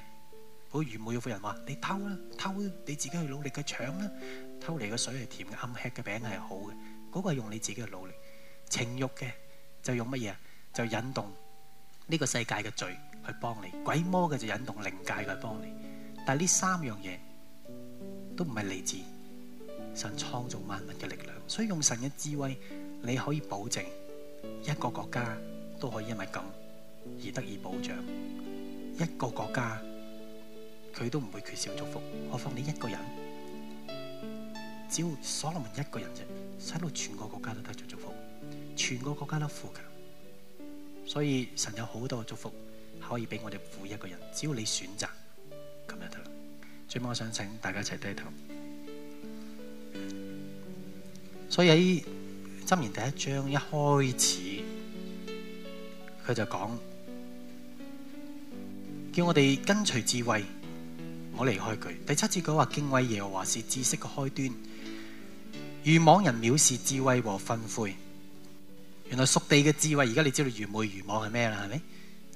好如每一個人話你偷啦，偷,你自,偷、嗯那個、你自己去努力嘅搶啦，偷嚟嘅水係甜嘅，暗吃嘅餅係好嘅，嗰個係用你自己嘅努力。情欲嘅就用乜嘢？就引動呢個世界嘅罪去幫你，鬼魔嘅就引動靈界去幫你。但係呢三樣嘢都唔係嚟自神創造萬物嘅力量，所以用神嘅智慧，你可以保證一個國家都可以因為咁而得以保障。一個國家佢都唔會缺少祝福，何況你一個人，只要所羅門一個人啫，使到全個國家都得到祝福，全個國家都富強。所以神有好多嘅祝福可以俾我哋每一個人，只要你選擇。咁就得啦。最尾我想請大家一齊低頭。所以喺《箴言》第一章一開始，佢就講叫我哋跟隨智慧，唔好離開佢。第七節佢話：敬畏耶和華是知識嘅開端，愚妄人藐視智慧和訓誨。原來屬地嘅智慧，而家你知道愚昧、愚妄係咩啦？係咪？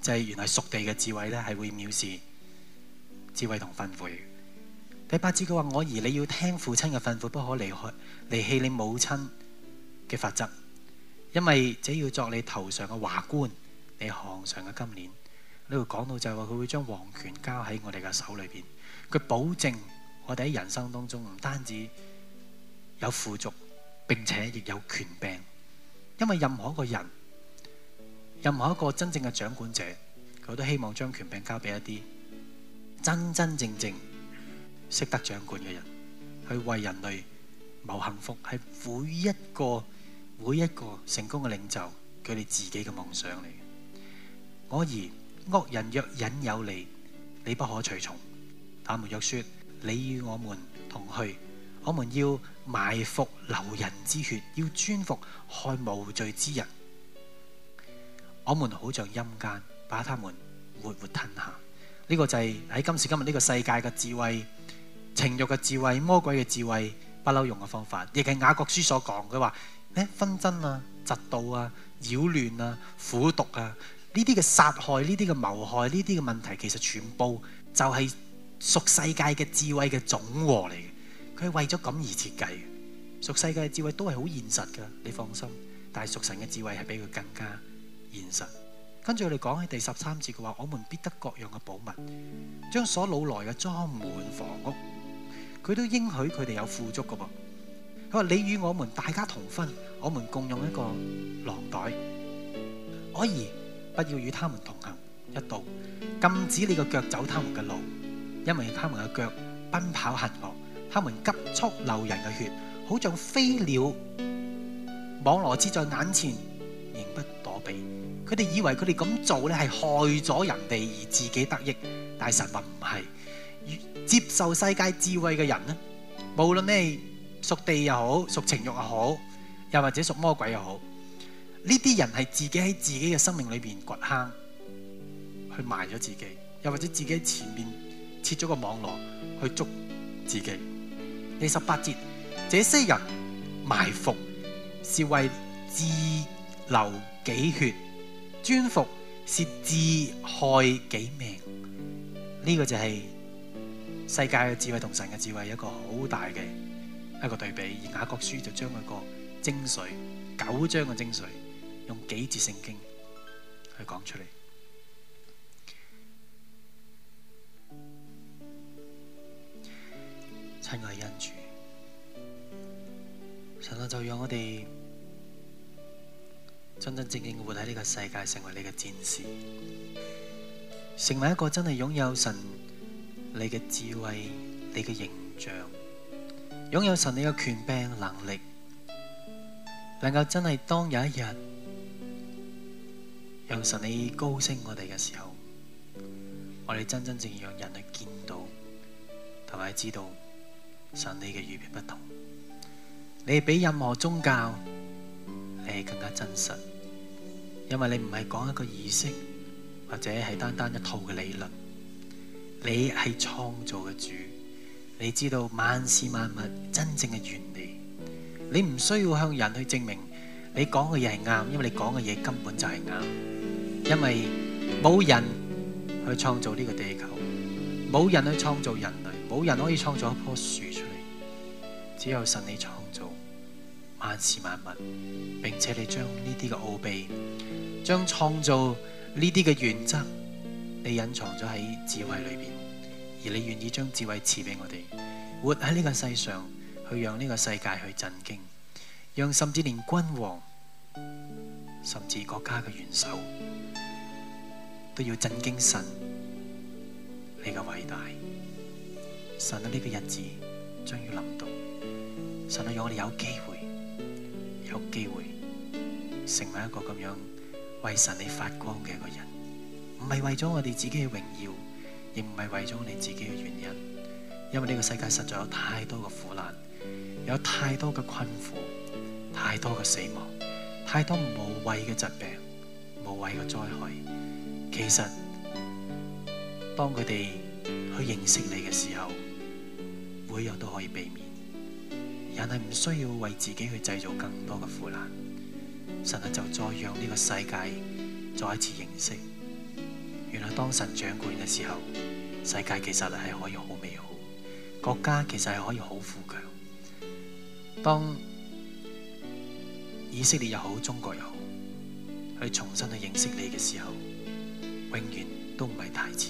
就係、是、原來屬地嘅智慧咧，係會藐視。智慧同訓誨。第八節佢話：我兒你要聽父親嘅吩咐，不可離開，離棄你母親嘅法則。因為這要作你頭上嘅華冠，你項上嘅金鏈。呢度講到就係話佢會將皇權交喺我哋嘅手裏邊。佢保證我哋喺人生當中唔單止有富足，並且亦有權柄。因為任何一個人，任何一個真正嘅掌管者，佢都希望將權柄交俾一啲。真真正正識得掌管嘅人，去為人類謀幸福，係每一個每一個成功嘅領袖佢哋自己嘅夢想嚟。我兒惡人若引誘你，你不可隨從；他們若說你與我們同去，我們要埋伏流人之血，要蹲伏害無罪之人。我們好像陰間，把他們活活吞下。呢個就係喺今時今日呢個世界嘅智慧、情欲嘅智慧、魔鬼嘅智慧不嬲用嘅方法，亦係雅各書所講，佢話：誒紛爭啊、嫉妒啊、擾亂啊、苦毒啊，呢啲嘅殺害、呢啲嘅謀害、呢啲嘅問題，其實全部就係屬世界嘅智慧嘅總和嚟嘅，佢係為咗咁而設計嘅。屬世界嘅智慧都係好現實㗎，你放心，但係屬神嘅智慧係比佢更加現實。跟住我哋講起第十三節嘅話，我們必得各樣嘅寶物，將所擄來嘅裝滿房屋。佢都應許佢哋有富足嘅噃。佢話你與我們大家同分，我們共用一個囊袋。我兒，不要與他們同行一道，禁止你嘅腳走他們嘅路，因為他們嘅腳奔跑行惡，他們急速流人嘅血，好像飛鳥，網羅之在眼前，仍不躲避。佢哋以為佢哋咁做咧，係害咗人哋而自己得益，但神實唔係。接受世界智慧嘅人咧，無論咧屬地又好，屬情慾又好，又或者屬魔鬼又好，呢啲人係自己喺自己嘅生命裏邊掘坑去埋咗自己，又或者自己前面設咗個網絡去捉自己。第十八節，這些人埋伏，是為自流己血。尊服是自害己命，呢、這個就係世界嘅智慧同神嘅智慧一個好大嘅一個對比。而雅各書就將佢個精髓九章嘅精髓，用幾節聖經去講出嚟。親愛恩主，神就讓我哋。真真正正活喺呢個世界，成為你嘅戰士，成為一個真係擁有神你嘅智慧、你嘅形象，擁有神你嘅權柄能力，能夠真係當有一日，讓神你高升我哋嘅時候，我哋真真正正讓人去見到同埋知道神你嘅與眾不同，你比任何宗教。你更加真實，因為你唔係講一個儀式，或者係單單一套嘅理論，你係創造嘅主，你知道萬事萬物真正嘅原理。你唔需要向人去證明你講嘅嘢係啱，因為你講嘅嘢根本就係啱。因為冇人去創造呢個地球，冇人去創造人類，冇人可以創造一棵樹出嚟，只有神你創。萬事萬物，並且你將呢啲嘅奧秘，將創造呢啲嘅原則，你隱藏咗喺智慧裏邊，而你願意將智慧賜俾我哋，活喺呢個世上，去讓呢個世界去震驚，讓甚至連君王，甚至國家嘅元首，都要震驚神，你嘅偉大，神喺呢個日子將要臨到，神啊，讓我哋有機會。有機會成為一個咁樣為神你發光嘅一個人，唔係為咗我哋自己嘅榮耀，亦唔係為咗我哋自己嘅原因，因為呢個世界實在有太多嘅苦難，有太多嘅困苦，太多嘅死亡，太多無謂嘅疾病、無謂嘅災害。其實當佢哋去認識你嘅時候，每樣都可以避免。人係唔需要為自己去製造更多嘅苦難，神啊，就再讓呢個世界再一次認識，原來當神掌管嘅時候，世界其實係可以好美好，國家其實係可以好富強。當以色列又好，中國又好，去重新去認識你嘅時候，永遠都唔係太遲，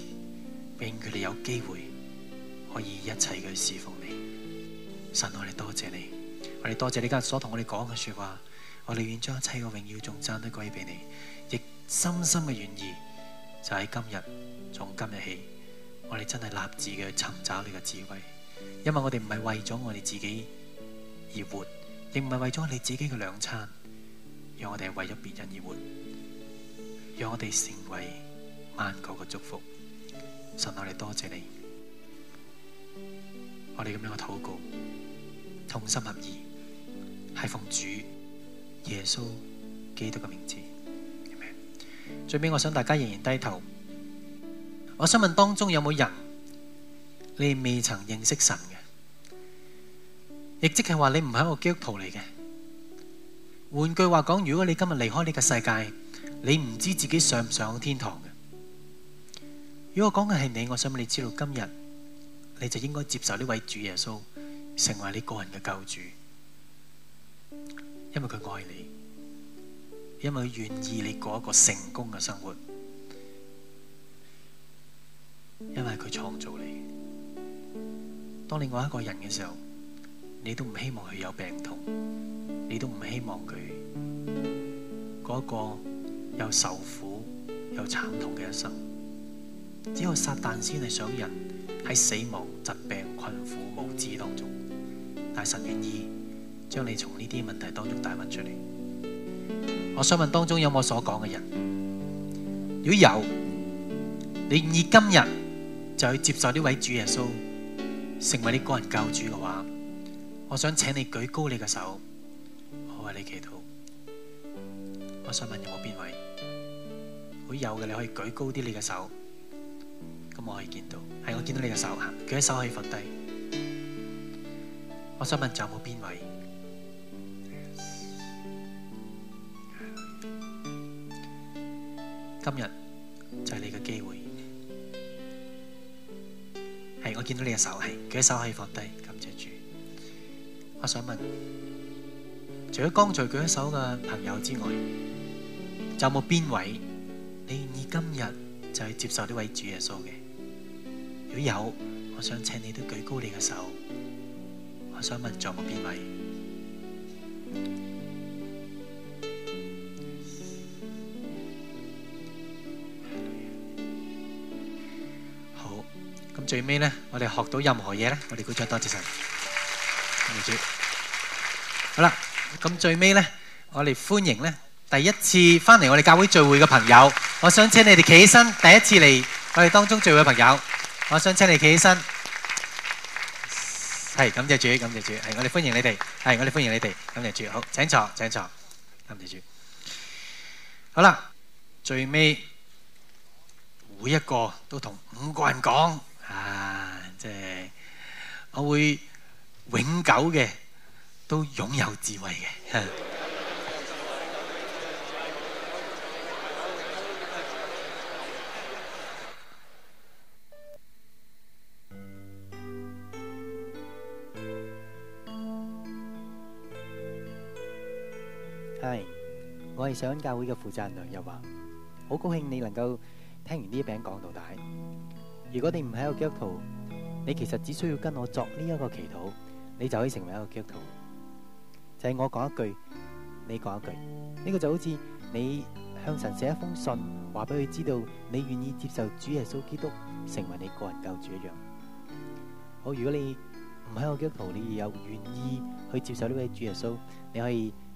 畀佢哋有機會可以一齊去侍奉。神，我哋多謝你，我哋多謝你今日所同我哋講嘅說話，我哋願將一切嘅榮耀、頌讚都歸俾你，亦深深嘅願意，就喺、是、今日，從今日起，我哋真係立志嘅尋找你嘅智慧，因為我哋唔係為咗我哋自己而活，亦唔係為咗你自己嘅兩餐，讓我哋為咗別人而活，讓我哋成為萬國嘅祝福。神，我哋多謝你，我哋咁樣嘅禱告。同心合意，係奉主耶穌基督嘅名字。最尾，我想大家仍然低頭。我想問當中有冇人，你未曾認識神嘅，亦即係話你唔係一個基督徒嚟嘅。換句話講，如果你今日離開呢個世界，你唔知自己上唔上天堂嘅。如果我講嘅係你，我想問你知道今日你就應該接受呢位主耶穌成為你個人嘅救主，因為佢愛你，因為佢願意你過一個成功嘅生活，因為佢創造你。當你愛一個人嘅時候，你都唔希望佢有病痛，你都唔希望佢過一個又受苦又慘痛嘅一生。只有撒旦先係想人喺死亡、疾病、困苦、無知當中。但神願意將你從呢啲問題當中帶問出嚟。我想問當中有冇所講嘅人？如果有，你願意今日就去接受呢位主耶穌，成為你個人救主嘅話，我想請你舉高你嘅手，我為你祈禱。我想問有冇邊位，如果有嘅？你可以舉高啲你嘅手，咁我可以見到，係我見到你嘅手，舉起手可以放低。我想問，有冇邊位？今日就係你嘅機會，係我見到你嘅手，係舉手可以放低，感謝主。我想問，除咗剛才舉手嘅朋友之外，有冇邊位你願意今日就係接受呢位主耶穌嘅？如果有，我想請你都舉高你嘅手。我想問，仲有冇邊位？好，咁最尾呢，我哋學到任何嘢呢，我哋鼓掌多謝神，感謝主。好啦，咁最尾呢，我哋歡迎呢第一次翻嚟我哋教會聚會嘅朋友，我想請你哋企起身。第一次嚟我哋當中聚會嘅朋友，我想請你企起身。係感謝主，感謝主，係我哋歡迎你哋，係我哋歡迎你哋，感謝主，好，請坐，請坐，感謝主。好啦，最尾每一個都同五個人講啊，即係我會永久嘅都擁有智慧嘅。 我係上教會嘅負責人又話，好高興你能夠聽完呢一餅講道。如果你唔係一個基督徒，你其實只需要跟我作呢一個祈禱，你就可以成為一個基督徒。就係我講一句，你講一句，呢個就好似你向神寫一封信，話俾佢知道你願意接受主耶穌基督成為你個人救主一樣。好，如果你唔係一個基督徒，你又願意去接受呢位主耶穌，你可以。